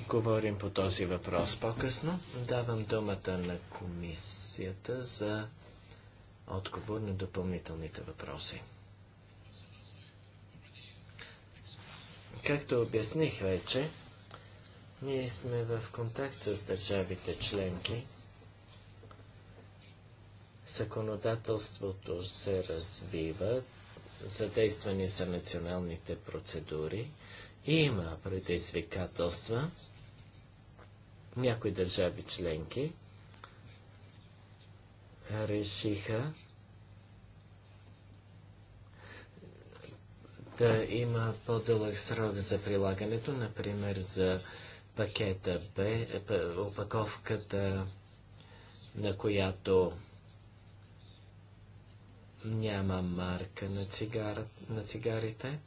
S1: говорим по този въпрос по-късно. Давам думата на комисията за отговор на допълнителните въпроси. Както обясних вече, ние сме в контакт с държавите членки. Законодателството се развива, задействани са националните процедури и има предизвикателства. Някои държави членки решиха да има по-дълъг срок за прилагането, например за пакета Б, е, опаковката, на която няма марка на, цигара, на цигарите.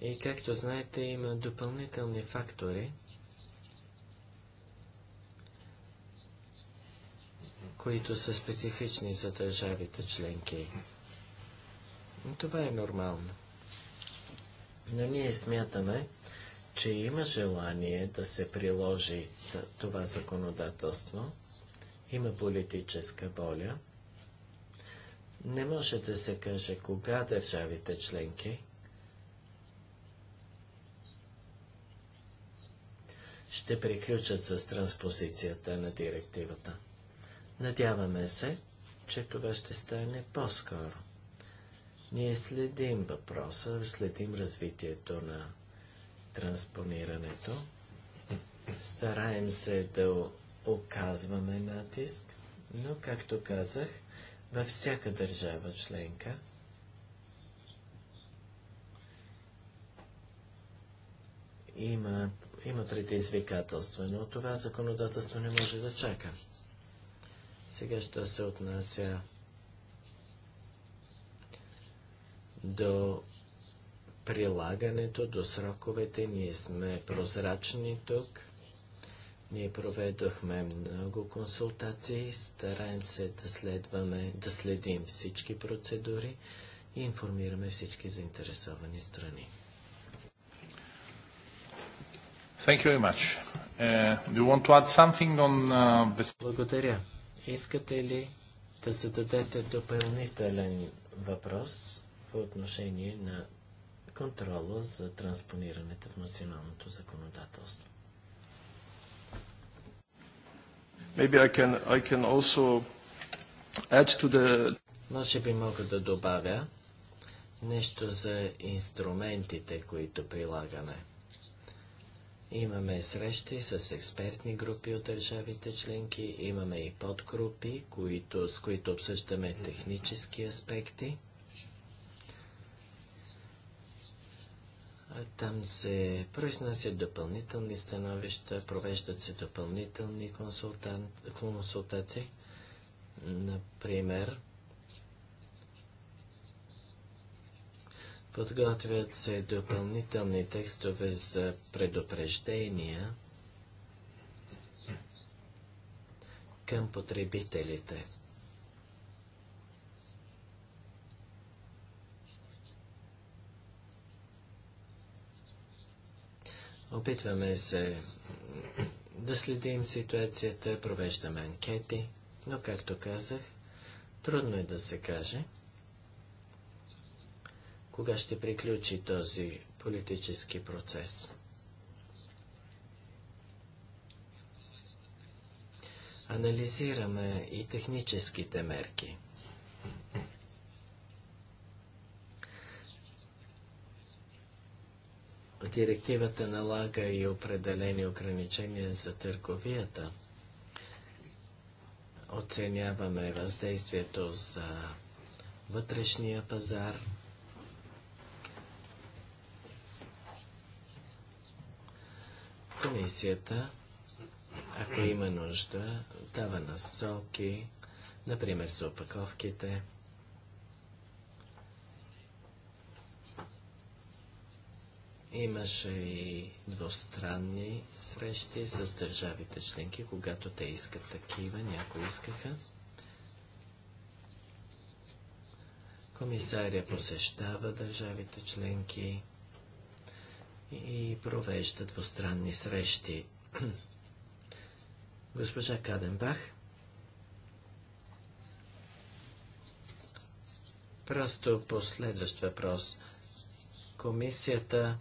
S1: И както знаете, има допълнителни фактори – които са специфични за държавите членки. Това е нормално. Но ние смятаме, че има желание да се приложи това законодателство, има политическа воля. Не може да се каже кога държавите членки ще приключат с транспозицията на директивата. Надяваме се, че това ще стане по-скоро. Ние следим въпроса, следим развитието на транспонирането. Стараем се да оказваме натиск, но, както казах, във всяка държава членка има, има предизвикателства, но това законодателство не може да чака. Сега ще се отнася до прилагането, до сроковете. Ние сме прозрачни тук. Ние проведохме много консултации, стараем се да следваме, да следим всички процедури и информираме всички заинтересовани страни.
S2: Thank you very much. Uh, you want to add something on uh, Благодаря.
S1: Искате ли да зададете допълнителен въпрос по отношение на контрола за транспонирането в националното законодателство?
S2: Maybe I can, I can also
S1: add to the... Може би мога да добавя нещо за инструментите, които прилагаме. Имаме срещи с експертни групи от държавите членки, имаме и подгрупи, които, с които обсъждаме технически аспекти. Там се произнасят допълнителни становища, провеждат се допълнителни консултан... консултации. Например, Подготвят се допълнителни текстове за предупреждения към потребителите. Опитваме се да следим ситуацията, провеждаме анкети, но, както казах, трудно е да се каже – кога ще приключи този политически процес. Анализираме и техническите мерки. Директивата налага и определени ограничения за търговията. Оценяваме въздействието за вътрешния пазар – Комисията, ако има нужда, дава насоки, например за опаковките. Имаше и двустранни срещи с държавите членки, когато те искат такива, някои искаха. Комисаря посещава държавите членки, и провежда двустранни срещи. Госпожа Каденбах Просто последващ въпрос. Комисията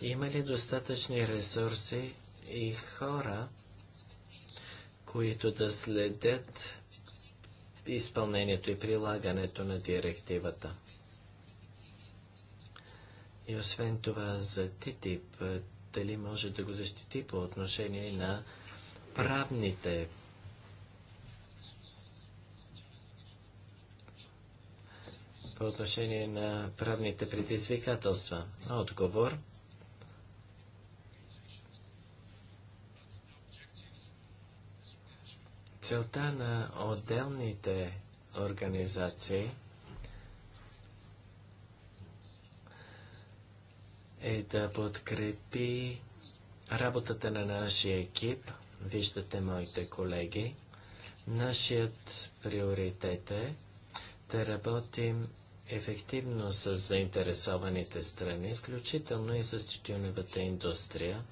S1: има ли достатъчни ресурси и хора, които да следят изпълнението и прилагането на директивата? И освен това за ТТИП, дали може да го защити по отношение на правните по отношение на правните предизвикателства? Отговор. Целта на отделните организации – е да подкрепи работата на нашия екип. Виждате моите колеги. Нашият приоритет е да работим ефективно с заинтересованите страни, включително и с тютюневата индустрия.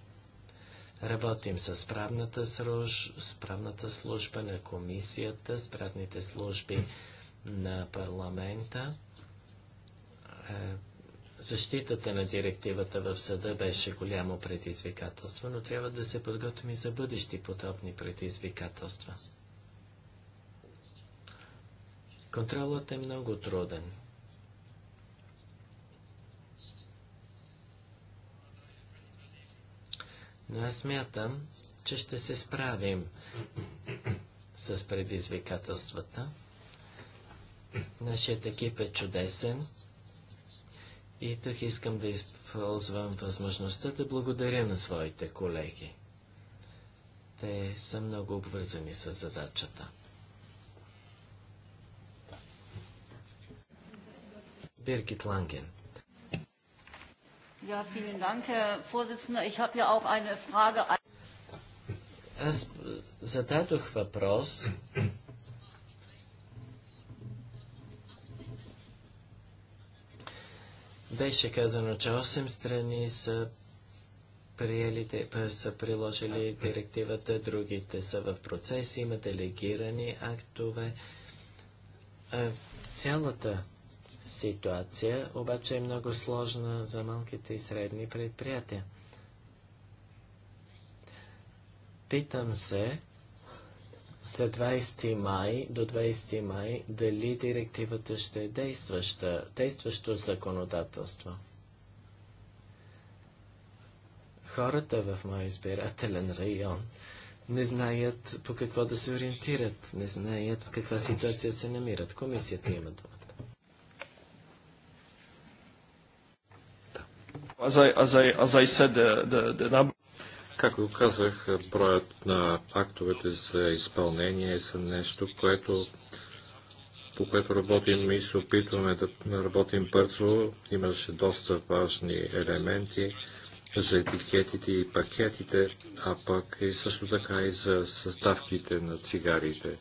S1: Работим с правната, сруж, с правната служба на комисията, с правните служби на парламента. Е, Защитата на директивата в съда беше голямо предизвикателство, но трябва да се подготвим и за бъдещи подобни предизвикателства. Контролът е много труден. Но аз смятам, че ще се справим с предизвикателствата. Нашият екип е чудесен. И тук искам да използвам възможността да благодаря на своите колеги. Те са много обвързани с задачата. Биргит Ланген.
S4: Ja, vielen Dank, Herr Vorsitzender. Ich habe ja auch eine Frage.
S1: Аз зададох въпрос Беше казано, че 8 страни са, приели, са приложили директивата, другите са в процес, има делегирани актове. Цялата ситуация обаче е много сложна за малките и средни предприятия. Питам се, след 20 май до 20 май дали директивата ще е действаща, действащо законодателство. Хората в моя избирателен район не знаят по какво да се ориентират, не знаят в каква ситуация се намират. Комисията има това.
S3: As I, as I, as I said, the, the, the number... Както казах, броят на актовете за изпълнение са е нещо, което, по което работим и се опитваме да работим бързо. Имаше доста важни елементи за етикетите и пакетите, а пък и също така и за съставките на цигарите.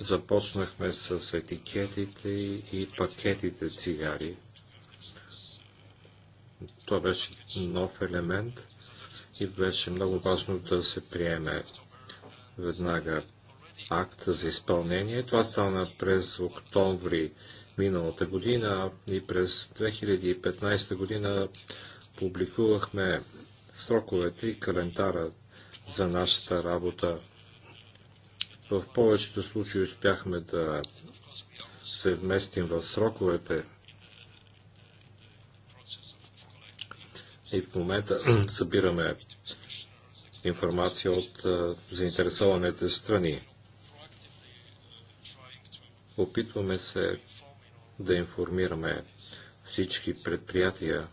S3: Започнахме с етикетите и пакетите цигари. Това беше нов елемент и беше много важно да се приеме веднага акта за изпълнение. Това стана през октомври миналата година и през 2015 година публикувахме сроковете и календара за нашата работа. В повечето случаи успяхме да се вместим в сроковете. И в момента събираме информация от заинтересованите страни. Опитваме се да информираме всички предприятия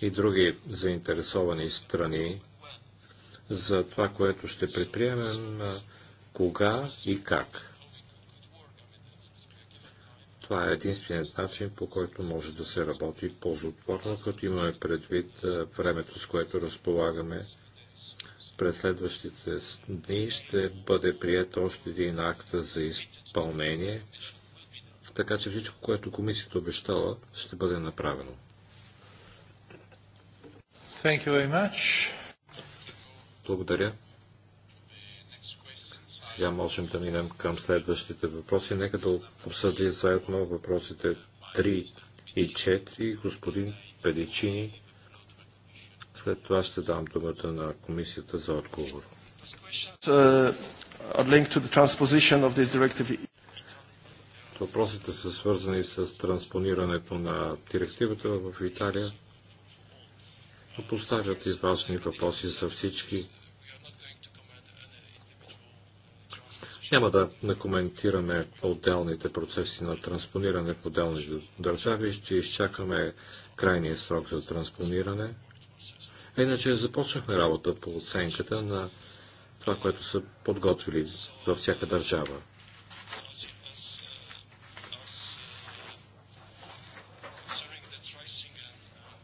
S3: и други заинтересовани страни за това, което ще предприемем, кога и как. Това е единственият начин, по който може да се работи ползотворно, като имаме предвид е, времето, с което разполагаме. През следващите дни ще бъде прият още един акт за изпълнение, така че всичко, което комисията обещала, ще бъде направено.
S2: Thank you very much.
S3: Благодаря. Сега можем да минем към следващите въпроси. Нека да обсъди заедно въпросите 3 и 4. Господин Педичини, след това ще дам думата на комисията за отговор. Uh, въпросите са свързани с транспонирането на директивата в Италия, но поставят и важни въпроси за всички Няма да коментираме отделните процеси на транспониране в отделни държави. Ще изчакаме крайния срок за транспониране. Иначе започнахме работа по оценката на това, което са подготвили във всяка държава.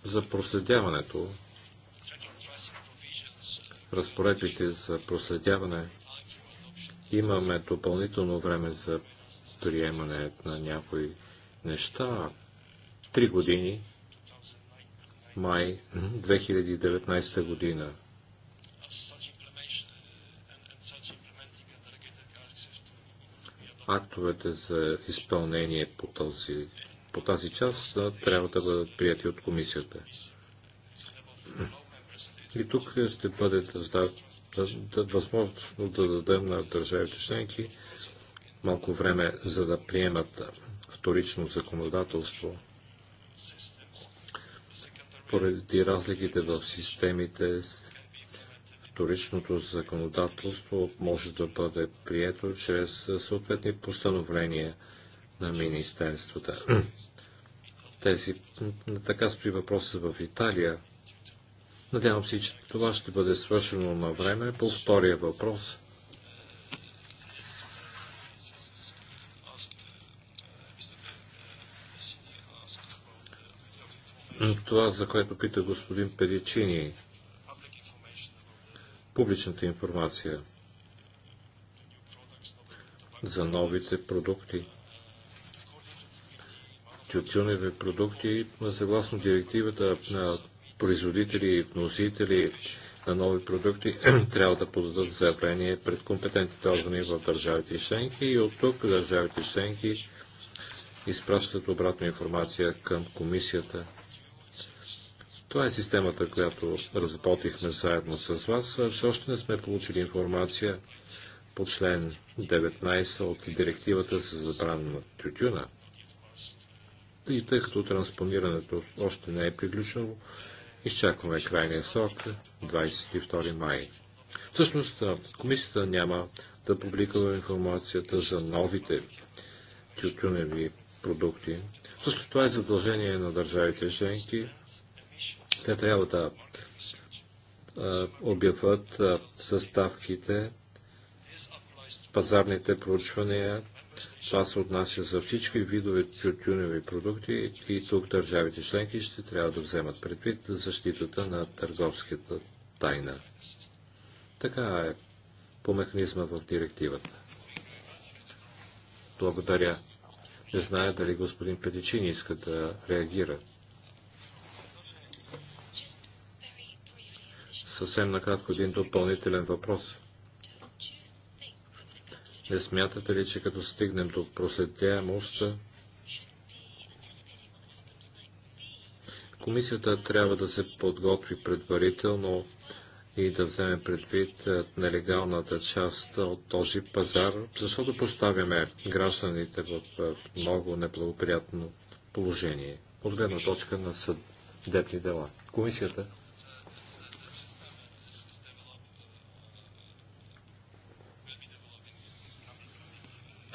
S3: За проследяването, разпоредбите за проследяване имаме допълнително време за приемане на някои неща. Три години, май 2019 година. Актовете за изпълнение по, този, по тази част трябва да бъдат прияти от комисията. И тук ще бъде раздаден възможно да дадем на държавите членки малко време, за да приемат вторично законодателство поради разликите в системите вторичното законодателство може да бъде прието чрез съответни постановления на министерствата. Тези, така стои въпроса в Италия. Надявам се, че това ще бъде свършено на време. По втория въпрос. Това, за което пита господин Педичини, публичната информация за новите продукти, тютюневи продукти, съгласно директивата на производители и вносители на нови продукти трябва да подадат заявление пред компетентните органи в държавите членки и от тук държавите членки изпращат обратна информация към комисията. Това е системата, която разработихме заедно с вас. Все още не сме получили информация по член 19 от директивата за забрана на тютюна. И тъй като транспонирането още не е приключено, Изчакваме крайния срок 22 май. Всъщност, комисията няма да публикува информацията за новите тютюневи продукти. Всъщност това е задължение на държавите членки. Те трябва да обяват съставките, пазарните проучвания, това се отнася за всички видове тютюневи продукти и тук държавите членки ще трябва да вземат предвид защитата на търговската тайна. Така е по механизма в директивата. Благодаря. Не зная дали господин Петичин иска да реагира. Съвсем накратко един допълнителен въпрос. Не смятате ли, че като стигнем до моста, комисията трябва да се подготви предварително и да вземе предвид е, нелегалната част от този пазар, защото поставяме гражданите в е, много неблагоприятно положение от гледна точка на съдебни дела. Комисията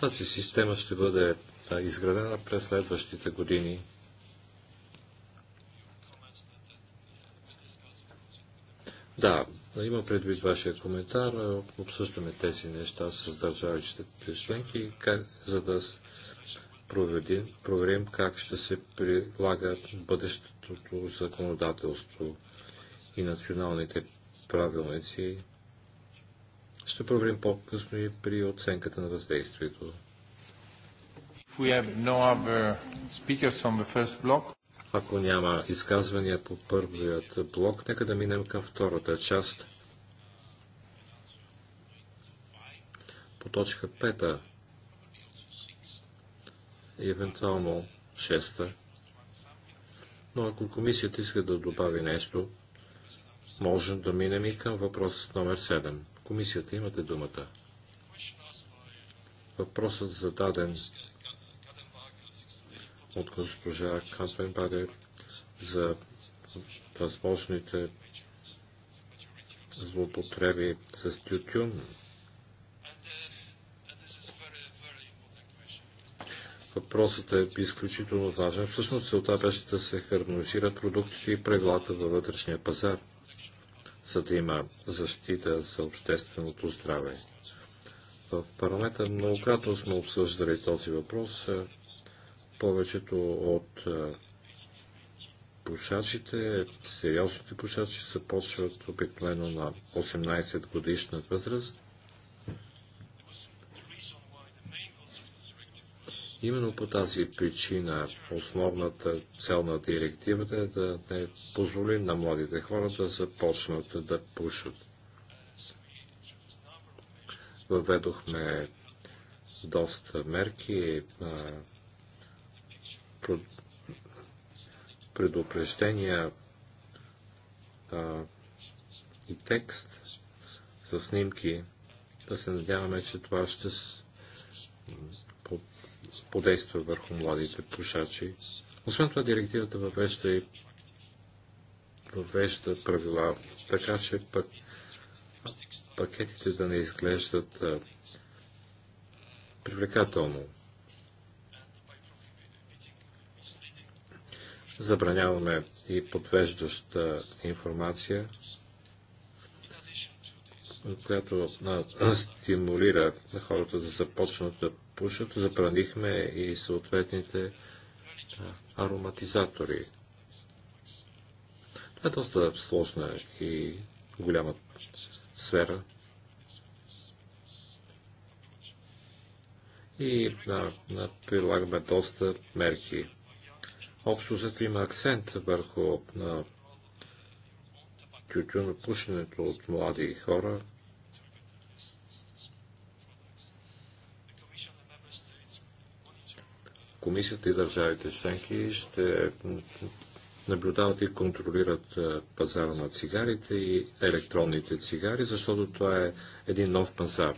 S3: Тази система ще бъде изградена през следващите години. Да, има предвид вашия коментар. Обсъждаме тези неща с държавите членки, как, за да проверим, проверим как ще се прилага бъдещото законодателство и националните правилници ще проверим по-късно и при оценката на въздействието.
S2: Ако няма изказвания по
S3: първият блок, нека да минем към втората част. По точка 5 и евентуално 6. Но ако комисията иска да добави нещо, можем да минем и към въпрос номер 7. Комисията, имате думата. Въпросът зададен от госпожа Кампенбаде за възможните злоупотреби с тютюн. Въпросът е изключително важен. Всъщност целта беше да се хармонизират продуктите и правилата във вътрешния пазар – за да има защита за общественото здраве. В парламента многократно сме обсъждали този въпрос. Е, повечето от е, пушачите, сериозните пушачи започват обикновено на 18 годишна възраст Именно по тази причина основната цел на директивата е да не позволи на младите хора да започнат да пушат. Въведохме доста мерки, предупреждения и текст за снимки. Да се надяваме, че това ще подейства върху младите пушачи. Освен това, директивата въвежда и въвежда правила, така че пък пакетите да не изглеждат а, привлекателно. Забраняваме и подвеждаща информация, която стимулира на хората да започнат да пушат, забранихме и съответните ароматизатори. Това е доста сложна и голяма сфера. И а, да, прилагаме доста мерки. Общо взето има акцент върху на тютюнопушенето от млади хора, комисията и държавите членки ще наблюдават и контролират пазара на цигарите и електронните цигари, защото това е един нов пазар.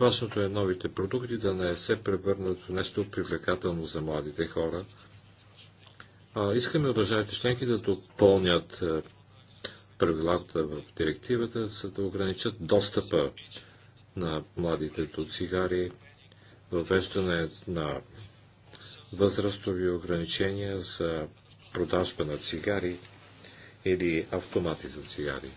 S3: Важното е новите продукти да не се превърнат в нещо привлекателно за младите хора. искаме от държавите членки да допълнят правилата в директивата, за да ограничат достъпа на младите до цигари, въвеждане на възрастови ограничения за продажба на цигари или автомати за цигари.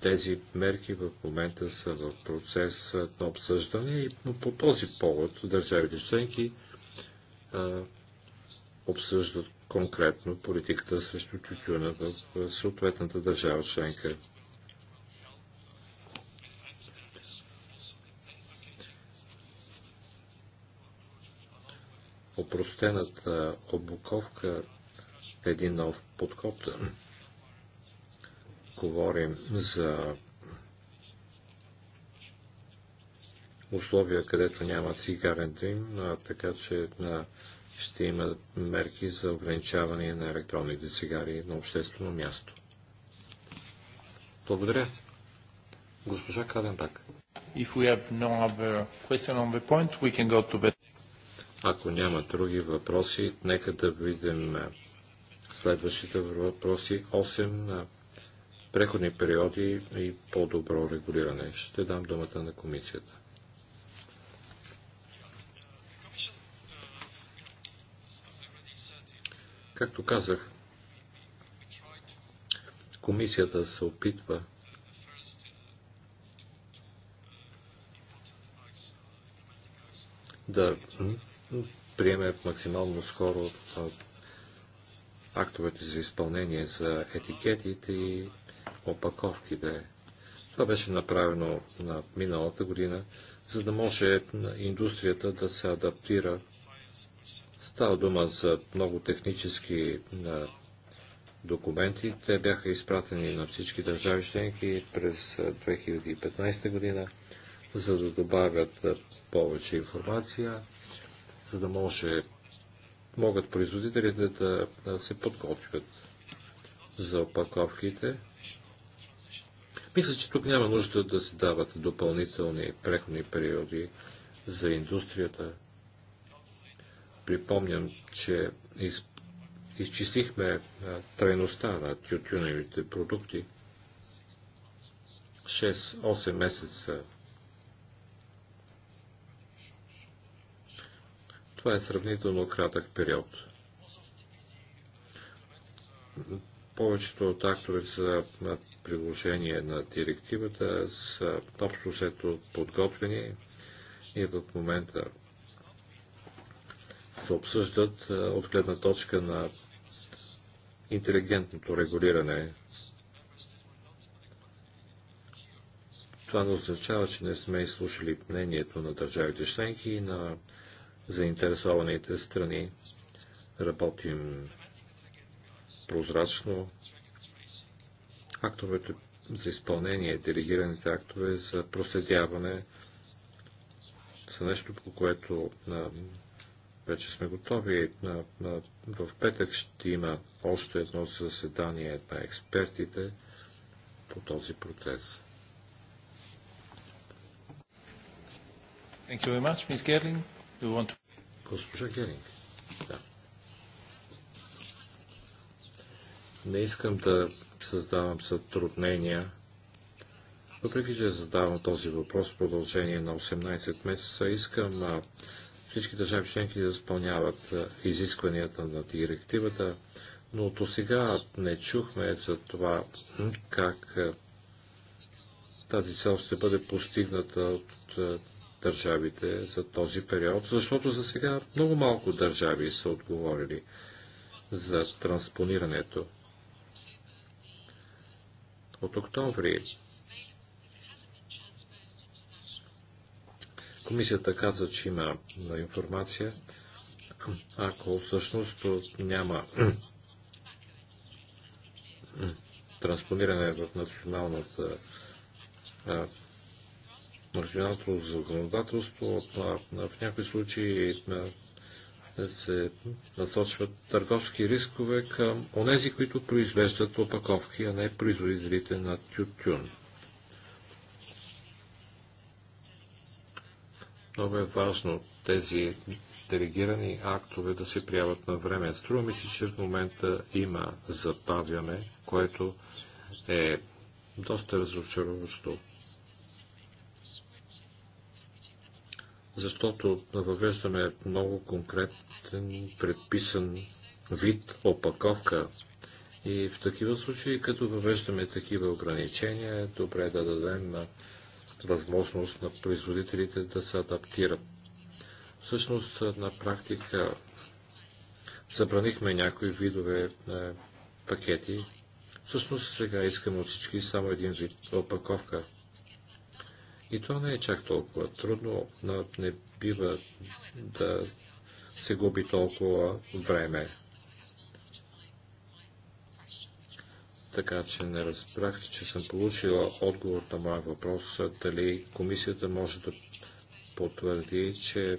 S3: Тези мерки в момента са в процес на обсъждане и по този повод държавите членки обсъждат конкретно политиката срещу тютюна в съответната държава членка. опростената обуковка е един нов подход. Говорим за условия, където няма цигарен дим, така че на ще има мерки за ограничаване на
S2: електронните цигари на обществено място. Благодаря. Госпожа Каденбак. If we have no other question on the point, we can go to the... Ако няма други въпроси, нека да видим
S3: следващите въпроси. 8 преходни периоди и по-добро регулиране. Ще дам думата на комисията. Както казах, комисията се опитва да приеме максимално скоро актовете за изпълнение за етикетите и опаковките. Това беше направено на миналата година, за да може индустрията да се адаптира. Става дума за много технически документи. Те бяха изпратени на всички държави членки през 2015 година, за да добавят повече информация за да може, могат производителите да, да се подготвят за опаковките. Мисля, че тук няма нужда да се дават допълнителни преходни периоди за индустрията. Припомням, че из, изчислихме трайността на тютюневите продукти. 6-8 месеца Това е сравнително кратък период. Повечето от актове за приложение на директивата са общо взето подготвени и в момента се обсъждат от гледна точка на интелигентното регулиране. Това не означава, че не сме изслушали мнението на държавите членки и на заинтересованите страни. Работим прозрачно. Актовете за изпълнение, делегираните актове за проследяване са нещо, по което а, вече сме готови. А, а, в петък ще има още едно заседание на експертите по този процес.
S2: Thank you very much, Ms. Gerling. Do you want to... Госпожа Геринг. Да.
S3: Не искам да създавам сътруднения, въпреки че задавам този въпрос в продължение на 18 месеца, искам а, всички държави членки да изпълняват изискванията на директивата, но до сега не чухме за това как тази цел ще бъде постигната от държавите за този период, защото за сега много малко държави са отговорили за транспонирането. От октомври комисията каза, че има информация, ако всъщност няма транспониране в националната националното законодателство в някои случаи се насочват търговски рискове към онези, които произвеждат опаковки, а не производителите на тютюн. Много е важно тези делегирани актове да се прияват на време. Струва ми се, че в момента има забавяне, което е доста разочароващо. защото въвеждаме много конкретен предписан вид опаковка. И в такива случаи, като въвеждаме такива ограничения, е добре да дадем възможност на производителите да се адаптират. Всъщност, на практика забранихме някои видове е, пакети. Всъщност, сега искаме от всички само един вид опаковка – и то не е чак толкова трудно, но не бива да се губи толкова време. Така че не разбрах, че съм получила отговор на моя въпрос, дали комисията може да потвърди, че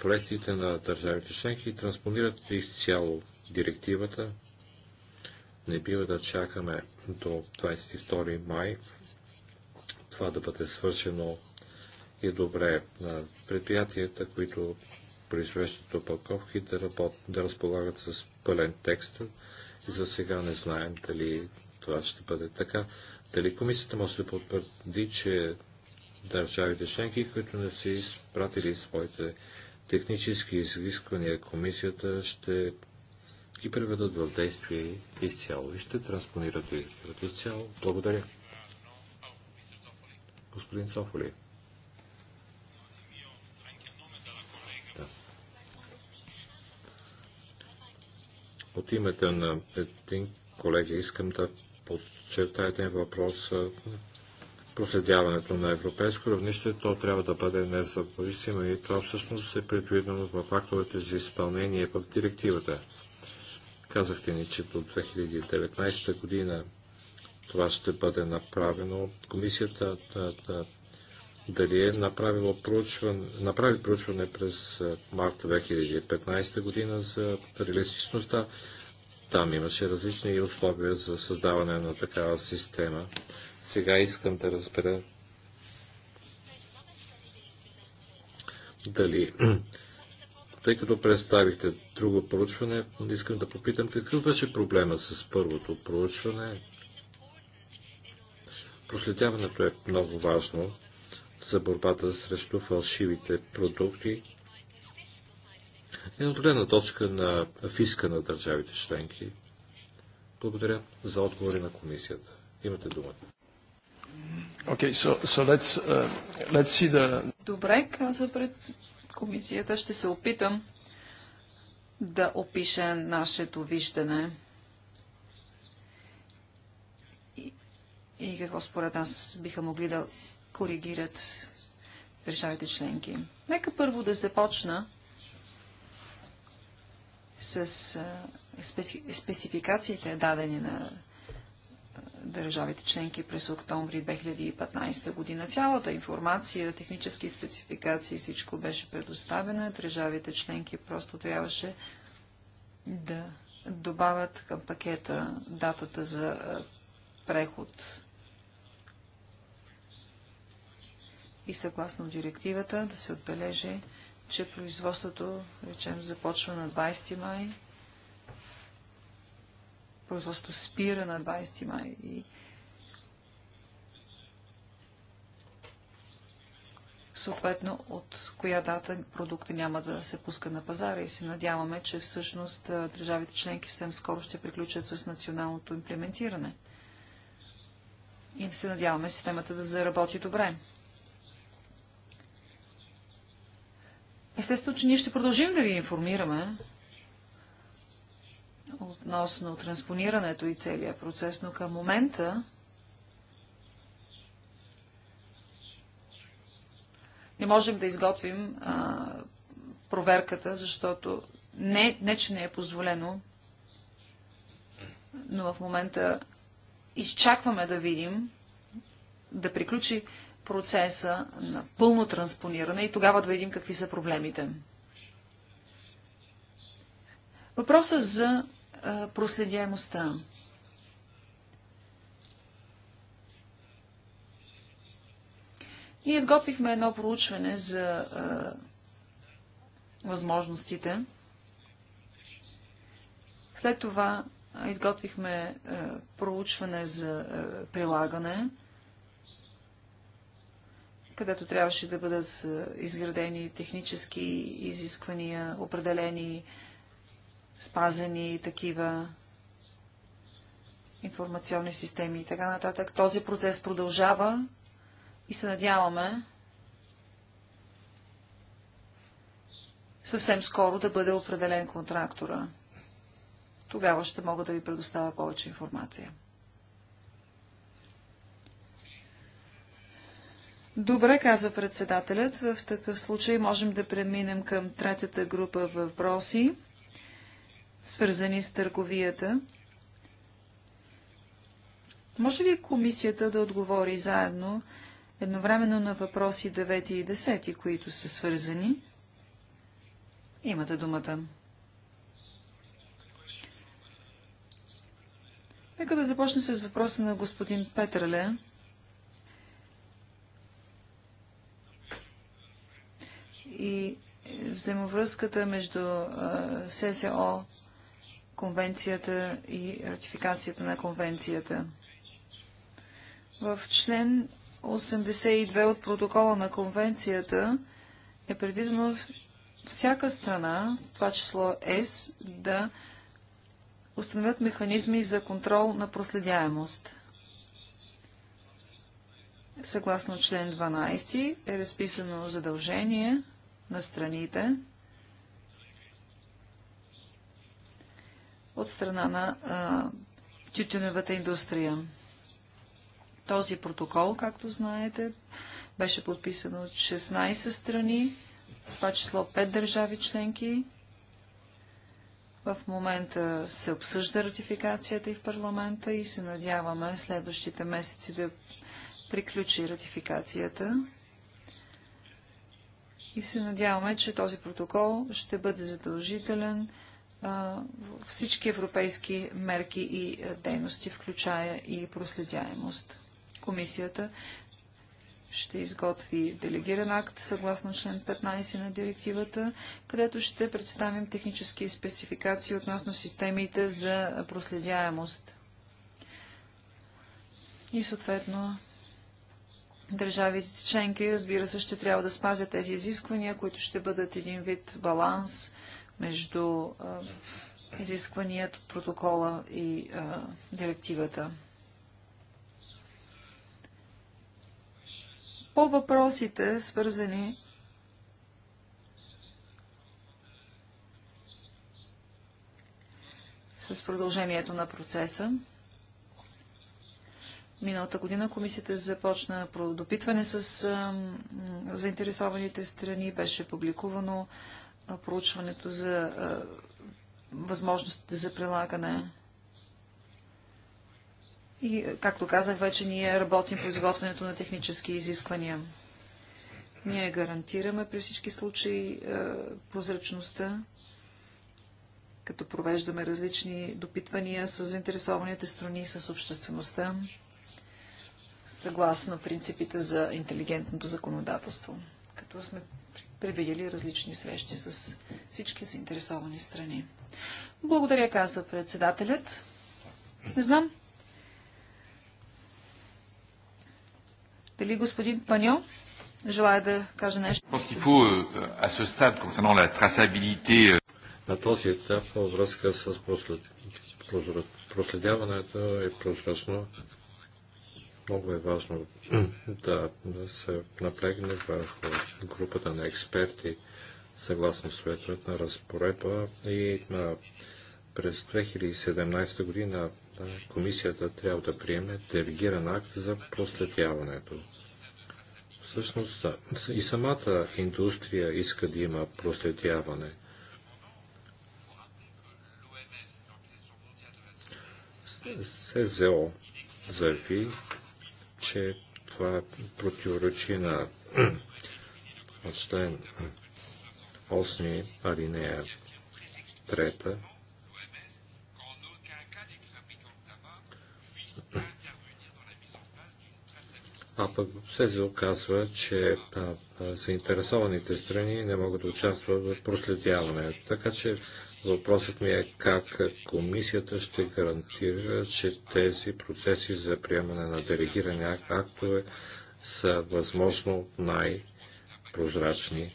S3: проектите на държавите членки транспонират изцяло директивата. Не бива да чакаме до 22 май това да бъде свършено и добре. На предприятията, които произвеждат опаковки, да, работ, да разполагат с пълен текст. И за сега не знаем дали това ще бъде така. Дали комисията може да потвърди, че държавите членки, които не са изпратили своите технически изисквания, комисията ще ги преведат в действие изцяло и ще транспонират директивата изцяло. Благодаря господин Софоли. От името на един колега искам да подчертая един въпрос. Проследяването на европейско равнище, то трябва да бъде независимо и това всъщност е предвидено в актовете за изпълнение в директивата. Казахте ни, че до 2019 година това ще бъде направено. Комисията да, да, дали е направило проучване, направи проучване през март 2015 година за реалистичността. Там имаше различни условия за създаване на такава система. Сега искам да разбера дали тъй като представихте друго проучване, искам да попитам какъв беше проблема с първото проучване, Проследяването е много важно за борбата срещу фалшивите продукти и е на гледна точка на фиска на държавите членки. Благодаря за отговори на комисията. Имате думата.
S2: Okay, so, so let's, uh, let's see the...
S4: Добре, каза пред комисията. Ще се опитам да опиша нашето виждане. и какво според нас биха могли да коригират държавите членки. Нека първо да започна с специ... спецификациите, дадени на държавите членки през октомври 2015 година. Цялата информация, технически спецификации, всичко беше предоставено. Държавите членки просто трябваше да добавят към пакета датата за преход и съгласно директивата да се отбележи, че производството, речем, започва на 20 май, производството спира на 20 май и съответно от коя дата продукта няма да се пуска на пазара и се надяваме, че всъщност държавите членки съвсем скоро ще приключат с националното имплементиране. И се надяваме системата да заработи добре. Естествено, че ние ще продължим да ви информираме относно транспонирането и целият процес, но към момента не можем да изготвим а, проверката, защото не, не, че не е позволено, но в момента изчакваме да видим, да приключи процеса на пълно транспониране и тогава да видим какви са проблемите. Въпросът за проследяемостта. Ние изготвихме едно проучване за а, възможностите. След това изготвихме а, проучване за а, прилагане където трябваше да бъдат изградени технически изисквания, определени, спазени такива информационни системи и така нататък. Този процес продължава и се надяваме съвсем скоро да бъде определен контрактора. Тогава ще мога да ви предоставя повече информация. Добре, каза председателят. В такъв случай можем да преминем към третата група въпроси, свързани с търговията. Може ли комисията да отговори заедно, едновременно на въпроси 9 и 10, които са свързани? Имате думата. Нека да започнем с въпроса на господин Петърле и взаимовръзката между ССО, конвенцията и ратификацията на конвенцията. В член 82 от протокола на конвенцията е предвидено всяка страна, това число ЕС, да установят механизми за контрол на проследяемост. Съгласно член 12 е разписано задължение – на страните от страна на тютюневата индустрия. Този протокол, както знаете, беше подписан от 16 страни, в това число 5 държави членки. В момента се обсъжда ратификацията и в парламента и се надяваме следващите месеци да приключи ратификацията и се надяваме, че този протокол ще бъде задължителен всички европейски мерки и дейности, включая и проследяемост. Комисията ще изготви делегиран акт съгласно член 15 на директивата, където ще представим технически спецификации относно системите за проследяемост. И съответно Държавите членки, разбира се, ще трябва да спазят тези изисквания, които ще бъдат един вид баланс между изискванията от протокола и а, директивата. По въпросите, свързани с продължението на процеса, Миналата година комисията започна допитване с а, заинтересованите страни, беше публикувано а, проучването за а, възможностите за прилагане. И, както казах, вече ние работим по изготвянето на технически изисквания. Ние гарантираме при всички случаи прозрачността, като провеждаме различни допитвания с заинтересованите страни, с обществеността съгласно принципите за интелигентното законодателство, като сме предвидели различни срещи с всички заинтересовани страни. Благодаря, казва председателят. Не знам. Дали господин Паньо желая да каже нещо?
S2: Euh,
S3: euh, На този етап във връзка с проследяването и е прозрачно много е важно да се напрегне върху групата на експерти, съгласно на разпоредба и а, през 2017 година а, комисията трябва да приеме делегиран акт за проследяването. Всъщност и самата индустрия иска да има проследяване. СЗО заяви, че това противоречи на член 8, алинея 3. А пък се оказва, че заинтересованите страни не могат да участват в проследяване. Така че Въпросът ми е как комисията ще гарантира, че тези процеси за приемане на делегирани актове са възможно най-прозрачни.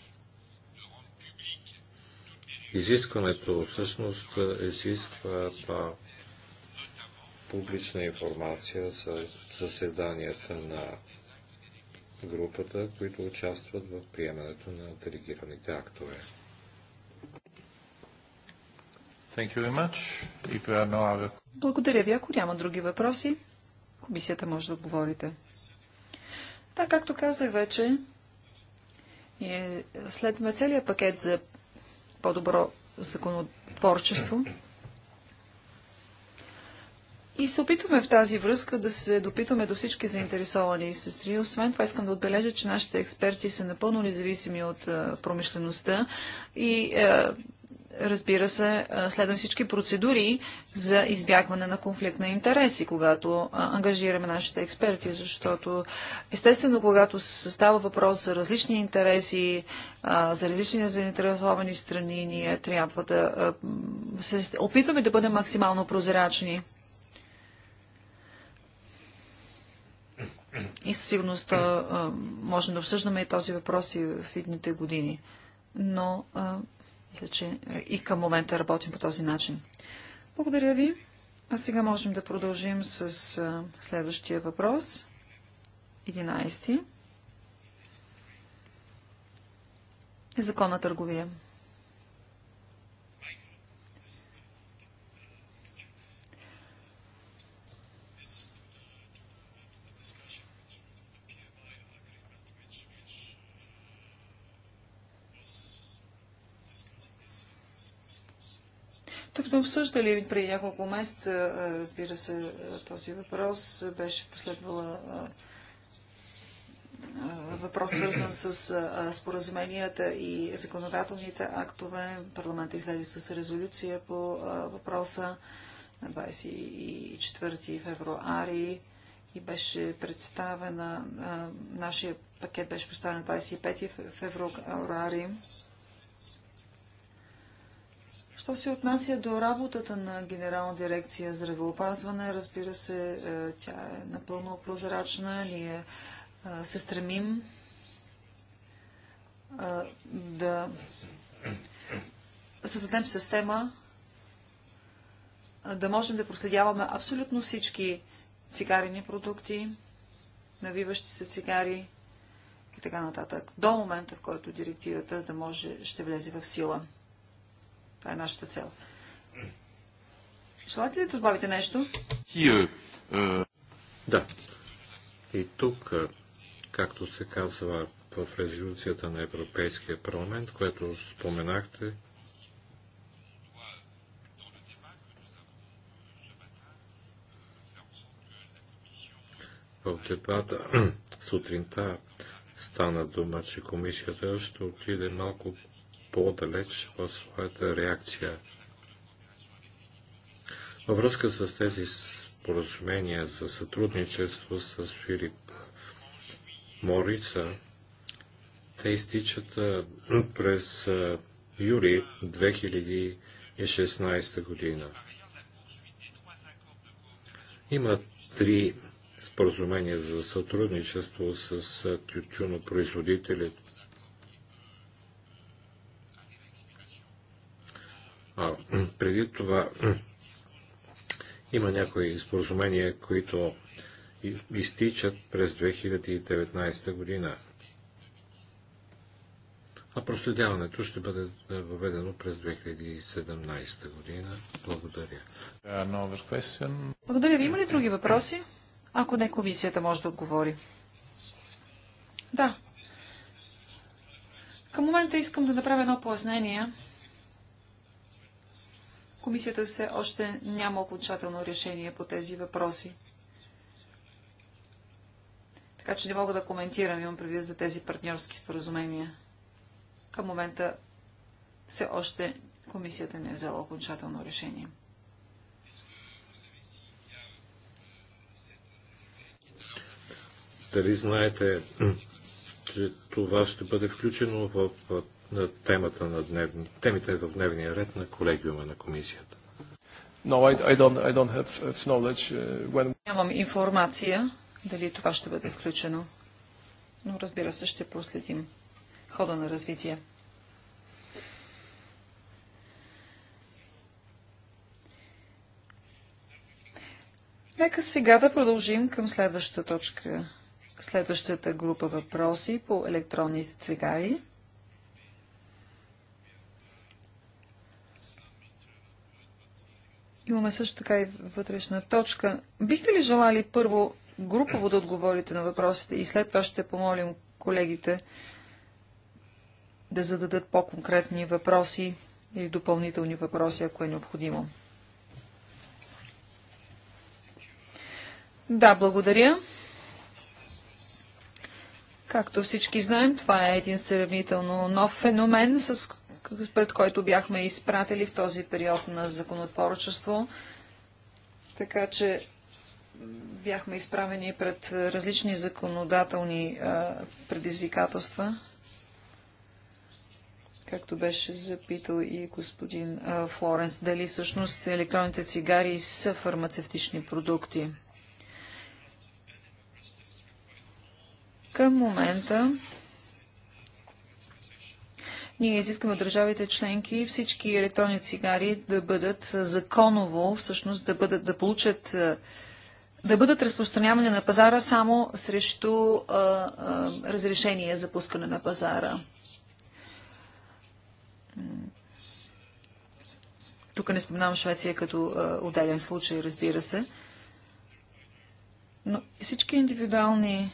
S3: Изискването всъщност изисква па, публична информация за заседанията на групата, които участват в приемането на делегираните актове.
S2: No...
S4: Благодаря ви. Ако няма други въпроси, комисията може да отговорите. Да, както казах вече, следваме целият пакет за по-добро законотворчество. И се опитваме в тази връзка да се допитаме до всички заинтересовани сестри. Освен това искам да отбележа, че нашите експерти са напълно независими от а, промишлеността и а, разбира се, следвам всички процедури за избягване на конфликт на интереси, когато ангажираме нашите експерти, защото естествено, когато става въпрос за различни интереси, за различни заинтересовани страни, ние трябва да се опитваме да бъдем максимално прозрачни. И със сигурност можем да обсъждаме и този въпрос и в едните години. Но мисля, че е, и към момента работим по този начин. Благодаря ви. А сега можем да продължим с е, следващия въпрос. 11. Закон на търговия. Тук сме обсъждали преди няколко месеца, разбира се, този въпрос. Беше последвала въпрос, свързан с споразуменията и законодателните актове. Парламент излезе с резолюция по въпроса на 24 февруари и беше представена, нашия пакет беше представен на 25 февруари. Що се отнася до работата на Генерална дирекция здравеопазване, разбира се, е, тя е напълно прозрачна. Ние е, се стремим е, да създадем система, да можем да проследяваме абсолютно всички цигарени продукти, навиващи се цигари и така нататък, до момента, в който директивата да може, ще влезе в сила. Това е нашата цел. Желате ли да добавите нещо?
S3: Е, да. И тук, е, както се казва в резолюцията на Европейския парламент, което споменахте, в дебата сутринта стана дума, че комисията ще отиде малко по-далеч в своята реакция. Във връзка с тези споразумения за сътрудничество с Филип Морица, те изтичат през юли 2016 година. Има три споразумения за сътрудничество с тютюнопроизводителите А, преди това има някои споразумения, които изтичат през 2019 година. А проследяването ще бъде е, въведено през 2017 година. Благодаря.
S4: Благодаря ви. Има ли други въпроси? Ако не, комисията може да отговори. Да. Към момента искам да направя едно пояснение Комисията все още няма окончателно решение по тези въпроси. Така че не мога да коментирам, имам предвид за тези партньорски споразумения. Към момента все още комисията не е взела окончателно решение.
S3: Дали знаете, че това ще бъде включено в на темата на дневни, темите в дневния ред на колегиума на комисията.
S2: No, I, I don't, I don't have knowledge uh, when...
S4: Нямам информация дали това ще бъде включено, но разбира се ще проследим хода на развитие. Нека сега да продължим към следващата точка, следващата група въпроси по електронните цигари. Имаме също така и вътрешна точка. Бихте ли желали първо групово да отговорите на въпросите и след това ще помолим колегите да зададат по-конкретни въпроси или допълнителни въпроси, ако е необходимо. Да, благодаря. Както всички знаем, това е един сравнително нов феномен, с пред който бяхме изпратили в този период на законотворчество. Така че бяхме изправени пред различни законодателни предизвикателства, както беше запитал и господин Флоренс, дали всъщност електронните цигари са фармацевтични продукти. Към момента ние изискаме от държавите членки всички електронни цигари да бъдат законово, всъщност да, бъдат, да получат да бъдат разпространявани на пазара само срещу а, а, разрешение за пускане на пазара. Тук не споменавам Швеция като а, отделен случай, разбира се. Но всички индивидуални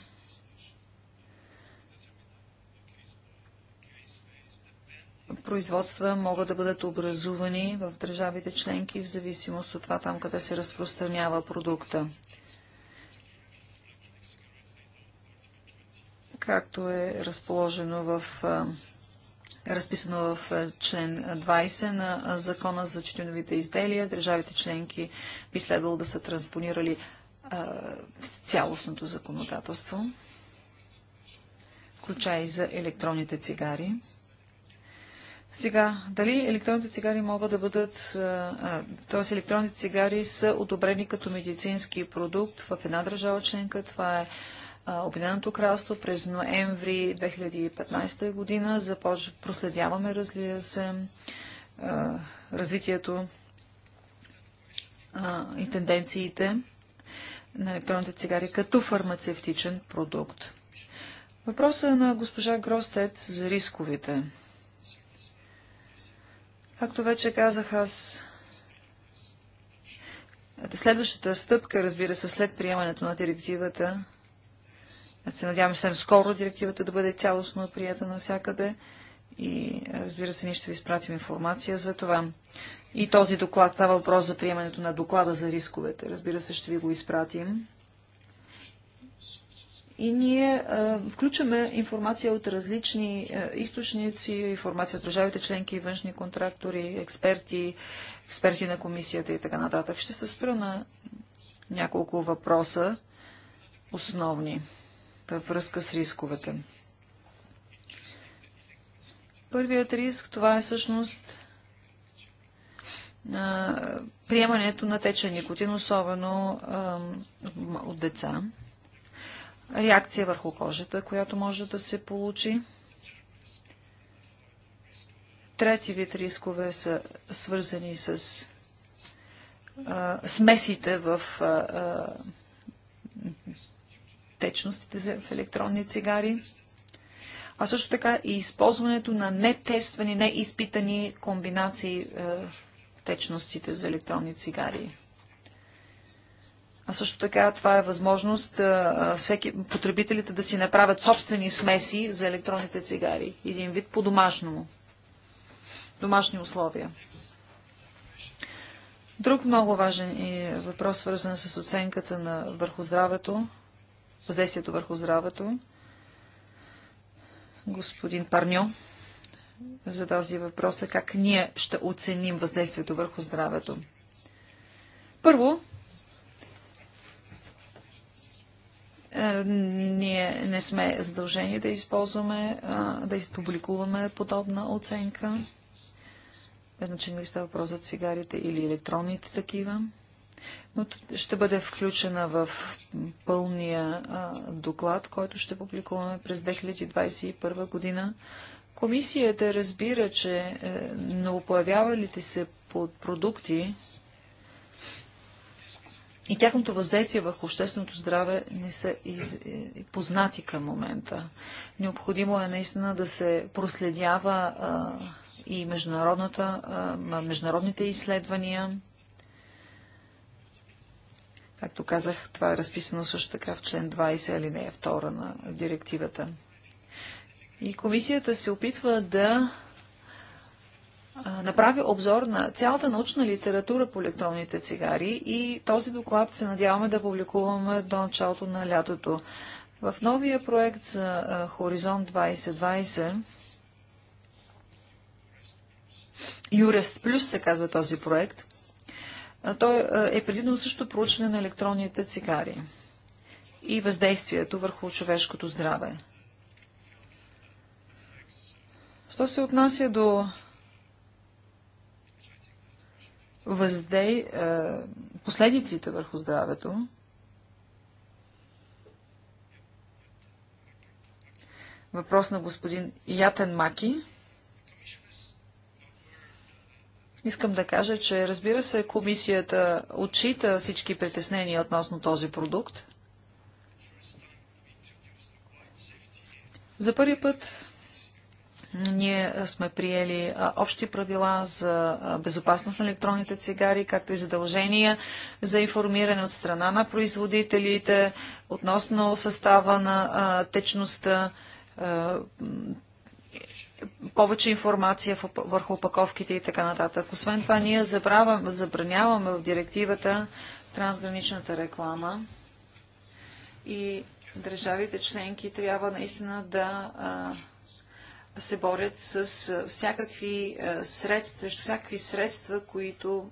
S4: производства могат да бъдат образувани в държавите членки в зависимост от това там, къде се разпространява продукта. Както е разположено в разписано в член 20 на Закона за четиновите изделия. Държавите членки би следвало да са транспонирали цялостното законодателство, включая и за електронните цигари. Сега, дали електронните цигари могат да бъдат, т.е. електронните цигари са одобрени като медицински продукт в една държава членка, това е Обединеното кралство през ноември 2015 година. Започ... Проследяваме, разлия се, развитието и тенденциите на електронните цигари като фармацевтичен продукт. Въпросът е на госпожа Гростет за рисковите. Както вече казах аз, следващата стъпка, разбира се, след приемането на директивата, аз се надявам съвсем скоро директивата да бъде цялостно прията навсякъде и разбира се, ние ще ви изпратим информация за това. И този доклад, това въпрос за приемането на доклада за рисковете, разбира се, ще ви го изпратим. И ние а, включваме информация от различни а, източници, информация от държавите членки, външни контрактори, експерти, експерти на комисията и така нататък. Ще се спра на няколко въпроса основни във връзка с рисковете. Първият риск, това е всъщност а, приемането на течен никотин, особено а, от деца реакция върху кожата, която може да се получи. Трети вид рискове са свързани с а, смесите в а, а, течностите в електронни цигари, а също така и използването на нетествани, неизпитани комбинации а, течностите за електронни цигари. А също така това е възможност всеки, потребителите да си направят собствени смеси за електронните цигари. Един вид по-домашному. Домашни условия. Друг много важен е въпрос, свързан с оценката на върху здравето, въздействието върху здравето. Господин Парньо за този въпрос е как ние ще оценим въздействието върху здравето. Първо, Е, ние не сме задължени да използваме, да изпубликуваме подобна оценка. Без значение ли става въпрос за цигарите или електронните такива. Но ще бъде включена в пълния доклад, който ще публикуваме през 2021 година. Комисията разбира, че е, новопоявявалите се под продукти и тяхното въздействие върху общественото здраве не са е, познати към момента. Необходимо е наистина да се проследява а, и международната, а, международните изследвания. Както казах, това е разписано също така в член 20 алинея 2 на директивата. И комисията се опитва да направи обзор на цялата научна литература по електронните цигари и този доклад се надяваме да публикуваме до началото на лятото. В новия проект за Хоризонт 2020 Юрест Плюс се казва този проект. Той е предимно също проучване на електронните цигари и въздействието върху човешкото здраве. Що се отнася до въздей, е, последиците върху здравето. Въпрос на господин Ятен Маки. Искам да кажа, че разбира се, комисията отчита всички притеснения относно този продукт. За първи път ние сме приели общи правила за безопасност на електронните цигари, както и задължения за информиране от страна на производителите относно състава на течността, повече информация върху опаковките и така нататък. Освен това, ние забраняваме в директивата трансграничната реклама и държавите членки трябва наистина да се борят с всякакви средства, всякакви средства, които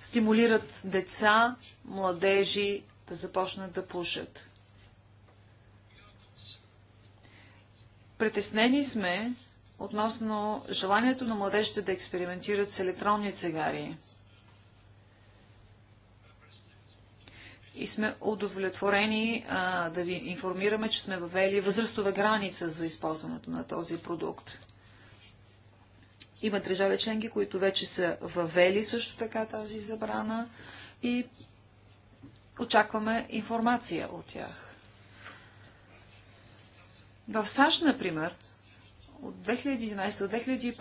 S4: стимулират деца, младежи да започнат да пушат. Притеснени сме относно желанието на младежите да експериментират с електронни цигари. и сме удовлетворени а, да ви информираме, че сме въвели възрастова граница за използването на този продукт. Има държави членки, които вече са въвели също така тази забрана и очакваме информация от тях. В САЩ, например, от 2011 до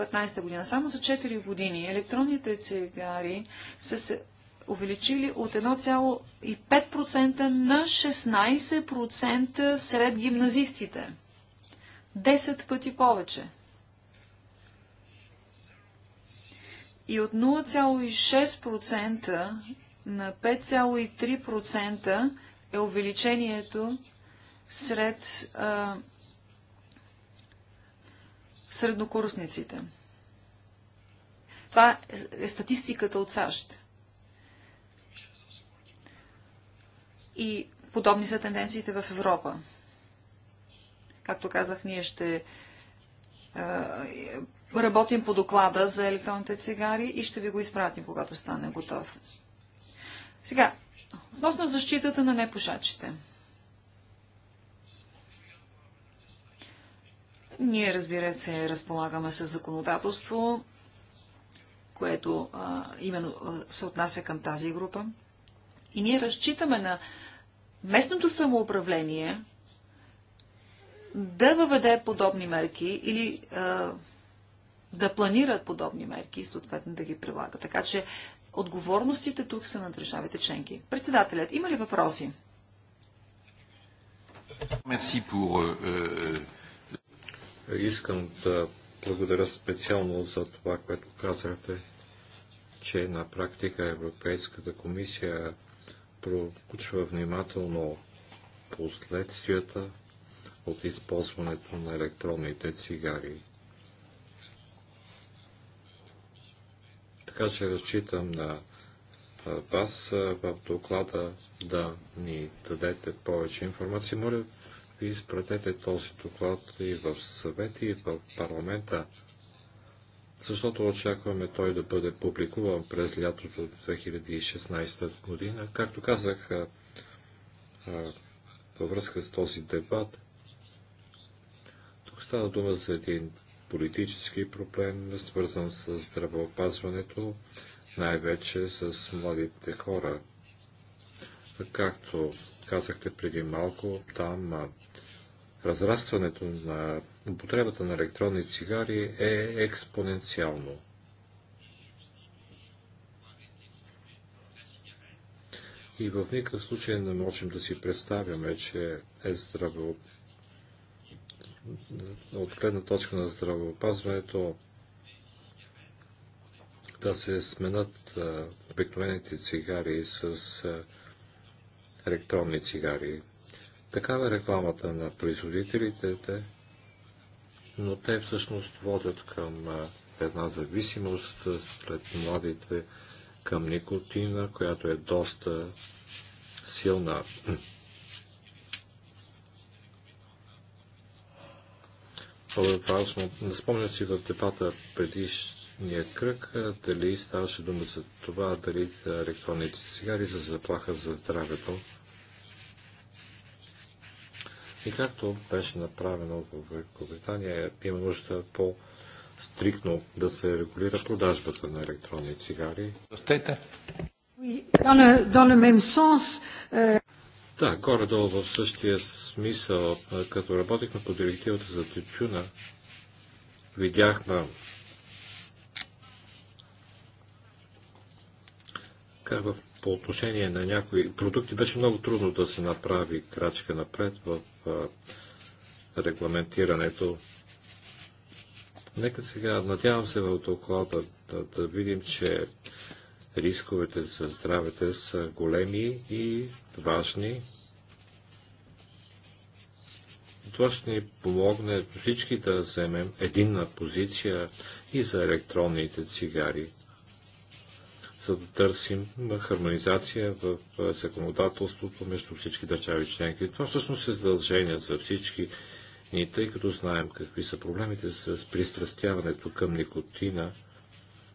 S4: 2015 година, само за 4 години, електронните цигари са се увеличили от 1,5% на 16% сред гимназистите. 10 пъти повече. И от 0,6% на 5,3% е увеличението сред а, среднокурсниците. Това е, е статистиката от САЩ. И подобни са тенденциите в Европа. Както казах, ние ще работим по доклада за електронните цигари и ще ви го изпратим, когато стане готов. Сега, относно защитата на непушачите. Ние, разбира се, разполагаме с законодателство, което а, именно се отнася към тази група. И ние разчитаме на местното самоуправление да въведе подобни мерки или а, да планират подобни мерки и съответно да ги прилага. Така че отговорностите тук са на държавите членки. Председателят, има ли въпроси?
S2: Euh,
S3: euh, Искам да благодаря специално за това, което казахте, че на практика Европейската комисия проучва внимателно последствията от използването на електронните цигари. Така че разчитам на вас в доклада да ни дадете повече информация. Моля ви изпратете този доклад и в съвети, и в парламента защото очакваме той да бъде публикуван през лятото 2016 година. Както казах, във връзка с този дебат, тук става дума за един политически проблем, свързан с здравеопазването, най-вече с младите хора. Както казахте преди малко, там разрастването на употребата на електронни цигари е експоненциално. И в никакъв случай не можем да си представяме, че е здраво от гледна точка на здравеопазването да се сменят обикновените цигари с електронни цигари. Такава е рекламата на производителите, но те всъщност водят към една зависимост сред младите към никотина, която е доста силна. Много е Не спомням си в дебата предишния кръг дали ставаше дума за това, дали за електронните цигари за заплаха за здравето. И както беше направено в Великобритания, има нужда по стрикно да се регулира продажбата на електронни цигари. Euh, да, горе-долу в същия смисъл, като работихме по директивата за тютюна, видяхме как в, по отношение на някои продукти беше много трудно да се направи крачка напред в регламентирането. Нека сега, надявам се в доклада да, да видим, че рисковете за здравето са големи и важни. Това ще ни помогне всички да вземем единна позиция и за електронните цигари за да търсим хармонизация в законодателството между всички държави членки. Това всъщност е задължение за всички ни, тъй като знаем какви са проблемите с пристрастяването към никотина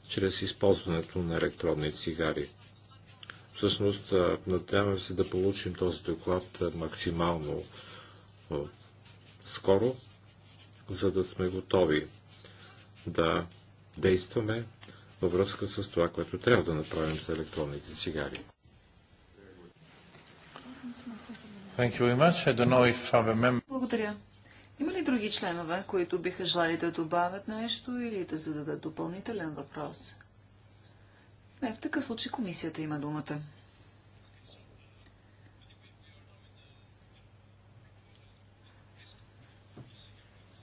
S3: чрез използването на електронни цигари. Всъщност, надяваме се да получим този доклад максимално скоро, за да сме готови да действаме във връзка с това, което трябва да направим с електронните цигари.
S4: Благодаря. Има ли други членове, които биха желали да добавят нещо или да зададат допълнителен въпрос? Не, в такъв случай комисията има думата.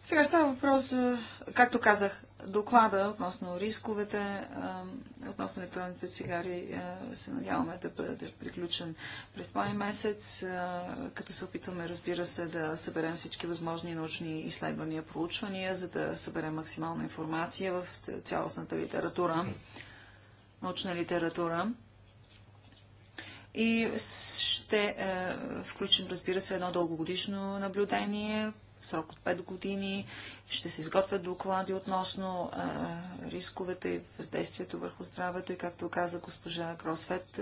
S4: Сега става въпрос, както казах, доклада относно рисковете, относно електронните цигари се надяваме да бъде приключен през май месец, като се опитваме, разбира се, да съберем всички възможни научни изследвания, проучвания, за да съберем максимална информация в цялостната литература, научна литература. И ще включим, разбира се, едно дългогодишно наблюдение срок от 5 години, ще се изготвят доклади относно а, рисковете и въздействието върху здравето и както каза госпожа Кросфет,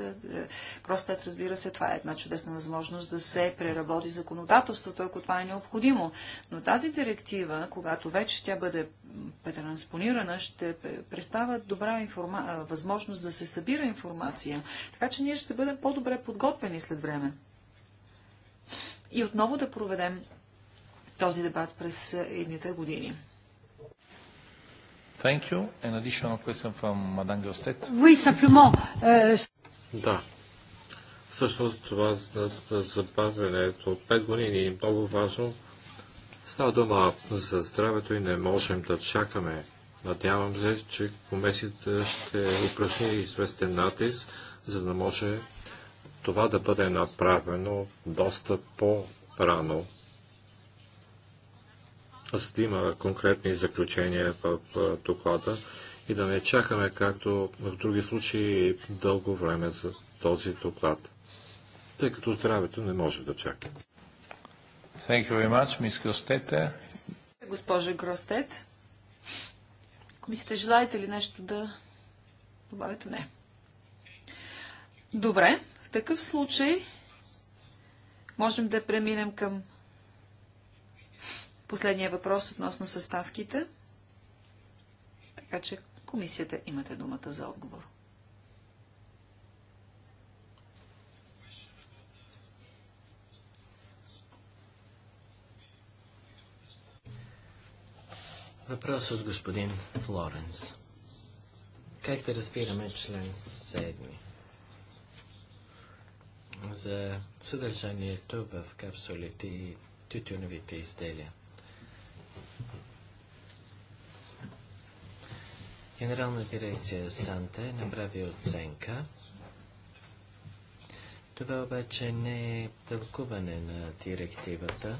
S4: Кросфет, разбира се, това е една чудесна възможност да се преработи законодателството, ако това е необходимо. Но тази директива, когато вече тя бъде транспонирана, ще представя добра информа... възможност да се събира информация, така че ние ще бъдем по-добре подготвени след време. И отново да проведем този дебат през е, едните години.
S2: Thank you. An additional question from Madame Gostet.
S4: Oui, simplement. Euh,
S2: да.
S3: Всъщност това за забавянето от 5 години е много важно. Става дума за здравето и не можем да чакаме. Надявам се, че комисията ще упражни известен натиск, за да може това да бъде направено доста по-рано за да има конкретни заключения в доклада и да не чакаме, както в други случаи, дълго време за този доклад,
S2: тъй като здравето не може да чака. Thank you very much, Miss
S4: Госпожа Гростет, комисията, желаете ли нещо да добавите? Не. Добре, в такъв случай можем да преминем към Последния въпрос относно съставките. Така че комисията имате думата за отговор.
S1: Въпрос от господин Флоренс. Как да разбираме член 7 за съдържанието в капсулите и тютюновите изделия? Генерална дирекция Санте направи оценка. Това обаче не е тълкуване на директивата.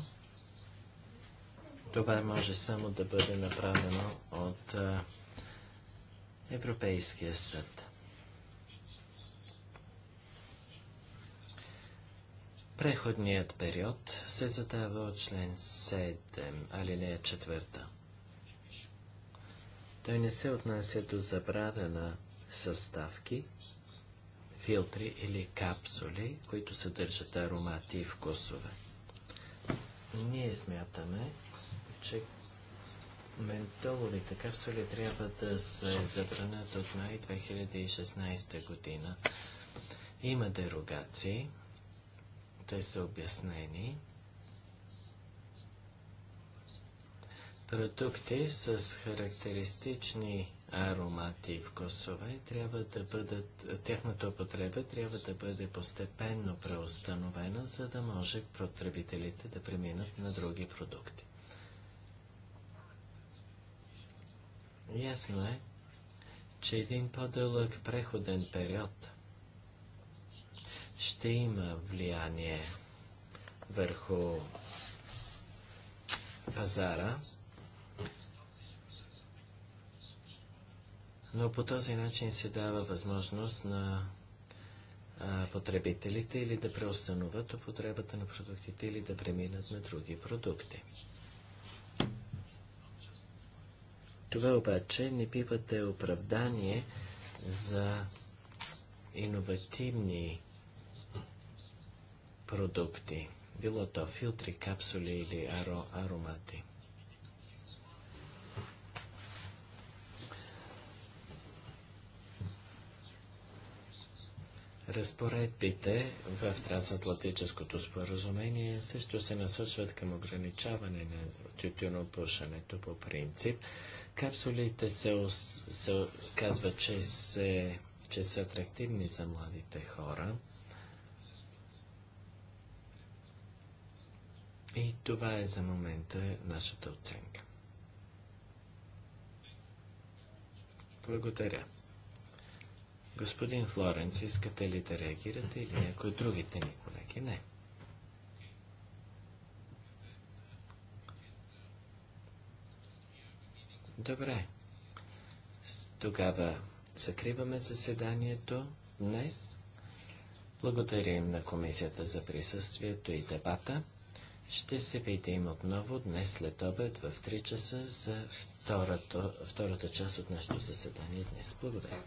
S1: Това може само да бъде направено от Европейския съд. Преходният период се задава от член 7, алинея 4. Той не се отнася до забрана на съставки, филтри или капсули, които съдържат аромати и вкусове. Ние смятаме, че ментоловите капсули трябва да се забранят от май 2016 година. Има дерогации, те са обяснени. Продукти с характеристични аромати и вкусове трябва да бъдат, тяхната употреба трябва да бъде постепенно преустановена, за да може потребителите да преминат на други продукти. Ясно е, че един по-дълъг преходен период ще има влияние върху пазара, но по този начин се дава възможност на а, потребителите или да преустановят употребата на продуктите или да преминат на други продукти. Това обаче не бива да е оправдание за иновативни продукти, било то филтри, капсули или аро, аромати. Разпоредбите в трансатлантическото споразумение също се насочват към ограничаване на тютюнопушенето по принцип. Капсулите се, се казва, че, се, че са атрактивни за младите хора. И това е за момента нашата оценка. Благодаря. Господин Флоренц, искате ли да реагирате или някои другите ни колеги? Не. Добре. Тогава закриваме заседанието днес. Благодарим на комисията за присъствието и дебата. Ще се видим отново днес след обед в 3 часа за втората, втората част от нашето заседание днес. Благодаря.